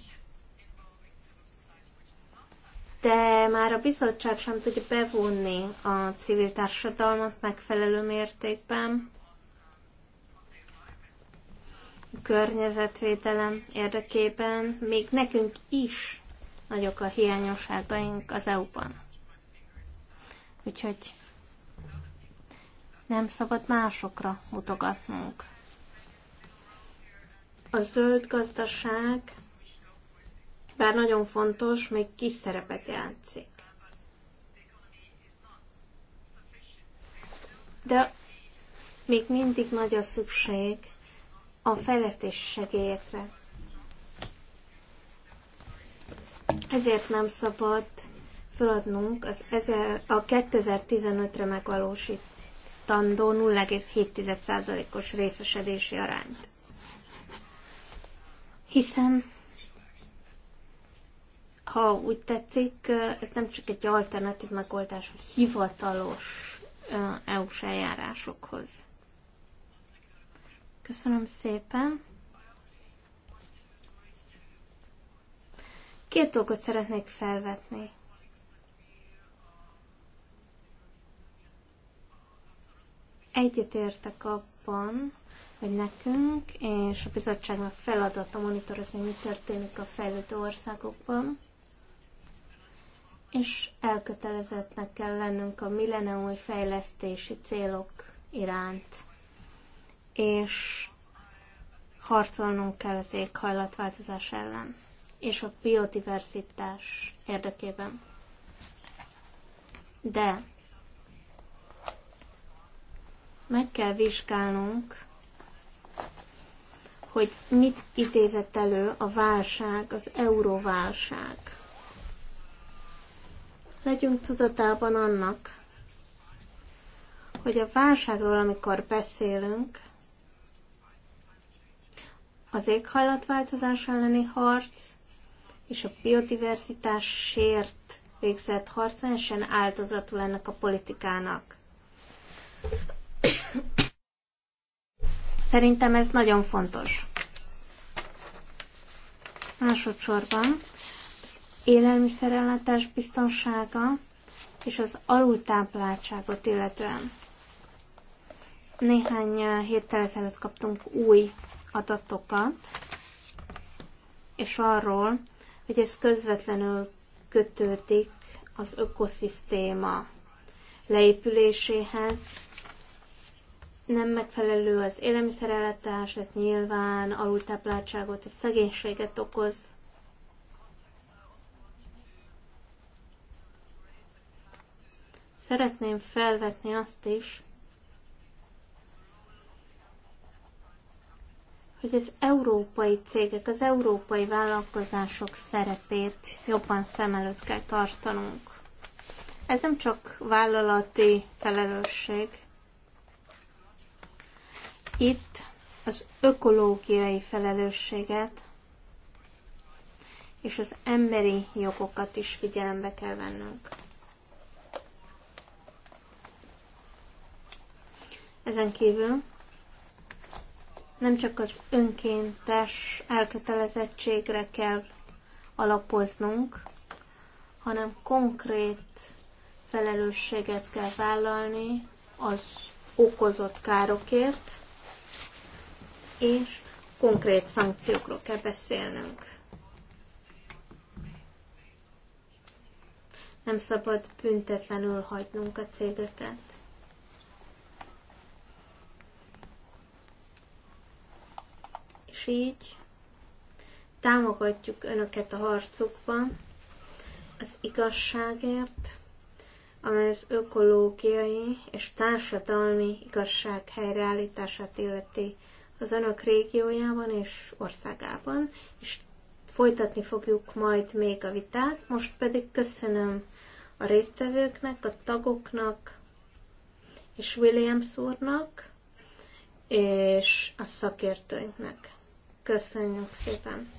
de már a bizottság sem tudja bevonni a civil társadalmat megfelelő mértékben. A környezetvédelem érdekében még nekünk is nagyok a hiányosságaink az EU-ban. Úgyhogy nem szabad másokra mutogatnunk. A zöld gazdaság bár nagyon fontos, még kis szerepet játszik. De még mindig nagy a szükség a fejlesztési segélyekre. Ezért nem szabad feladnunk az ezer, a 2015-re megvalósítandó 0,7%-os részesedési arányt. Hiszen ha úgy tetszik, ez nem csak egy alternatív megoldás, hogy hivatalos EU-s eljárásokhoz. Köszönöm szépen. Két dolgot szeretnék felvetni. Egyetértek abban, hogy nekünk és a bizottságnak feladata monitorozni, hogy mi történik a fejlődő országokban és elkötelezettnek kell lennünk a milleniumi fejlesztési célok iránt, és harcolnunk kell az éghajlatváltozás ellen, és a biodiverzitás érdekében. De meg kell vizsgálnunk, hogy mit idézett elő a válság, az euróválság Legyünk tudatában annak, hogy a válságról, amikor beszélünk, az éghajlatváltozás elleni harc és a biodiverzitás sért végzett harc teljesen áldozatul ennek a politikának. Szerintem ez nagyon fontos. Másodszorban élelmiszerellátás biztonsága és az alultápláltságot illetően. Néhány eh, héttel ezelőtt kaptunk új adatokat, és arról, hogy ez közvetlenül kötődik az ökoszisztéma leépüléséhez. Nem megfelelő az élelmiszerellátás, ez nyilván alultápláltságot és szegénységet okoz, Szeretném felvetni azt is, hogy az európai cégek, az európai vállalkozások szerepét jobban szem előtt kell tartanunk. Ez nem csak vállalati felelősség. Itt az ökológiai felelősséget és az emberi jogokat is figyelembe kell vennünk. Ezen kívül nem csak az önkéntes elkötelezettségre kell alapoznunk, hanem konkrét felelősséget kell vállalni az okozott károkért, és konkrét szankciókról kell beszélnünk. Nem szabad büntetlenül hagynunk a cégeket. így támogatjuk Önöket a harcukban az igazságért, amely az ökológiai és társadalmi igazság helyreállítását illeti az Önök régiójában és országában, és folytatni fogjuk majd még a vitát. Most pedig köszönöm a résztvevőknek, a tagoknak és Williams úrnak, és a szakértőinknek. Köszönjük szépen!